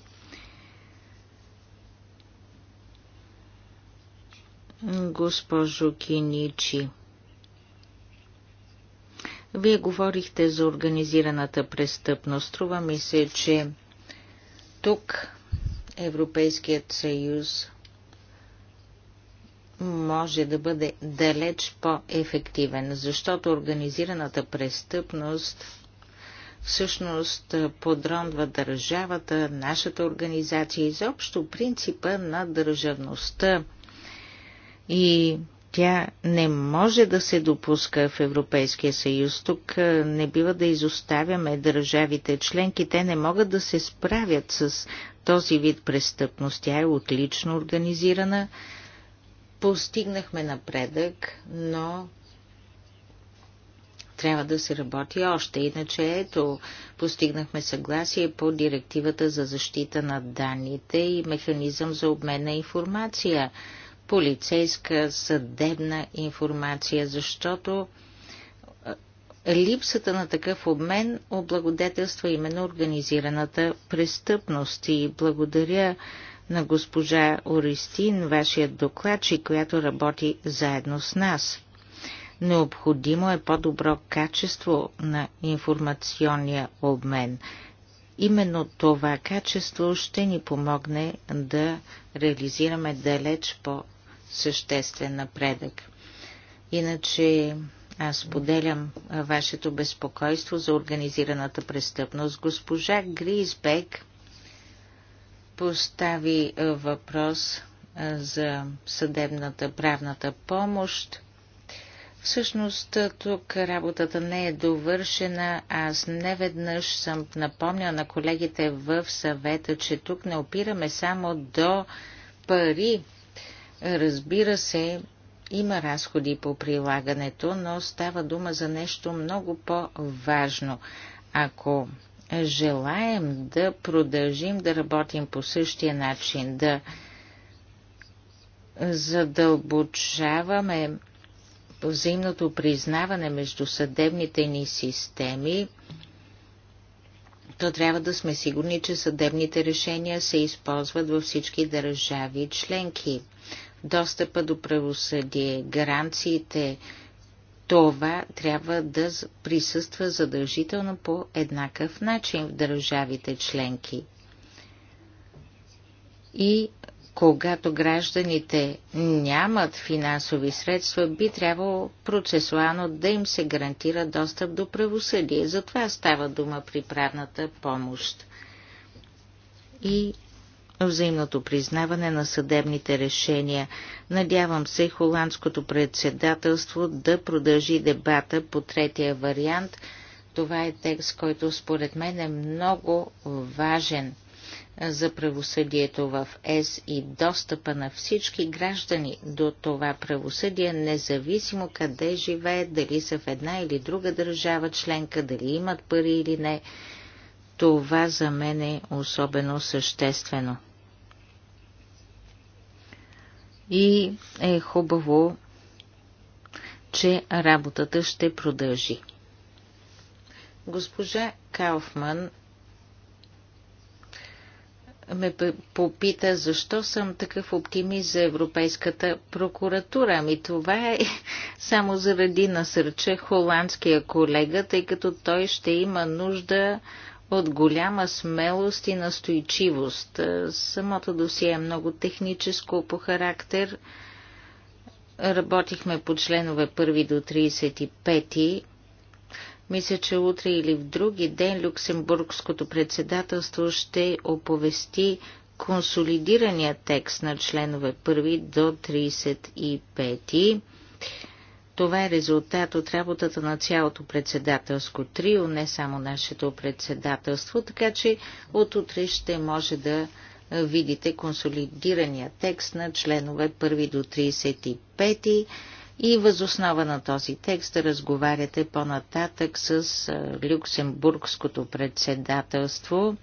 Госпожо Киничи, вие говорихте за организираната престъпност. Струва ми се, че тук Европейският съюз може да бъде далеч по-ефективен, защото организираната престъпност всъщност подронва държавата, нашата организация, изобщо принципа на държавността. И тя не може да се допуска в Европейския съюз. Тук не бива да изоставяме държавите членки. Те не могат да се справят с този вид престъпност. Тя е отлично организирана. Постигнахме напредък, но трябва да се работи още. Иначе ето, постигнахме съгласие по директивата за защита на данните и механизъм за обмен на информация, полицейска, съдебна информация, защото липсата на такъв обмен облагодетелства именно организираната престъпност и благодаря на госпожа Ористин, вашия докладчик, която работи заедно с нас. Необходимо е по-добро качество на информационния обмен. Именно това качество ще ни помогне да реализираме далеч по-съществен напредък. Иначе аз поделям вашето безпокойство за организираната престъпност. Госпожа Гризбек постави въпрос за съдебната правната помощ. Всъщност тук работата не е довършена. Аз неведнъж съм напомнял на колегите в съвета, че тук не опираме само до пари. Разбира се, има разходи по прилагането, но става дума за нещо много по-важно. Ако желаем да продължим да работим по същия начин, да задълбочаваме взаимното признаване между съдебните ни системи, то трябва да сме сигурни, че съдебните решения се използват във всички държави членки. Достъпа до правосъдие, гаранциите, това трябва да присъства задължително по еднакъв начин в държавите членки. И когато гражданите нямат финансови средства, би трябвало процесуално да им се гарантира достъп до правосъдие. За това става дума при правната помощ и взаимното признаване на съдебните решения. Надявам се холандското председателство да продължи дебата по третия вариант. Това е текст, който според мен е много важен – за правосъдието в ЕС и достъпа на всички граждани до това правосъдие, независимо къде живеят, дали са в една или друга държава членка, дали имат пари или не. Това за мен е особено съществено. И е хубаво, че работата ще продължи. Госпожа Кауфман ме попита защо съм такъв оптимист за Европейската прокуратура. Ами това е само заради насърча холандския колега, тъй като той ще има нужда от голяма смелост и настойчивост. Е, самото досие е много техническо по характер. Работихме по членове 1 до 35 мисля, че утре или в други ден Люксембургското председателство ще оповести консолидирания текст на членове 1 до 35. Това е резултат от работата на цялото председателско трио, не само нашето председателство, така че от утре ще може да видите консолидирания текст на членове 1 до 35 и възоснова на този текст разговаряте по-нататък с Люксембургското председателство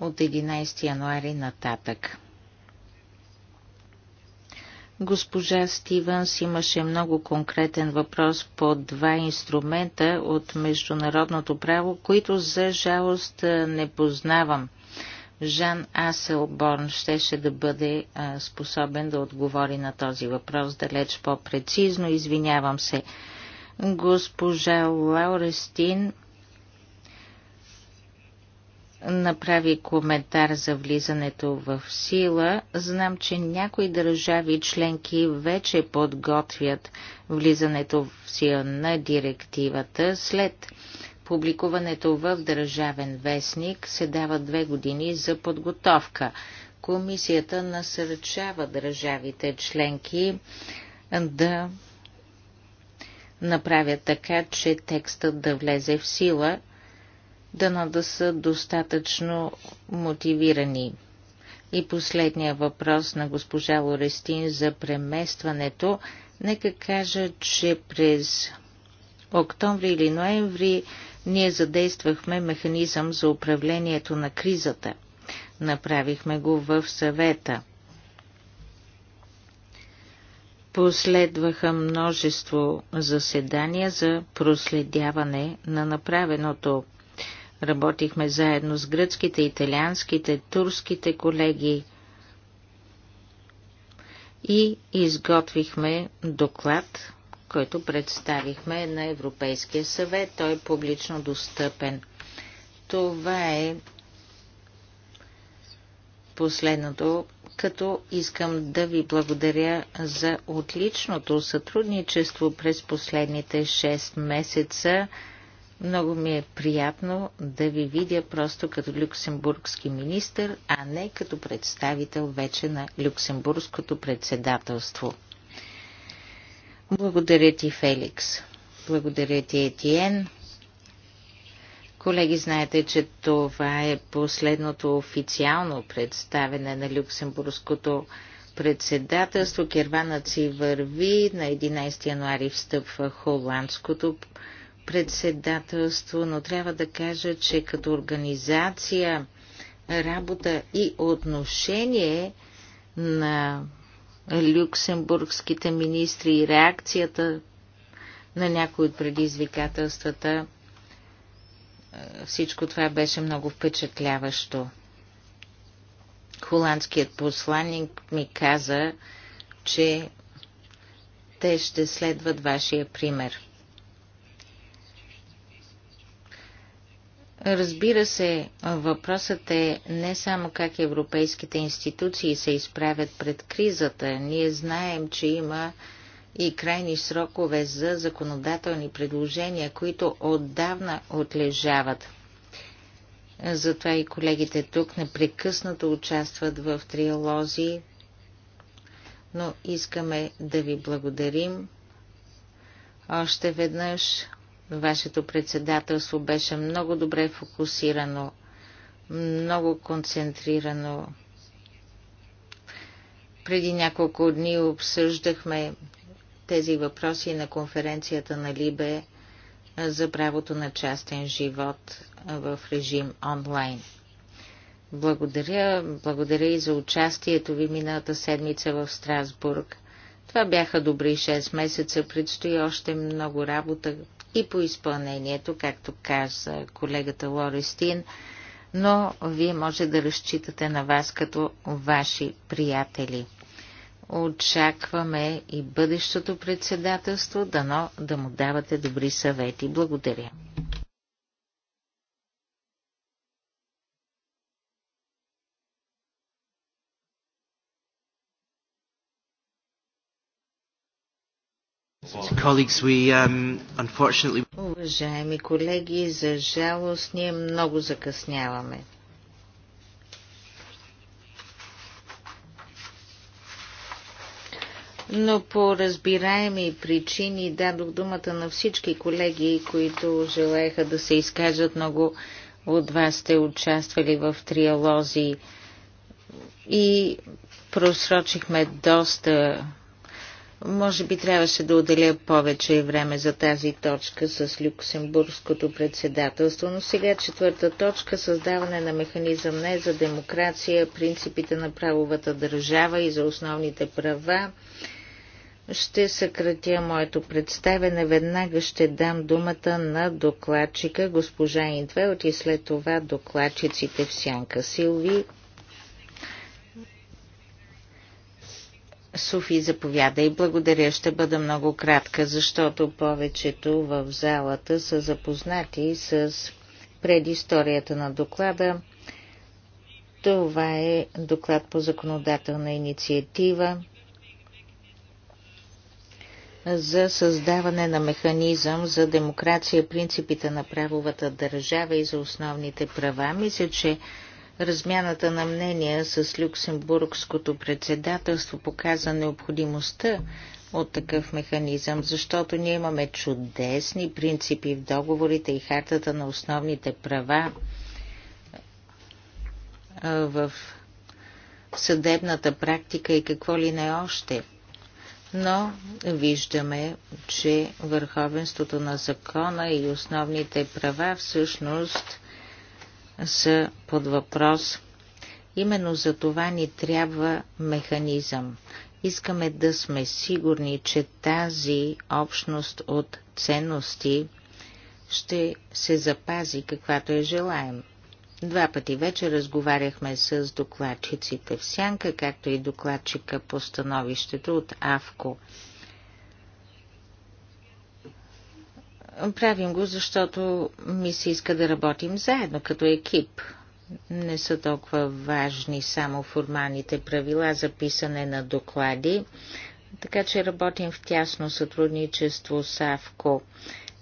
от 11 януари нататък. Госпожа Стивенс имаше много конкретен въпрос по два инструмента от международното право, които за жалост не познавам. Жан Аселборн щеше да бъде а, способен да отговори на този въпрос далеч по-прецизно. Извинявам се. Госпожа Лаурестин направи коментар за влизането в сила. Знам, че някои държави членки вече подготвят влизането в сила на директивата след публикуването в Държавен вестник се дава две години за подготовка. Комисията насърчава държавите членки да направят така, че текстът да влезе в сила, дано да са достатъчно мотивирани. И последния въпрос на госпожа Лорестин за преместването. Нека кажа, че през октомври или ноември ние задействахме механизъм за управлението на кризата. Направихме го в съвета. Последваха множество заседания за проследяване на направеното. Работихме заедно с гръцките, италианските, турските колеги и изготвихме доклад който представихме на Европейския съвет. Той е публично достъпен. Това е последното, като искам да ви благодаря за отличното сътрудничество през последните 6 месеца. Много ми е приятно да ви видя просто като люксембургски министр, а не като представител вече на люксембургското председателство. Благодаря ти, Феликс. Благодаря ти, Етиен. Колеги, знаете, че това е последното официално представене на Люксембургското председателство. Керванът си върви. На 11 януари встъпва холандското председателство, но трябва да кажа, че като организация, работа и отношение на люксембургските министри и реакцията на някои от предизвикателствата. Е, всичко това беше много впечатляващо. Холандският посланник ми каза, че те ще следват вашия пример. Разбира се, въпросът е не само как европейските институции се изправят пред кризата. Ние знаем, че има и крайни срокове за законодателни предложения, които отдавна отлежават. Затова и колегите тук непрекъснато участват в триалози, но искаме да ви благодарим още веднъж Вашето председателство беше много добре фокусирано, много концентрирано. Преди няколко дни обсъждахме тези въпроси на конференцията на Либе за правото на частен живот в режим онлайн. Благодаря, благодаря и за участието ви миналата седмица в Страсбург. Това бяха добри 6 месеца, предстои още много работа и по изпълнението, както каза колегата Лористин, но вие може да разчитате на вас като ваши приятели. Очакваме и бъдещото председателство, дано да му давате добри съвети. Благодаря. Um, Уважаеми колеги, за жалост ние много закъсняваме. Но по разбираеми причини дадох думата на всички колеги, които желаяха да се изкажат. Много от вас сте участвали в триалози и просрочихме доста може би трябваше да отделя повече време за тази точка с Люксембургското председателство, но сега четвърта точка – създаване на механизъм не за демокрация, принципите на правовата държава и за основните права. Ще съкратя моето представене. Веднага ще дам думата на докладчика госпожа Интвелт и след това докладчиците в сянка. Силви, Софи, заповяда и благодаря. Ще бъда много кратка, защото повечето в залата са запознати с предисторията на доклада. Това е доклад по законодателна инициатива за създаване на механизъм за демокрация, принципите на правовата държава и за основните права. Мисля, че Размяната на мнения с люксембургското председателство показа необходимостта от такъв механизъм, защото ние имаме чудесни принципи в договорите и хартата на основните права в съдебната практика и какво ли не още. Но виждаме, че върховенството на закона и основните права всъщност са под въпрос. Именно за това ни трябва механизъм. Искаме да сме сигурни, че тази общност от ценности ще се запази каквато е желаем. Два пъти вече разговаряхме с докладчиците в Сянка, както и докладчика по становището от Авко. Правим го, защото ми се иска да работим заедно като екип. Не са толкова важни само формалните правила за писане на доклади, така че работим в тясно сътрудничество с АВКО.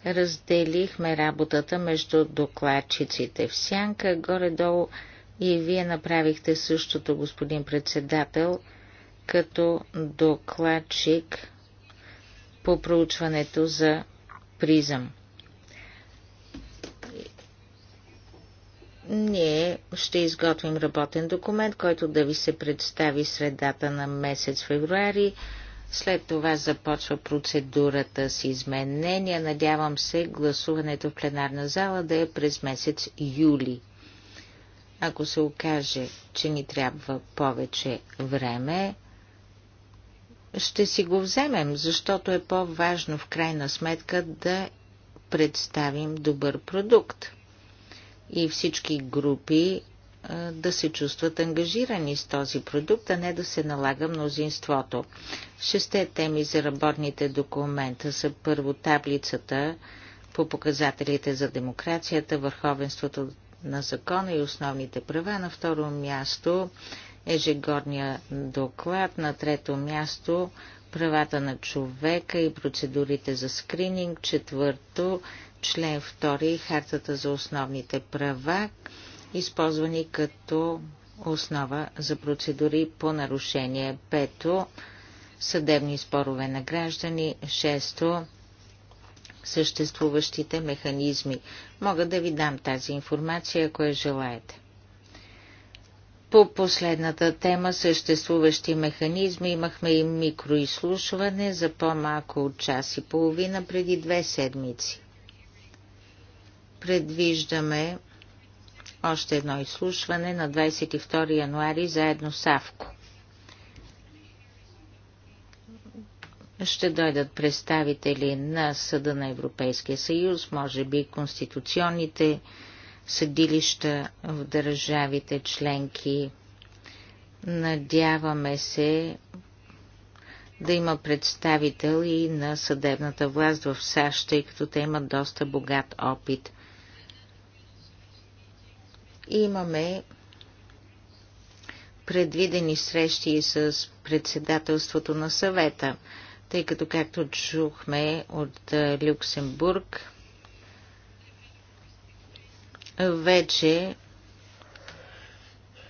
Разделихме работата между докладчиците в сянка, горе-долу и вие направихте същото, господин председател, като докладчик по проучването за призъм. Ние ще изготвим работен документ, който да ви се представи средата на месец февруари. След това започва процедурата с изменения. Надявам се гласуването в пленарна зала да е през месец юли. Ако се окаже, че ни трябва повече време, ще си го вземем, защото е по-важно в крайна сметка да представим добър продукт и всички групи да се чувстват ангажирани с този продукт, а не да се налага мнозинството. Шесте теми за работните документа са първо таблицата по показателите за демокрацията, върховенството на закона и основните права. На второ място ежегодния доклад. На трето място правата на човека и процедурите за скрининг. Четвърто, член 2, хартата за основните права, използвани като основа за процедури по нарушение. Пето, съдебни спорове на граждани. Шесто, съществуващите механизми. Мога да ви дам тази информация, ако я желаете. По последната тема съществуващи механизми имахме и микроизслушване за по-малко от час и половина преди две седмици. Предвиждаме още едно изслушване на 22 януари заедно с Авко. ще дойдат представители на Съда на Европейския съюз, може би конституционните съдилища в държавите членки. Надяваме се да има представител и на съдебната власт в САЩ, тъй като те имат доста богат опит. Имаме предвидени срещи с председателството на съвета, тъй като, както чухме от е, Люксембург, вече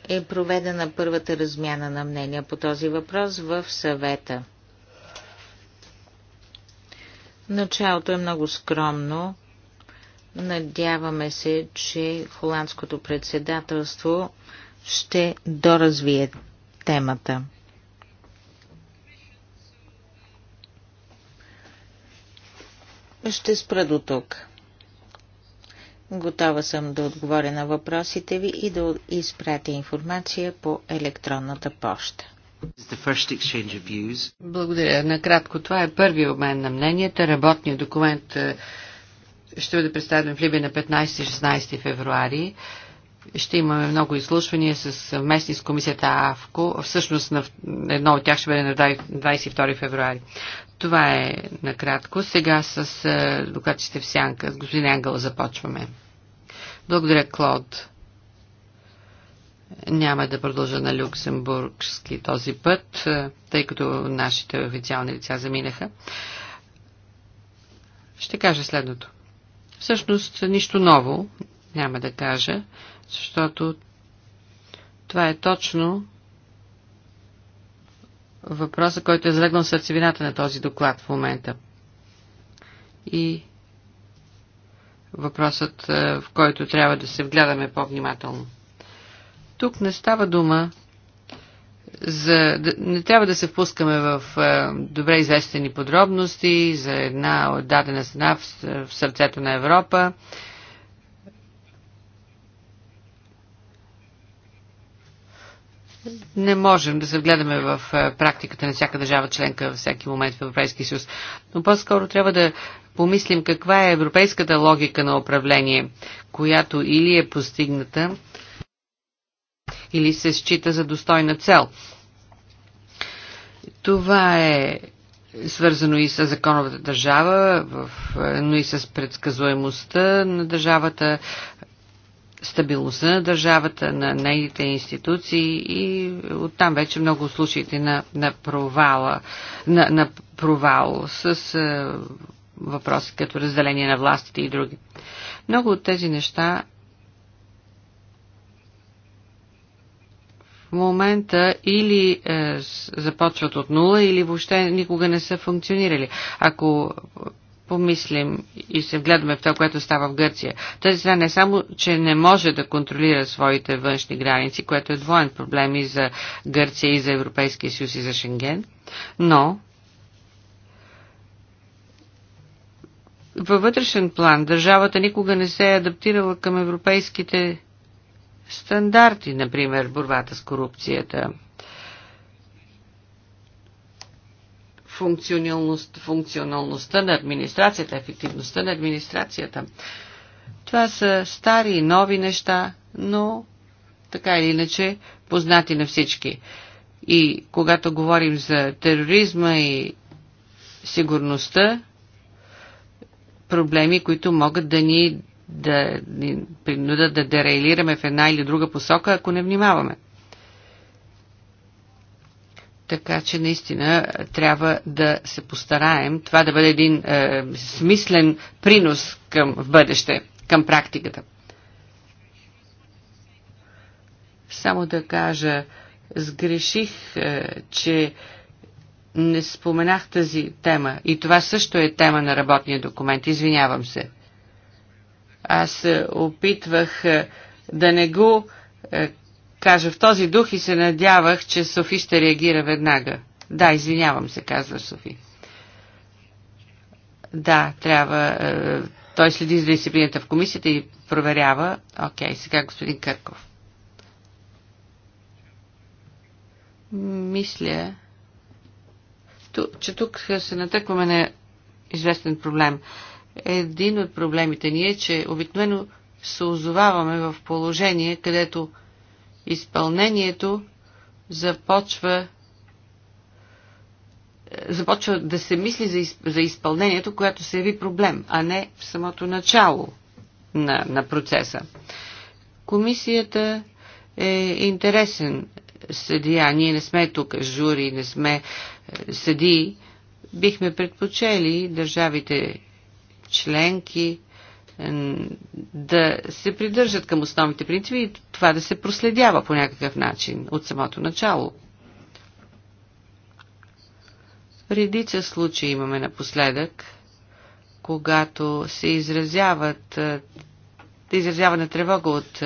е проведена първата размяна на мнения по този въпрос в съвета. Началото е много скромно. Надяваме се, че холандското председателство ще доразвие темата. Ще спра до тук. Готова съм да отговоря на въпросите ви и да изпратя информация по електронната поща. Благодаря. Накратко, това е първи обмен на мненията. Работният документ е, ще бъде представен в Либия на 15-16 февруари. Ще имаме много изслушвания с местни с комисията АВКО. Всъщност едно от тях ще бъде на 22 февруари. Това е накратко. Сега с е, докато сте в сянка. С господин Ангел започваме. Благодаря, Клод. Няма да продължа на люксембургски този път, тъй като нашите официални лица заминаха. Ще кажа следното. Всъщност нищо ново няма да кажа, защото това е точно въпроса, който е залегнал сърцевината на този доклад в момента. И въпросът, е, в който трябва да се вгледаме по-внимателно. Тук не става дума за... Не трябва да се впускаме в е, добре известени подробности за една дадена сна в сърцето на Европа. не можем да се вгледаме в е, практиката на всяка държава членка във всеки момент в Европейския съюз. Но по-скоро трябва да помислим каква е европейската логика на управление, която или е постигната, или се счита за достойна цел. Това е свързано и с законовата държава, но и с предсказуемостта на държавата, стабилността на държавата, на нейните институции и оттам вече много случаите на, на провала, на, на провал с е, въпроси като разделение на властите и други. Много от тези неща в момента или е, започват от нула, или въобще никога не са функционирали. Ако помислим и се вгледаме в това, което става в Гърция. Тази страна не само, че не може да контролира своите външни граници, което е двоен проблем и за Гърция, и за Европейския съюз, и за Шенген, но във вътрешен план държавата никога не се е адаптирала към европейските стандарти, например борбата с корупцията, функционалност, функционалността на администрацията, ефективността на администрацията. Това са стари и нови неща, но така или иначе познати на всички. И когато говорим за тероризма и сигурността, проблеми, които могат да ни да ни принудат да дерейлираме в една или друга посока, ако не внимаваме. Така че наистина трябва да се постараем това да бъде един е, смислен принос към в бъдеще, към практиката. Само да кажа, сгреших, е, че не споменах тази тема. И това също е тема на работния документ. Извинявам се. Аз е, опитвах е, да не го е, кажа в този дух и се надявах, че Софи ще реагира веднага. Да, извинявам се, казва Софи. Да, трябва. Той следи за дисциплината в комисията и проверява. Окей, сега господин Кърков. Мисля, че тук се натъкваме на известен проблем. Един от проблемите ни е, че обикновено се озоваваме в положение, където изпълнението започва започва да се мисли за, из, за изпълнението, което се яви проблем, а не в самото начало на, на процеса. Комисията е интересен съдия, ние не сме тук жури, не сме е, съдии, бихме предпочели държавите членки е, да се придържат към основните принципи и това да се проследява по някакъв начин от самото начало. Редица случаи имаме напоследък, когато се изразяват е, изразява на тревога от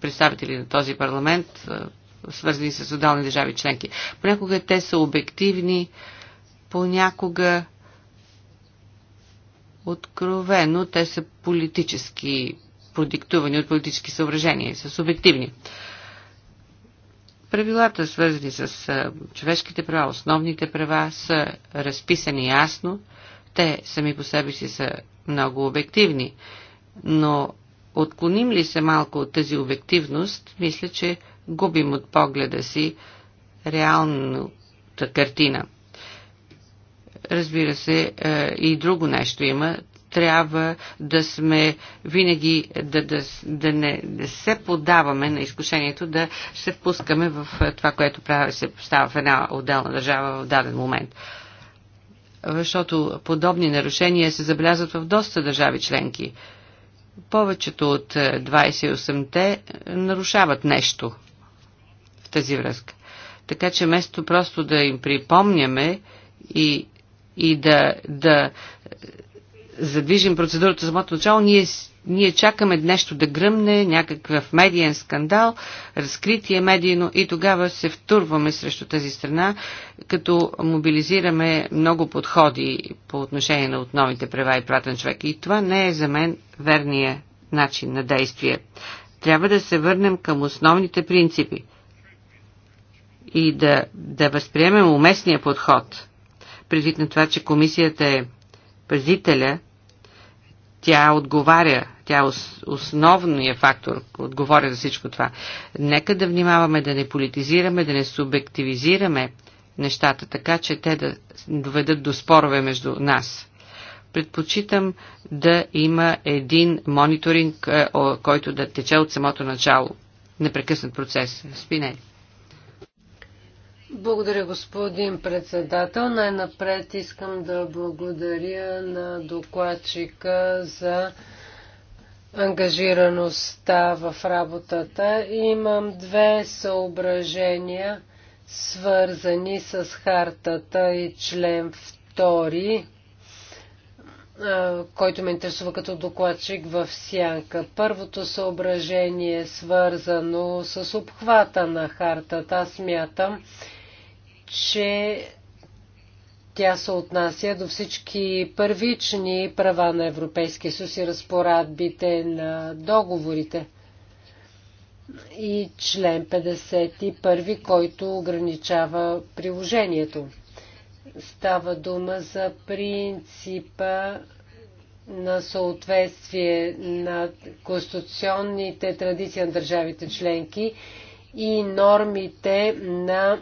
представители на този парламент свързани с отдални държави членки. Понякога те са обективни, понякога откровено те са политически продиктувани от политически съображения, са субективни. Правилата, свързани с човешките права, основните права, са разписани ясно. Те сами по себе си са много обективни. Но отклоним ли се малко от тази обективност, мисля, че губим от погледа си реалната картина. Разбира се, е, и друго нещо има. Трябва да сме винаги, да, да, да не да се подаваме на изкушението да се впускаме в е, това, което прави, се става в една отделна държава в даден момент. Защото подобни нарушения се забелязват в доста държави членки повечето от 28-те е, нарушават нещо тази връзка. Така че вместо просто да им припомняме и, и да, да задвижим процедурата за самото начало, ние, ние чакаме нещо да гръмне, някакъв медиен скандал, разкритие медийно и тогава се втурваме срещу тази страна, като мобилизираме много подходи по отношение на отновите права и прата на човека. И това не е за мен верния начин на действие. Трябва да се върнем към основните принципи – и да, да възприемем уместния подход, предвид на това, че комисията е пазителя, тя отговаря, тя е основният фактор, отговоря за всичко това. Нека да внимаваме да не политизираме, да не субективизираме нещата, така че те да доведат до спорове между нас. Предпочитам да има един мониторинг, е, който да тече от самото начало. Непрекъснат процес. Спинели. Благодаря, господин председател. Най-напред искам да благодаря на докладчика за ангажираността в работата. Имам две съображения, свързани с хартата и член 2 който ме интересува като докладчик в Сянка. Първото съображение е свързано с обхвата на хартата. Аз мятам, че тя се отнася до всички първични права на Европейския съюз и разпорадбите на договорите. И член 51, който ограничава приложението. Става дума за принципа на съответствие на конституционните традиции на държавите членки и нормите на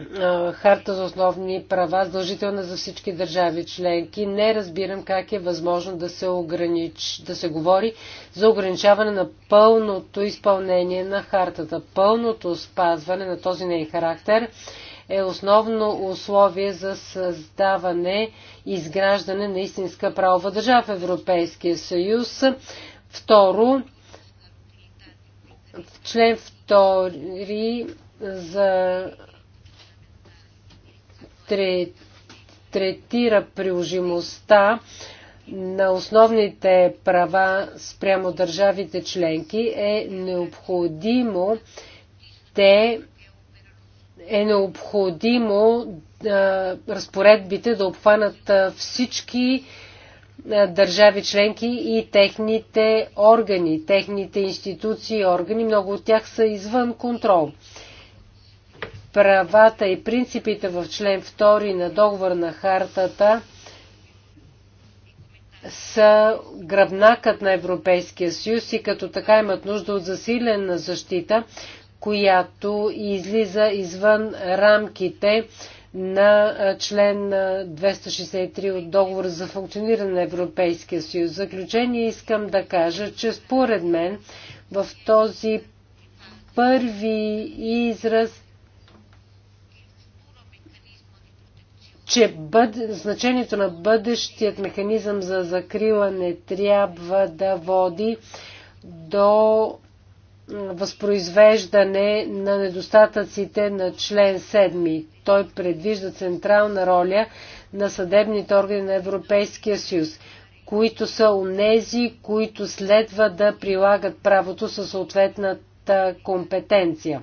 е, харта за основни права, задължителна за всички държави членки. Не разбирам как е възможно да се, огранич... да се говори за ограничаване на пълното изпълнение на хартата. Пълното спазване на този ней характер е основно условие за създаване и изграждане на истинска правова държава в Европейския съюз. Второ, в член втори за третира приложимостта на основните права спрямо държавите членки, е необходимо те е необходимо а, разпоредбите да обхванат всички държави членки и техните органи, техните институции и органи. Много от тях са извън контрол правата и принципите в член 2 на договор на хартата са гръбнакът на Европейския съюз и като така имат нужда от засилена защита, която излиза извън рамките на член 263 от договора за функциониране на Европейския съюз. В заключение искам да кажа, че според мен в този първи израз че бъд... значението на бъдещият механизъм за закрила не трябва да води до възпроизвеждане на недостатъците на член 7. Той предвижда централна роля на съдебните органи на Европейския съюз, които са унези, които следва да прилагат правото със съответната компетенция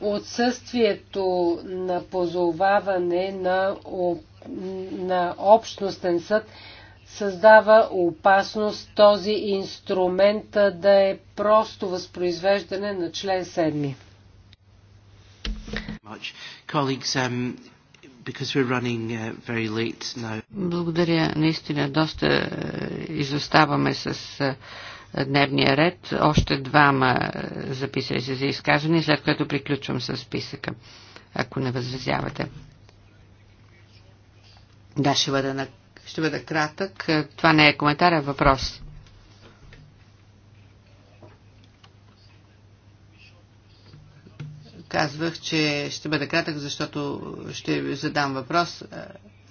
отсъствието на позоваване на, на общностен съд създава опасност този инструмент да е просто възпроизвеждане на член 7. Um, uh, Благодаря, наистина доста е, изоставаме с е, дневния ред. Още двама е, записали се за изказване, след което приключвам с списъка, ако не възразявате. Да, ще бъда, на... ще бъда кратък. Е, това не е коментар, а въпрос. Казвах, че ще бъда кратък, защото ще задам въпрос. Е,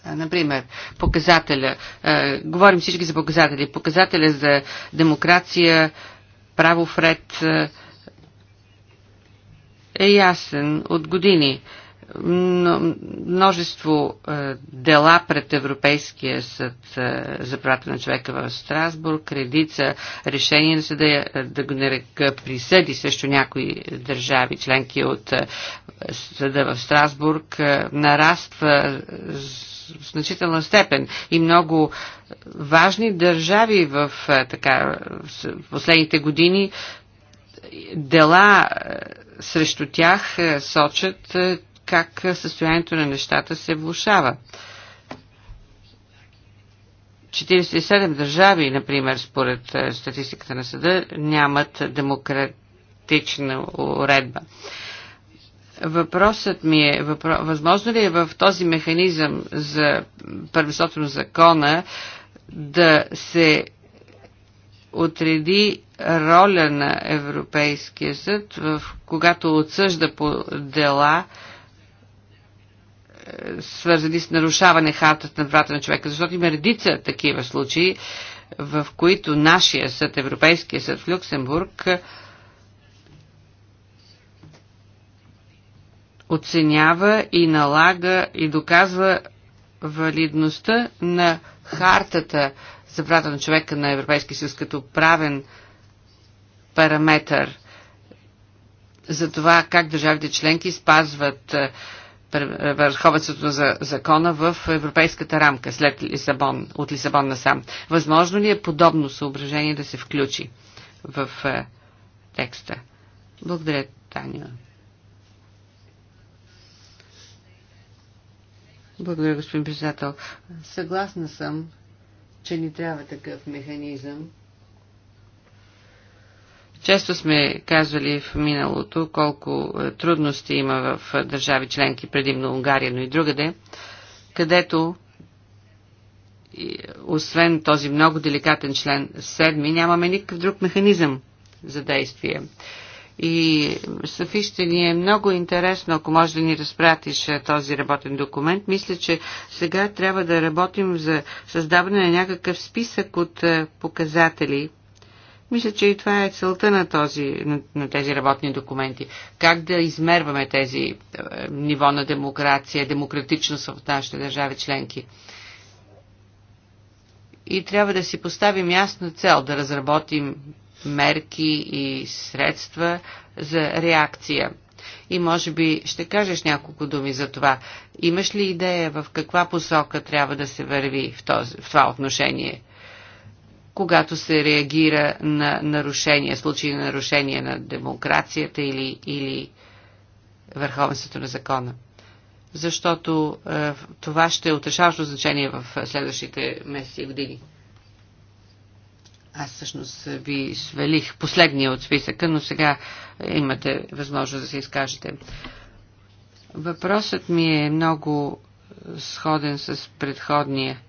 Например, показателя. Е, говорим всички за показатели. Показателя за демокрация, правов ред е, е ясен от години. Множество е, дела пред Европейския съд за правата на човека в Страсбург, редица решения на съда да го нарека присъди срещу някои държави, членки от съда в Страсбург, нараства значителна степен и много важни държави в е, така, в последните години дела е, срещу тях е, сочат как състоянието на нещата се влушава. 47 държави, например, според статистиката на съда, нямат демократична уредба. Въпросът ми е, въпро... възможно ли е в този механизъм за първенството на закона да се отреди роля на Европейския съд, в, когато отсъжда по дела, е, свързани с нарушаване хартата на правата на човека, защото има редица такива случаи, в които нашия съд, Европейския съд в Люксембург, оценява и налага и доказва валидността на хартата за правата на човека на Европейския съюз като правен параметър за това как държавите членки спазват е, върховенството за закона в европейската рамка след Лисабон, от Лисабон насам. Възможно ли е подобно съображение да се включи в е, текста? Благодаря, Таня. Благодаря, господин председател. Съгласна съм, че ни трябва такъв механизъм. Често сме казвали в миналото колко е, трудности има в е, държави членки, предимно Унгария, но и другаде, където освен този много деликатен член 7, нямаме никакъв друг механизъм за действие. И Софи ще ни е много интересно, ако може да ни разпратиш е, този работен документ. Мисля, че сега трябва да работим за създаване на някакъв списък от е, показатели. Мисля, че и това е целта на, този, на, на тези работни документи. Как да измерваме тези е, ниво на демокрация, демократичност в нашите държави членки и трябва да си поставим ясна цел да разработим мерки и средства за реакция. И може би ще кажеш няколко думи за това. Имаш ли идея в каква посока трябва да се върви в, този, в това отношение? когато се реагира на нарушения, случаи на нарушение на демокрацията или, или върховенството на закона. Защото е, това ще е отрешаващо значение в следващите месеци и години. Аз всъщност ви свалих последния от списъка, но сега имате възможност да се изкажете. Въпросът ми е много сходен с предходния.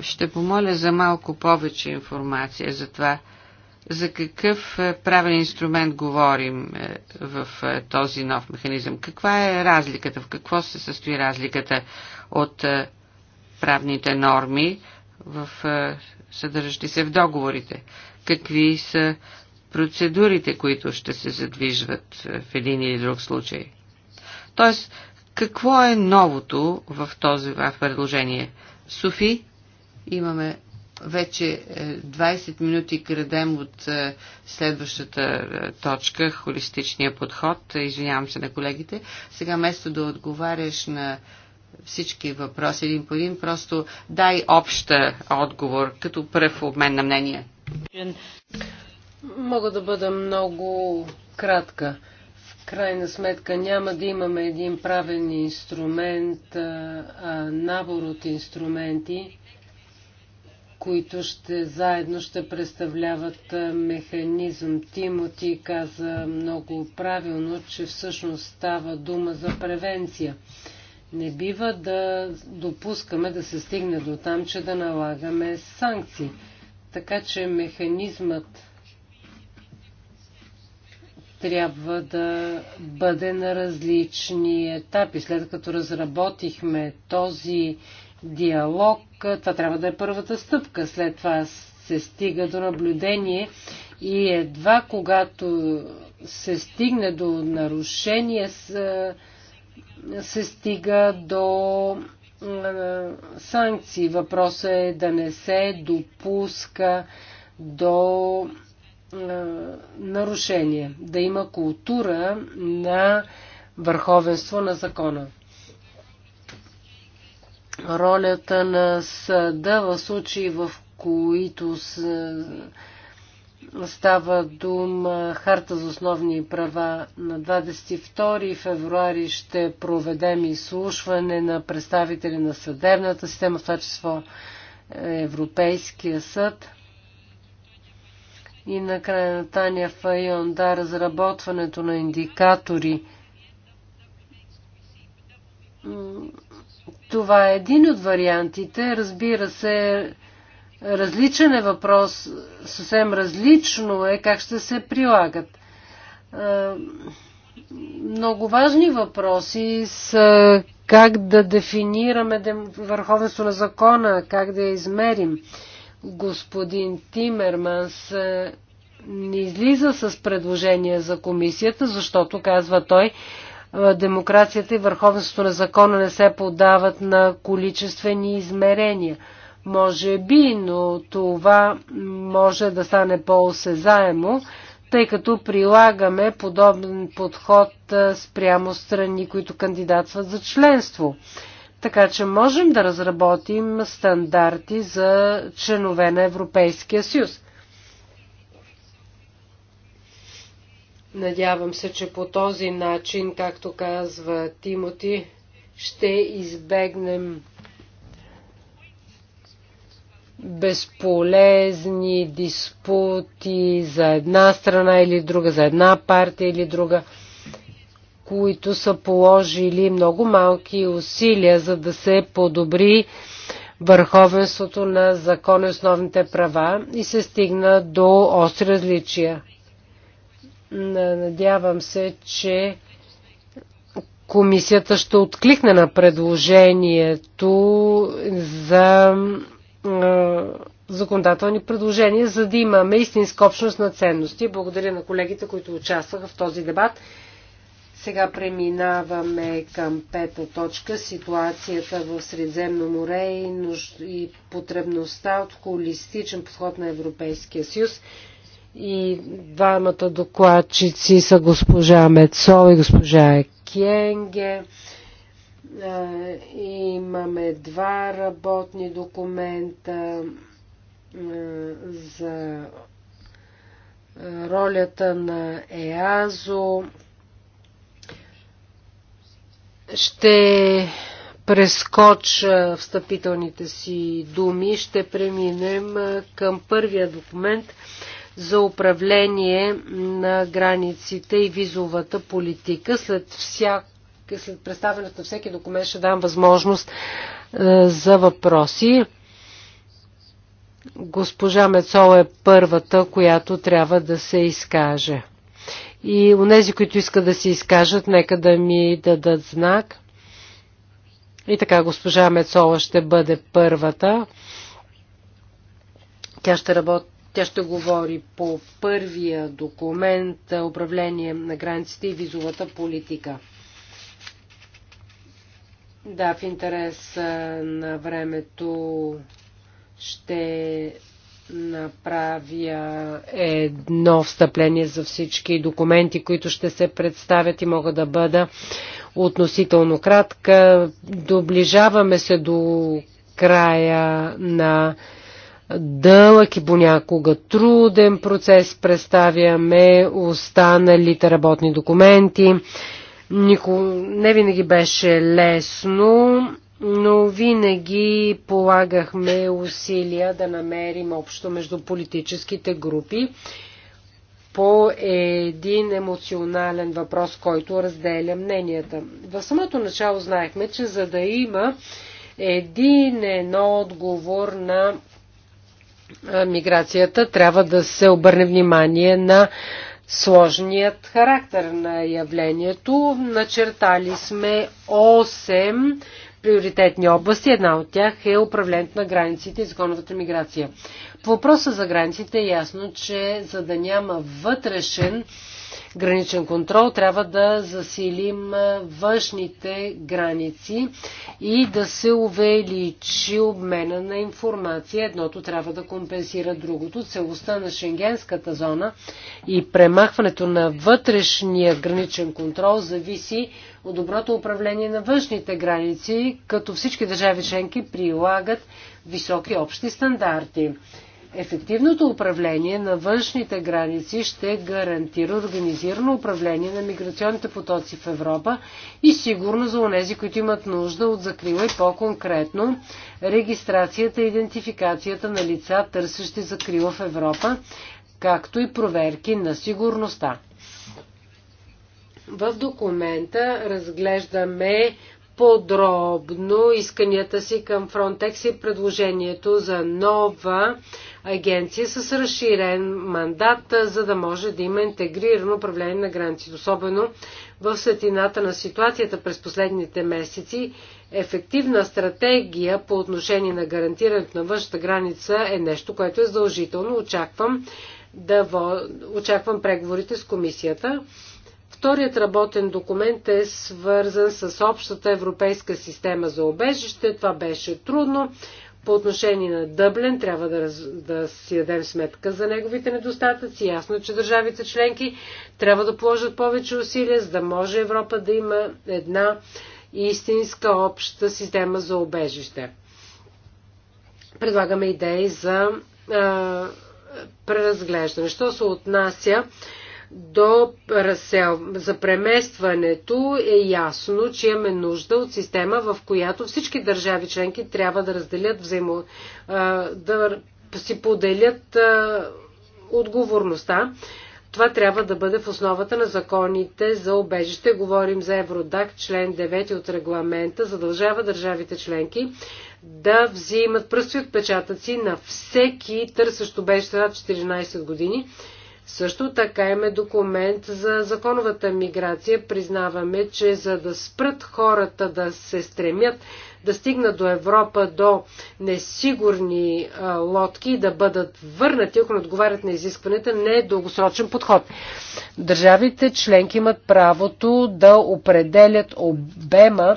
Ще помоля за малко повече информация за това, за какъв е, правен инструмент говорим е, в е, този нов механизъм. Каква е разликата? В какво се състои разликата от правните норми? в, е, съдържащи се в договорите? Какви са процедурите, които ще се задвижват е, в един или друг случай? Тоест, какво е новото в този в предложение? Софи, имаме вече 20 е, минути крадем от следващата точка, холистичния подход. Извинявам се на колегите. Сега, вместо да отговаряш на всички въпроси един по един, просто дай обща отговор, като пръв обмен на мнение. Мога да бъда много кратка. В крайна сметка няма да имаме един правен инструмент, а набор от инструменти, които ще заедно ще представляват механизъм. Тимоти каза много правилно, че всъщност става дума за превенция. Не бива да допускаме да се стигне до там, че да налагаме санкции. Така че механизмът трябва да бъде на различни етапи. След като разработихме този диалог, това трябва да е първата стъпка. След това се стига до наблюдение и едва когато се стигне до нарушение с се стига до е, санкции. Въпросът е да не се допуска до е, нарушение, да има култура на върховенство на закона. Ролята на съда в случаи, в които Става дума Харта за основни права. На 22 февруари ще проведем изслушване на представители на съдебната система, в това число е, Европейския съд. И накрая на Таня Файон, да, разработването на индикатори. Това е един от вариантите. Разбира се, Различен е въпрос, съвсем различно е как ще се прилагат. Много важни въпроси са как да дефинираме върховенство на закона, как да я измерим. Господин Тимерманс не излиза с предложение за комисията, защото, казва той, демокрацията и върховенството на закона не се подават на количествени измерения – може би, но това може да стане по-осезаемо, тъй като прилагаме подобен подход спрямо страни, които кандидатстват за членство. Така че можем да разработим стандарти за членове на Европейския съюз. Надявам се, че по този начин, както казва Тимоти, ще избегнем безполезни диспути за една страна или друга, за една партия или друга, които са положили много малки усилия, за да се подобри върховенството на закон и основните права и се стигна до остри различия. Надявам се, че комисията ще откликне на предложението за законодателни предложения, за да имаме истинска общност на ценности. Благодаря на колегите, които участваха в този дебат. Сега преминаваме към пета точка ситуацията в Средземно море и, нуж... и потребността от холистичен подход на Европейския съюз. И двамата докладчици са госпожа Мецо и госпожа Кенге. Е, имаме два работни документа е, за ролята на ЕАЗО. Ще прескоча встъпителните си думи, ще преминем е, към първия документ за управление на границите и визовата политика. След всяко след представянето на всеки документ ще дам възможност е, за въпроси. Госпожа Мецол е първата, която трябва да се изкаже. И онези, които искат да се изкажат, нека да ми дадат знак. И така, госпожа Мецола ще бъде първата. Тя ще, работ... Тя ще говори по първия документ е, управление на границите и визовата политика. Да, в интерес на времето ще направя едно встъпление за всички документи, които ще се представят и мога да бъда относително кратка. Доближаваме се до края на дълъг и понякога труден процес. Представяме останалите работни документи Нико... Не винаги беше лесно, но винаги полагахме усилия да намерим общо между политическите групи по един емоционален въпрос, който разделя мненията. В самото начало знаехме, че за да има един едно отговор на миграцията, трябва да се обърне внимание на сложният характер на явлението. Начертали сме 8 приоритетни области. Една от тях е управлението на границите и законовата миграция. По въпроса за границите е ясно, че за да няма вътрешен граничен контрол, трябва да засилим външните граници и да се увеличи обмена на информация. Едното трябва да компенсира другото. Целостта на шенгенската зона и премахването на вътрешния граничен контрол зависи от доброто управление на външните граници, като всички държави членки прилагат високи общи стандарти. Ефективното управление на външните граници ще гарантира организирано управление на миграционните потоци в Европа и сигурно за онези, които имат нужда от закрила и по-конкретно регистрацията и идентификацията на лица, търсещи закрила в Европа, както и проверки на сигурността. В документа разглеждаме подробно исканията си към Frontex и предложението за нова агенция с разширен мандат, за да може да има интегрирано управление на границите. Особено в светлината на ситуацията през последните месеци, ефективна стратегия по отношение на гарантирането на външната граница е нещо, което е задължително. Очаквам, да во... очаквам преговорите с комисията. Вторият работен документ е свързан с общата европейска система за обежище. Това беше трудно. По отношение на Дъблен трябва да, да си дадем сметка за неговите недостатъци. Ясно е, че държавите членки трябва да положат повече усилия, за да може Европа да има една истинска обща система за обежище. Предлагаме идеи за а, преразглеждане. Що се отнася до разсел... за преместването е ясно, че имаме нужда от система, в която всички държави членки трябва да разделят взаимо... да си поделят отговорността. Това трябва да бъде в основата на законите за обежище. Говорим за Евродак, член 9 от регламента, задължава държавите членки да взимат пръстови отпечатъци на всеки търсещ обежище над 14 години също така имаме документ за законовата миграция. Признаваме, че за да спрат хората да се стремят да стигнат до Европа до несигурни а, лодки и да бъдат върнати, ако не отговарят на изискването, не е дългосрочен подход. Държавите членки имат правото да определят обема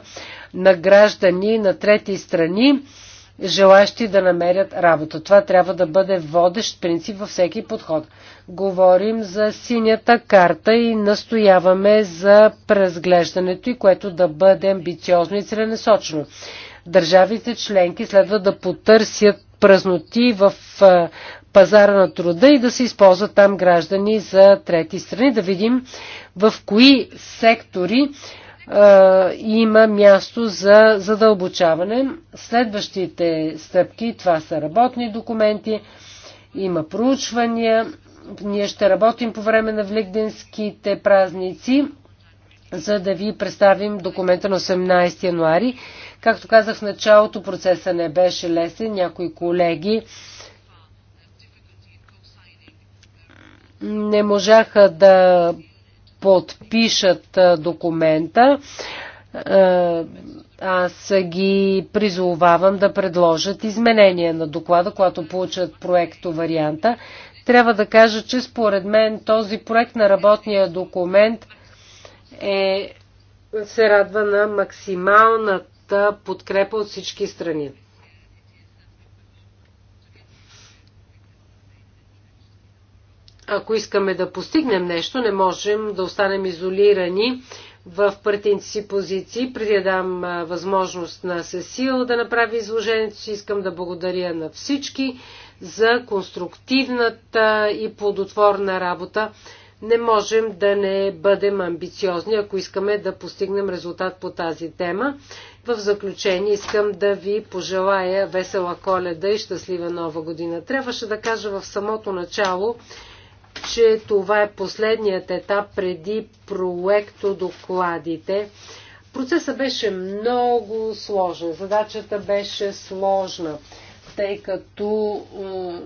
на граждани на трети страни, желащи да намерят работа. Това трябва да бъде водещ принцип във всеки подход. Говорим за синята карта и настояваме за преразглеждането и което да бъде амбициозно и целенасочено. Държавите членки следва да потърсят празноти в пазара на труда и да се използват там граждани за трети страни, да видим в кои сектори е, има място за задълбочаване. Следващите стъпки, това са работни документи, има проучвания. Ние ще работим по време на Великденските празници, за да ви представим документа на 18 януари. Както казах в началото, процеса не беше лесен. Някои колеги не можаха да подпишат документа. Аз ги призовавам да предложат изменения на доклада, когато получат проекто варианта. Трябва да кажа, че според мен този проект на работния документ е, се радва на максималната подкрепа от всички страни. ако искаме да постигнем нещо, не можем да останем изолирани в партийните си позиции. Преди да дам възможност на Сесил да направи изложението си, искам да благодаря на всички за конструктивната и плодотворна работа. Не можем да не бъдем амбициозни, ако искаме да постигнем резултат по тази тема. В заключение искам да ви пожелая весела коледа и щастлива нова година. Трябваше да кажа в самото начало, че това е последният етап преди проекто докладите. Процесът беше много сложен, задачата беше сложна, тъй като е,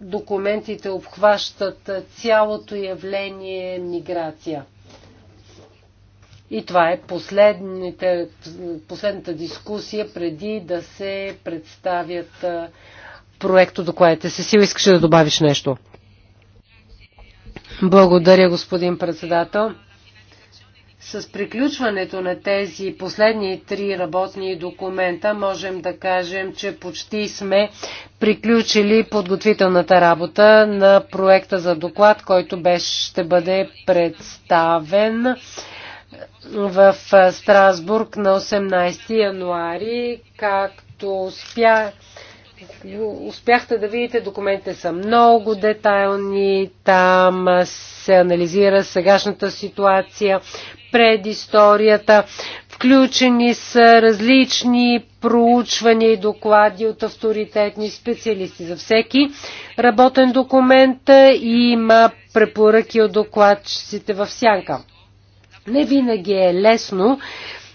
документите обхващат цялото явление миграция. И това е последната дискусия преди да се представят е, проекто докладите. Сесил, искаш да добавиш нещо? Благодаря, господин председател. С приключването на тези последни три работни документа можем да кажем, че почти сме приключили подготвителната работа на проекта за доклад, който беше, ще бъде представен в Страсбург на 18 януари, както успях успяхте да видите, документите са много детайлни, там се анализира сегашната ситуация, предисторията, включени са различни проучвания и доклади от авторитетни специалисти. За всеки работен документ има препоръки от докладчиците в сянка. Не винаги е лесно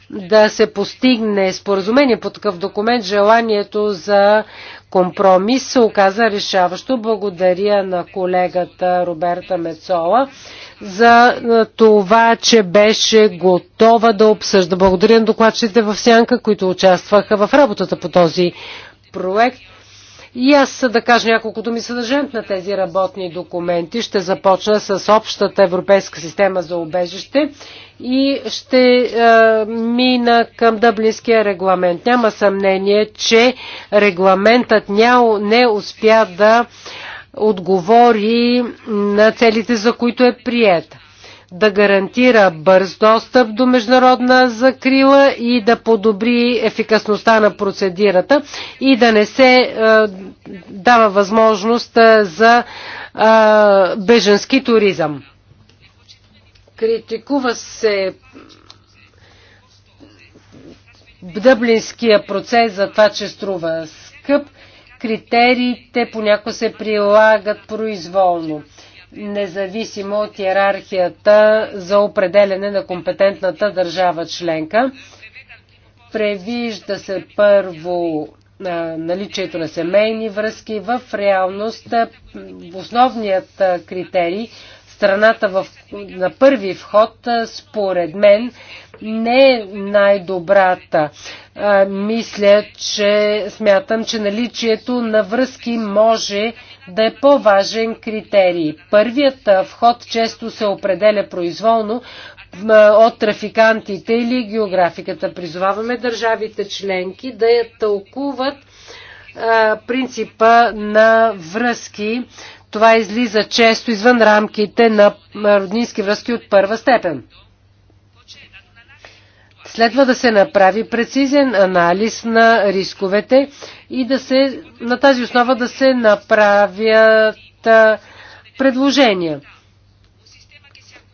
да се постигне споразумение по такъв документ, желанието за компромис се оказа решаващо. Благодаря на колегата Роберта Мецола за това, че беше готова да обсъжда. Благодаря на докладчите в Сянка, които участваха в работата по този проект. И аз да кажа няколко думи съдържанието на тези работни документи. Ще започна с общата европейска система за убежище и ще е, мина към дъблинския регламент. Няма съмнение, че регламентът не успя да отговори на целите, за които е прият да гарантира бърз достъп до международна закрила и да подобри ефикасността на процедирата и да не се а, е, дава възможност е, за а, е, беженски туризъм. Критикува се дъблинския процес за това, че струва скъп. Критериите понякога се прилагат произволно независимо от иерархията за определене на компетентната държава членка. Превижда се първо наличието на семейни връзки. В реалност основният критерий страната в, на първи вход, според мен, не е най-добрата. мисля, че смятам, че наличието на връзки може да е по-важен критерий. Първият вход често се определя произволно от трафикантите или географиката. Призоваваме държавите членки да я тълкуват принципа на връзки. Това излиза често извън рамките на роднински връзки от първа степен. Следва да се направи прецизен анализ на рисковете и да се, на тази основа да се направят предложения.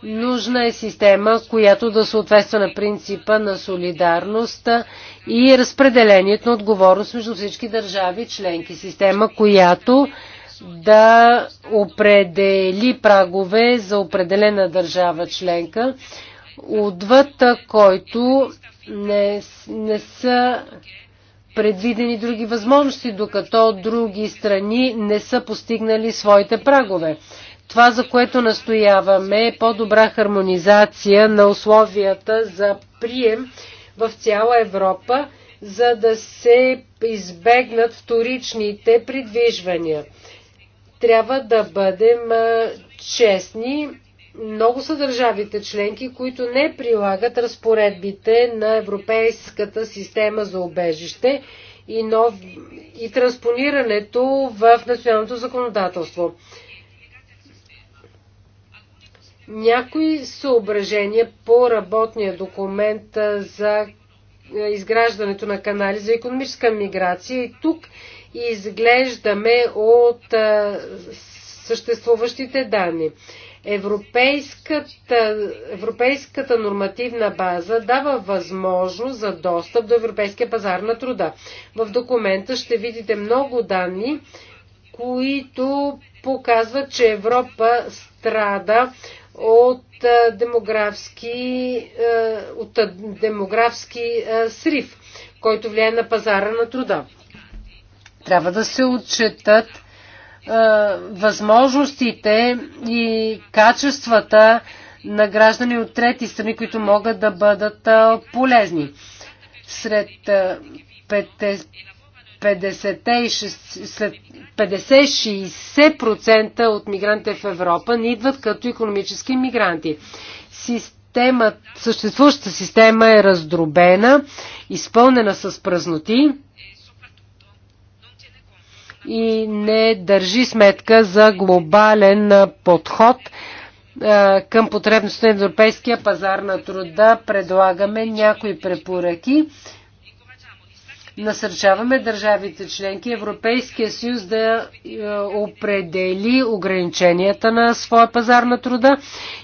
Нужна е система, която да съответства на принципа на солидарност и разпределението на отговорност между всички държави членки. Система, която да определи прагове за определена държава членка отвъд който не, не са предвидени други възможности, докато други страни не са постигнали своите прагове. Това, за което настояваме е по-добра хармонизация на условията за прием в цяла Европа, за да се избегнат вторичните придвижвания. Трябва да бъдем честни много са държавите членки, които не прилагат разпоредбите на Европейската система за обежище и, нов... и транспонирането в националното законодателство. Някои съображения по работния документ за изграждането на канали за економическа миграция и тук изглеждаме от съществуващите данни. Европейската, европейската нормативна база дава възможност за достъп до европейския пазар на труда. В документа ще видите много данни, които показват, че Европа страда от демографски, от демографски срив, който влияе на пазара на труда. Трябва да се отчетат е, възможностите и качествата на граждани от трети страни, които могат да бъдат е, полезни. Сред 50 е, 50-60% от мигрантите в Европа не идват като економически мигранти. Система, съществуващата система е раздробена, изпълнена с празноти и не държи сметка за глобален подход към потребността на европейския пазар на труда. Предлагаме някои препоръки насърчаваме държавите членки Европейския съюз да е, определи ограниченията на своя пазар на труда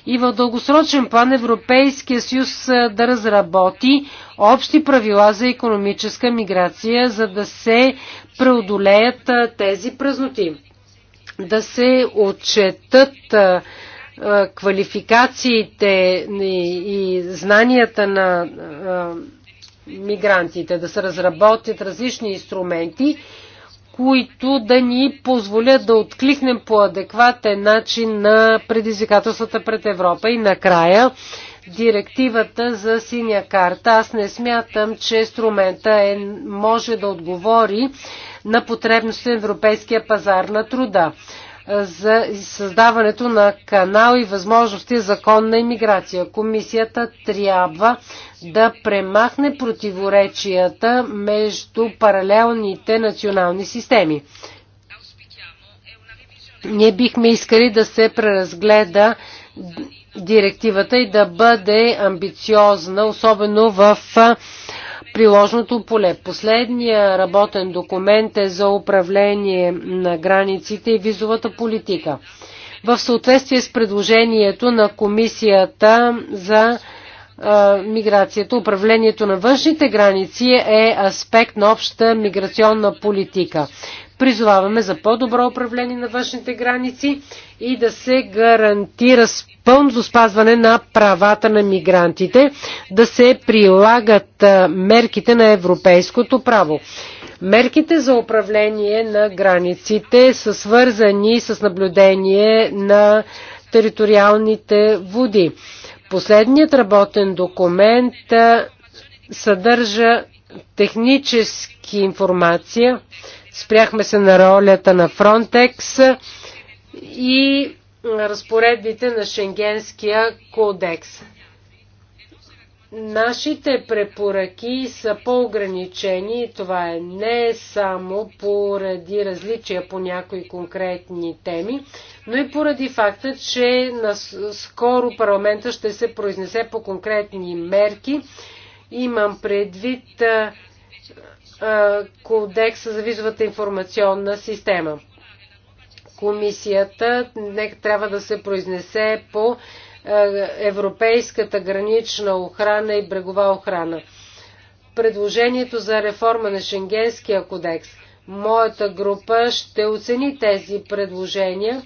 и в дългосрочен план Европейския съюз е, да разработи общи правила за економическа миграция, за да се преодолеят е, тези празноти. Да се отчетат квалификациите и знанията на мигрантите, да се разработят различни инструменти, които да ни позволят да откликнем по адекватен начин на предизвикателствата пред Европа. И накрая, директивата за синя карта. Аз не смятам, че инструмента е, може да отговори на потребността на европейския пазар на труда за създаването на канал и възможности законна иммиграция. Комисията трябва да премахне противоречията между паралелните национални системи. Ние бихме искали да се преразгледа директивата и да бъде амбициозна, особено в приложното поле. Последния работен документ е за управление на границите и визовата политика. В съответствие с предложението на Комисията за миграцията, управлението на външните граници е аспект на обща миграционна политика. Призоваваме за по-добро управление на външните граници и да се гарантира пълно спазване на правата на мигрантите, да се прилагат мерките на европейското право. Мерките за управление на границите са свързани с наблюдение на териториалните води. Последният работен документ съдържа технически информация Спряхме се на ролята на Фронтекс и разпоредбите на Шенгенския кодекс. Нашите препоръки са по-ограничени и това е не само поради различия по някои конкретни теми, но и поради факта, че скоро парламента ще се произнесе по конкретни мерки. Имам предвид е, кодекс за визовата информационна система. Комисията трябва да се произнесе по е, европейската гранична охрана и брегова охрана. Предложението за реформа на Шенгенския кодекс. Моята група ще оцени тези предложения.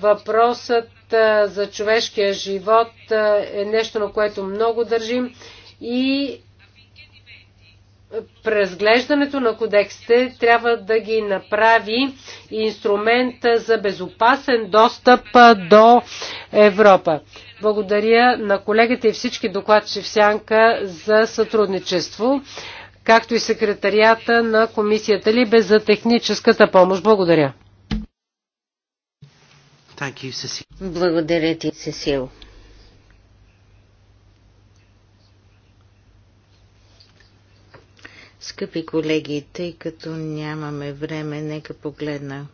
Въпросът е, за човешкия живот е нещо, на което много държим и Презглеждането на кодексите трябва да ги направи инструмент за безопасен достъп до Европа. Благодаря на колегите и всички докладчи в Сянка за сътрудничество, както и секретарията на комисията Либе за техническата помощ. Благодаря. Благодаря ти, Сесил. Скъпи колеги, тъй като нямаме време, нека погледна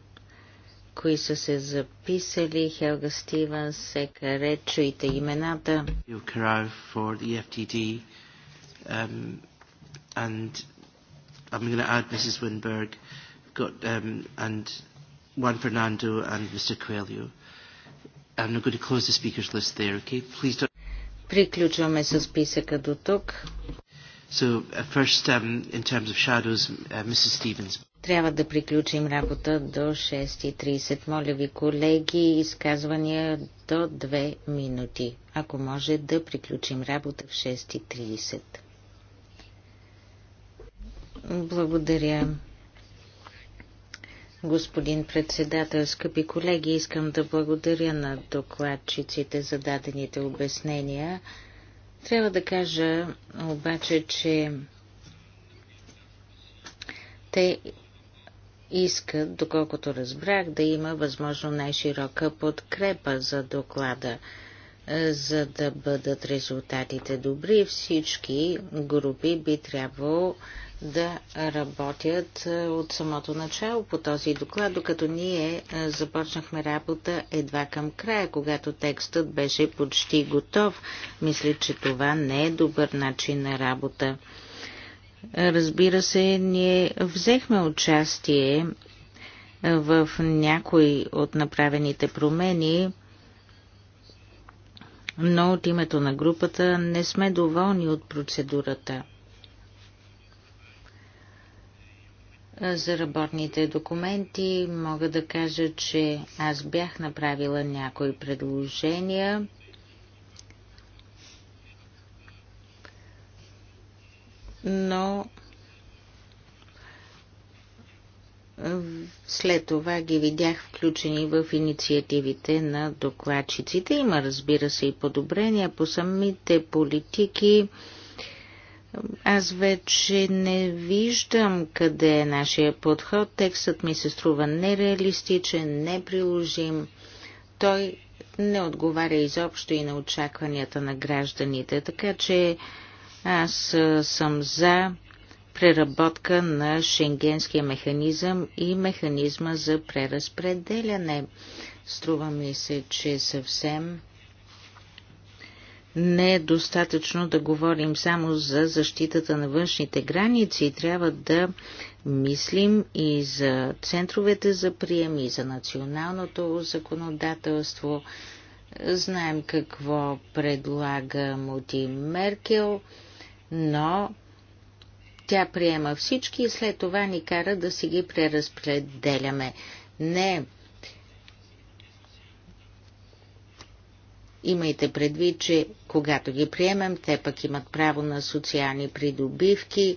кои са се записали. Хелга Стивен, Сека Речуите имената. For the FTD, um, and I'm going to add Mrs. Winberg, got, um, and Juan Fernando and Mr. Coelho. I'm not going to close the speakers list there, okay? Please don't... Приключваме с списъка до тук. So, uh, first, um, in terms of shadows, uh, Mrs. Трябва да приключим работа до 6.30. Моля ви, колеги, изказвания до 2 минути. Ако може да приключим работа в 6.30. Благодаря. Господин председател, скъпи колеги, искам да благодаря на докладчиците за дадените обяснения. Трябва да кажа обаче, че те искат, доколкото разбрах, да има възможно най-широка подкрепа за доклада. Е, за да бъдат резултатите добри, всички групи би трябвало да работят е, от самото начало по този доклад, докато ние е, започнахме работа едва към края, когато текстът беше почти готов. Мисля, че това не е добър начин на работа. Разбира се, ние взехме участие в някои от направените промени, но от името на групата не сме доволни от процедурата. За работните документи мога да кажа, че аз бях направила някои предложения. Но след това ги видях включени в инициативите на докладчиците. Има, разбира се, и подобрения по самите политики. Аз вече не виждам къде е нашия подход. Текстът ми се струва нереалистичен, неприложим. Той не отговаря изобщо и на очакванията на гражданите, така че аз съм за преработка на шенгенския механизъм и механизма за преразпределяне. Струва ми се, че съвсем не е достатъчно да говорим само за защитата на външните граници. Трябва да мислим и за центровете за прием, и за националното законодателство. Знаем какво предлага Моти Меркел, но тя приема всички и след това ни кара да си ги преразпределяме. Не, Имайте предвид, че когато ги приемем, те пък имат право на социални придобивки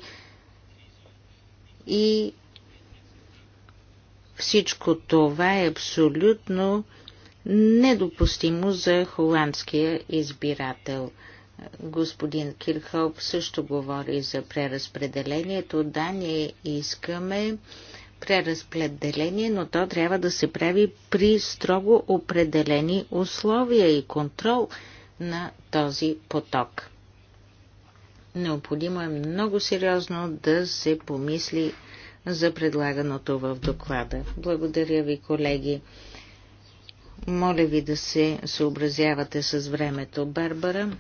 и всичко това е абсолютно недопустимо за холандския избирател. Господин Кирхоп също говори за преразпределението. Да, ние искаме преразпределение, но то трябва да се прави при строго определени условия и контрол на този поток. Необходимо е много сериозно да се помисли за предлаганото в доклада. Благодаря ви, колеги. Моля ви да се съобразявате с времето, Барбара.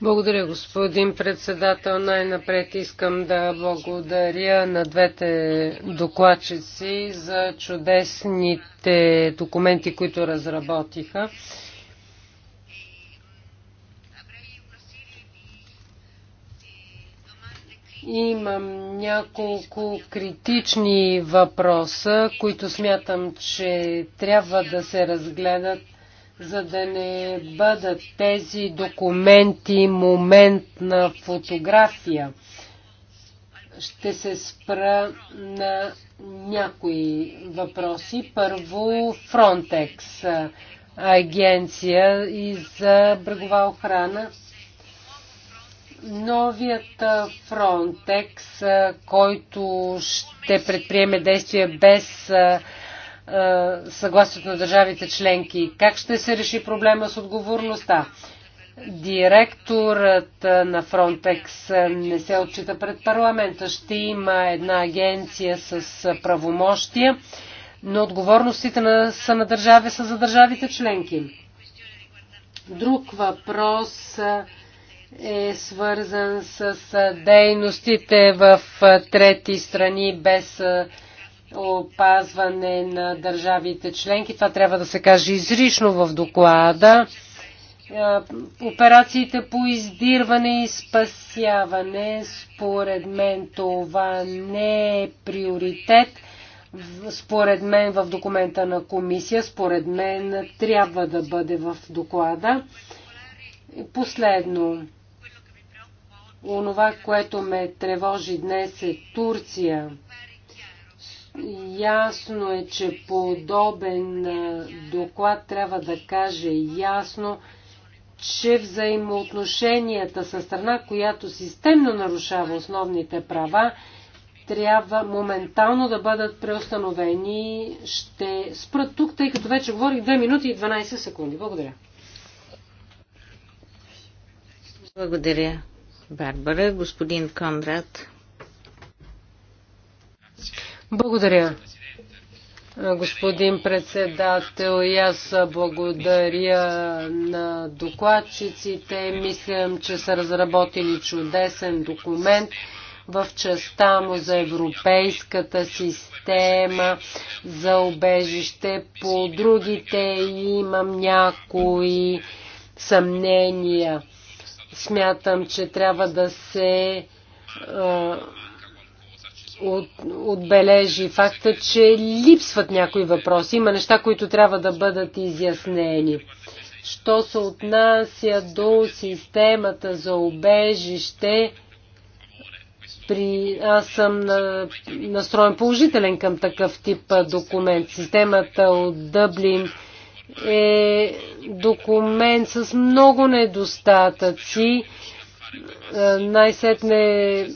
Благодаря, господин председател. Най-напред искам да благодаря на двете докладчици за чудесните документи, които разработиха. Имам няколко критични въпроса, които смятам, че трябва да се разгледат за да не бъдат тези документи момент на фотография. Ще се спра на някои въпроси. Първо Frontex, агенция и за брегова охрана. Новият Frontex, който ще предприеме действия без е, съгласието на държавите членки. Как ще се реши проблема с отговорността? Директорът на Фронтекс не се отчита пред парламента. Ще има една агенция с правомощия, но отговорностите на, са на държави са за държавите членки. Друг въпрос е свързан с дейностите в е, трети страни без е, опазване на държавите членки. Това трябва да се каже изрично в доклада. Е, операциите по издирване и спасяване, според мен това не е приоритет. Според мен в документа на комисия, според мен трябва да бъде в доклада. Последно, онова, което ме тревожи днес е Турция. Ясно е, че подобен доклад трябва да каже ясно, че взаимоотношенията с страна, която системно нарушава основните права, трябва моментално да бъдат преустановени. Ще спра тук, тъй като вече говорих 2 минути и 12 секунди. Благодаря. Благодаря, Барбара. Господин Конрад. Благодаря. Господин председател, и аз благодаря на докладчиците. Мислям, че са разработили чудесен документ в частта му за европейската система за обежище. По другите имам някои съмнения. Смятам, че трябва да се от, отбележи факта, че липсват някои въпроси. Има неща, които трябва да бъдат изяснени. Що се отнася до системата за обежище, при... аз съм на... настроен положителен към такъв тип документ. Системата от Дъблин е документ с много недостатъци. Е, най-сетне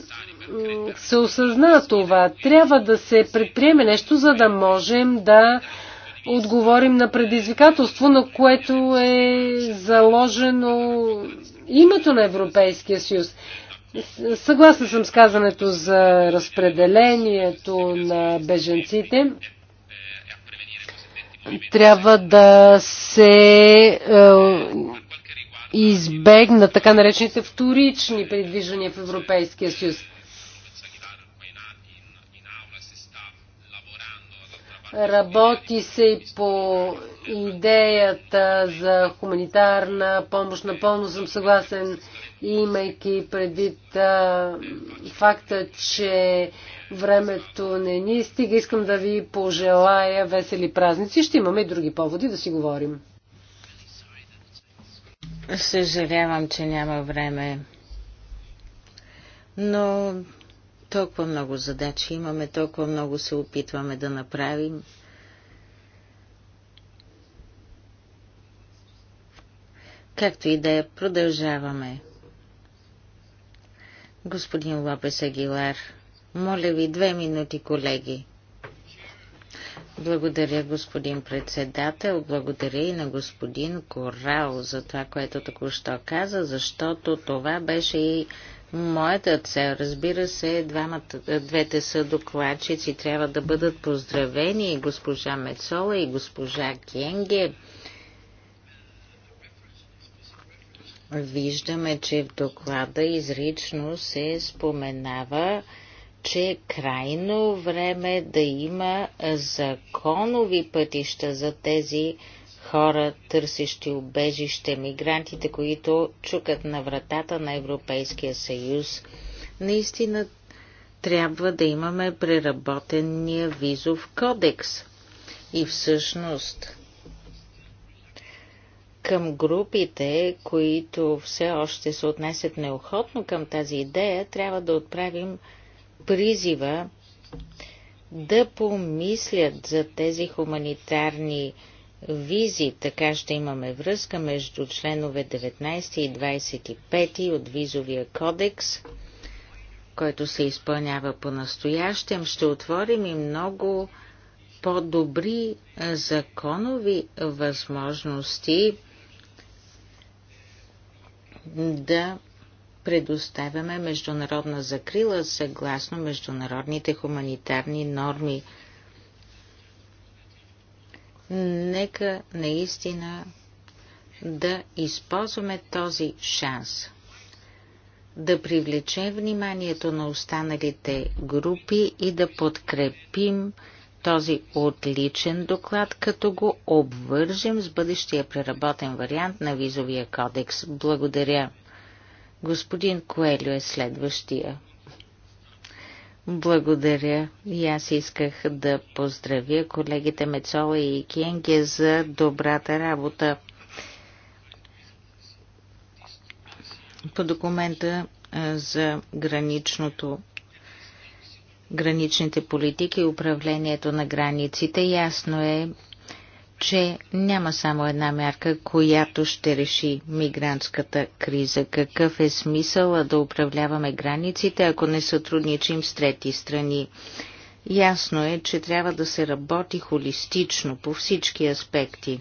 се осъзна това. Трябва да се предприеме нещо, за да можем да отговорим на предизвикателство, на което е заложено името на Европейския съюз. Съгласна съм с казането за разпределението на беженците. Трябва да се е, избегна така наречените вторични придвижвания в Европейския съюз. Работи се и по идеята за хуманитарна помощ. Напълно съм съгласен, имайки предвид а, факта, че времето не ни стига. Искам да ви пожелая весели празници. Ще имаме и други поводи да си говорим. Съжалявам, че няма време. Но толкова много задачи имаме, толкова много се опитваме да направим. Както и да я продължаваме. Господин Лопес Агилар, моля ви две минути, колеги. Благодаря, господин председател. Благодаря и на господин Корал за това, което току-що каза, защото това беше и Моята цел, разбира се, е двамата, е, двете са докладчици, трябва да бъдат поздравени и госпожа Мецола и госпожа Кенге. Виждаме, че в доклада изрично се споменава, че е крайно време да има законови пътища за тези хора, търсещи убежище, мигрантите, които чукат на вратата на Европейския съюз. Наистина трябва да имаме преработения визов кодекс. И всъщност към групите, които все още се отнесят неохотно към тази идея, трябва да отправим призива да помислят за тези хуманитарни визи. Така ще имаме връзка между членове 19 и 25 от визовия кодекс, който се изпълнява по-настоящем. Ще отворим и много по-добри законови възможности да предоставяме международна закрила съгласно международните хуманитарни норми – Нека наистина да използваме този шанс да привлечем вниманието на останалите групи и да подкрепим този отличен доклад, като го обвържем с бъдещия преработен вариант на визовия кодекс. Благодаря. Господин Коелю е следващия. Благодаря. И аз исках да поздравя колегите Мецола и Кенге за добрата работа. По документа за граничното граничните политики и управлението на границите ясно е, че няма само една мярка, която ще реши мигрантската криза. Какъв е смисъл да управляваме границите, ако не сътрудничим с трети страни? Ясно е, че трябва да се работи холистично по всички аспекти.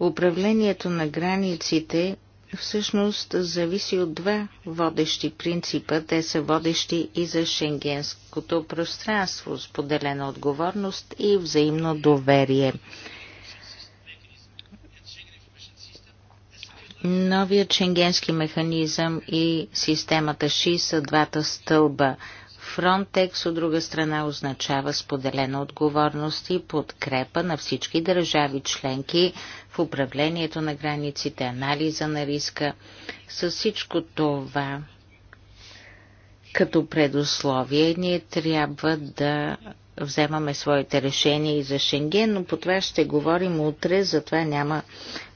Управлението на границите всъщност зависи от два водещи принципа. Те са водещи и за шенгенското пространство, споделена отговорност и взаимно доверие. Новият шенгенски механизъм и системата ШИ са двата стълба Фронтекс от друга страна означава споделена отговорност и подкрепа на всички държави членки в управлението на границите, анализа на риска. С всичко това като предусловие ние трябва да вземаме своите решения и за Шенген, но по това ще говорим утре, затова няма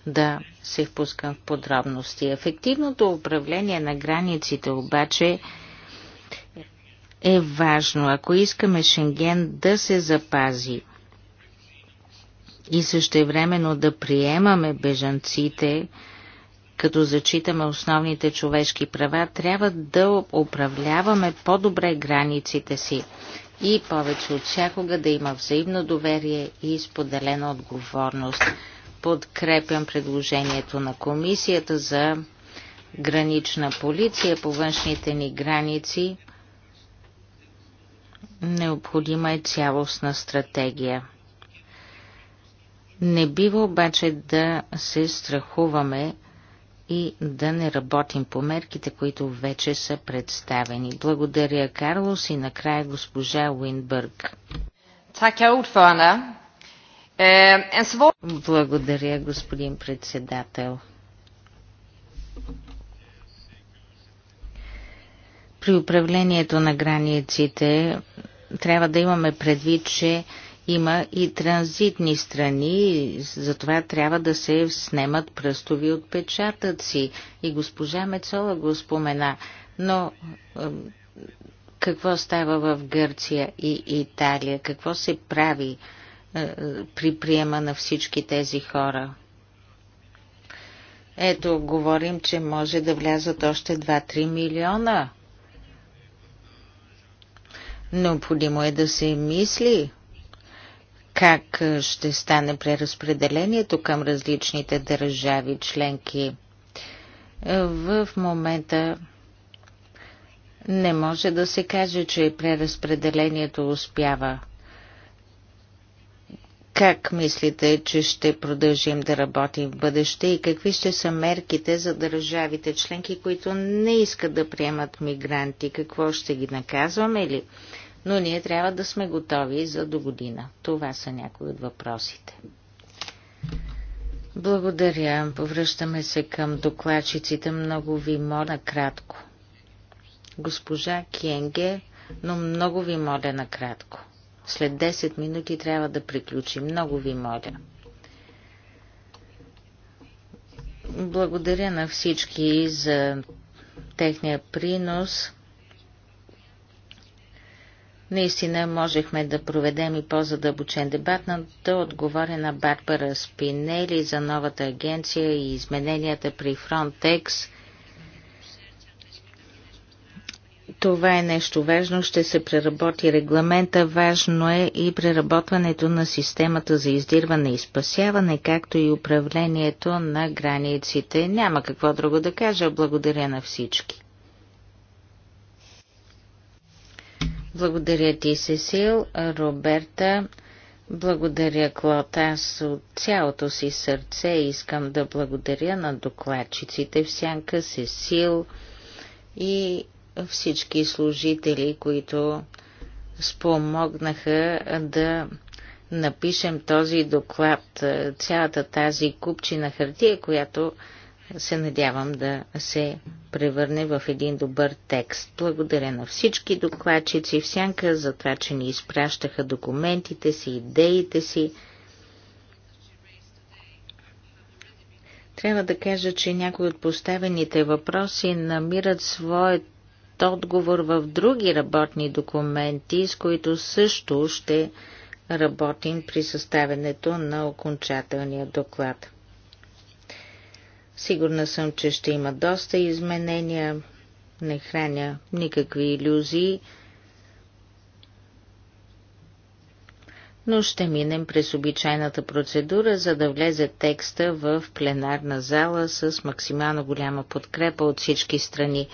да се впускам в подробности. Ефективното управление на границите обаче е е важно, ако искаме Шенген да се запази и същевременно да приемаме бежанците, като зачитаме основните човешки права, трябва да управляваме по-добре границите си и повече от всякога да има взаимно доверие и споделена отговорност. Подкрепям предложението на комисията за гранична полиция по външните ни граници Необходима е цялостна стратегия. Не бива обаче да се страхуваме и да не работим по мерките, които вече са представени. Благодаря, Карлос, и накрая госпожа Уинбърг. Е, е, Благодаря, господин председател. При управлението на границите трябва да имаме предвид, че има и транзитни страни, затова трябва да се снемат пръстови отпечатъци. И госпожа Мецола го спомена. Но какво става в Гърция и Италия? Какво се прави при приема на всички тези хора? Ето, говорим, че може да влязат още 2-3 милиона Необходимо е да се мисли как ще стане преразпределението към различните държави членки. В момента не може да се каже, че преразпределението успява. Как мислите, че ще продължим да работим в бъдеще и какви ще са мерките за държавите членки, които не искат да приемат мигранти? Какво ще ги наказваме ли? Или но ние трябва да сме готови за до година. Това са някои от въпросите. Благодаря. Повръщаме се към докладчиците. Много ви моля кратко. Госпожа Кенге, но много ви моля накратко. След 10 минути трябва да приключи. Много ви моля. Благодаря на всички за техния принос. Наистина можехме да проведем и по-задълбочен дебат, но да отговоря на Барбара Спинели за новата агенция и измененията при Frontex. Това е нещо важно. Ще се преработи регламента. Важно е и преработването на системата за издирване и спасяване, както и управлението на границите. Няма какво друго да кажа. Благодаря на всички. Благодаря ти, Сесил, Роберта. Благодаря, Клод. Аз от цялото си сърце искам да благодаря на докладчиците в Сянка, Сесил и всички служители, които спомогнаха да напишем този доклад, цялата тази купчина хартия, която се надявам да се превърне в един добър текст. Благодаря на всички докладчици в сянка за това, че ни изпращаха документите си, идеите си. Трябва да кажа, че някои от поставените въпроси намират своят отговор в други работни документи, с които също ще работим при съставянето на окончателния доклад. Сигурна съм, че ще има доста изменения. Не храня никакви иллюзии. Но ще минем през обичайната процедура, за да влезе текста в пленарна зала с максимално голяма подкрепа от всички страни.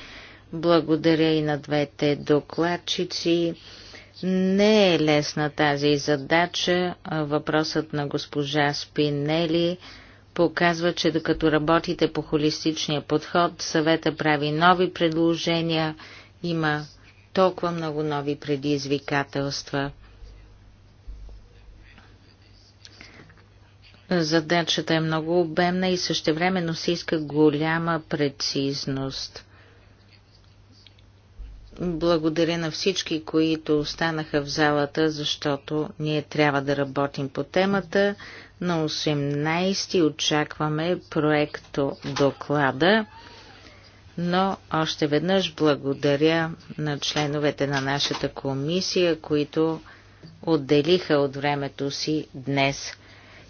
Благодаря и на двете докладчици. Не е лесна тази задача. Въпросът на госпожа Спинели показва, че докато работите по холистичния подход, съвета прави нови предложения, има толкова много нови предизвикателства. Задачата е много обемна и същевременно се иска голяма прецизност. Благодаря на всички, които останаха в залата, защото ние трябва да работим по темата. На 18 очакваме проекто доклада, но още веднъж благодаря на членовете на нашата комисия, които отделиха от времето си днес.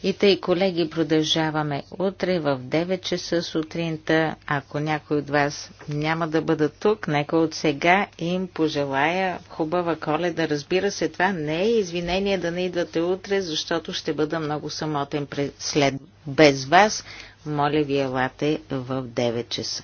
И тъй, колеги, продължаваме утре в 9 часа сутринта. Ако някой от вас няма да бъда тук, нека от сега им пожелая хубава коледа. Разбира се, това не е извинение да не идвате утре, защото ще бъда много самотен след без вас. Моля ви, елате в 9 часа.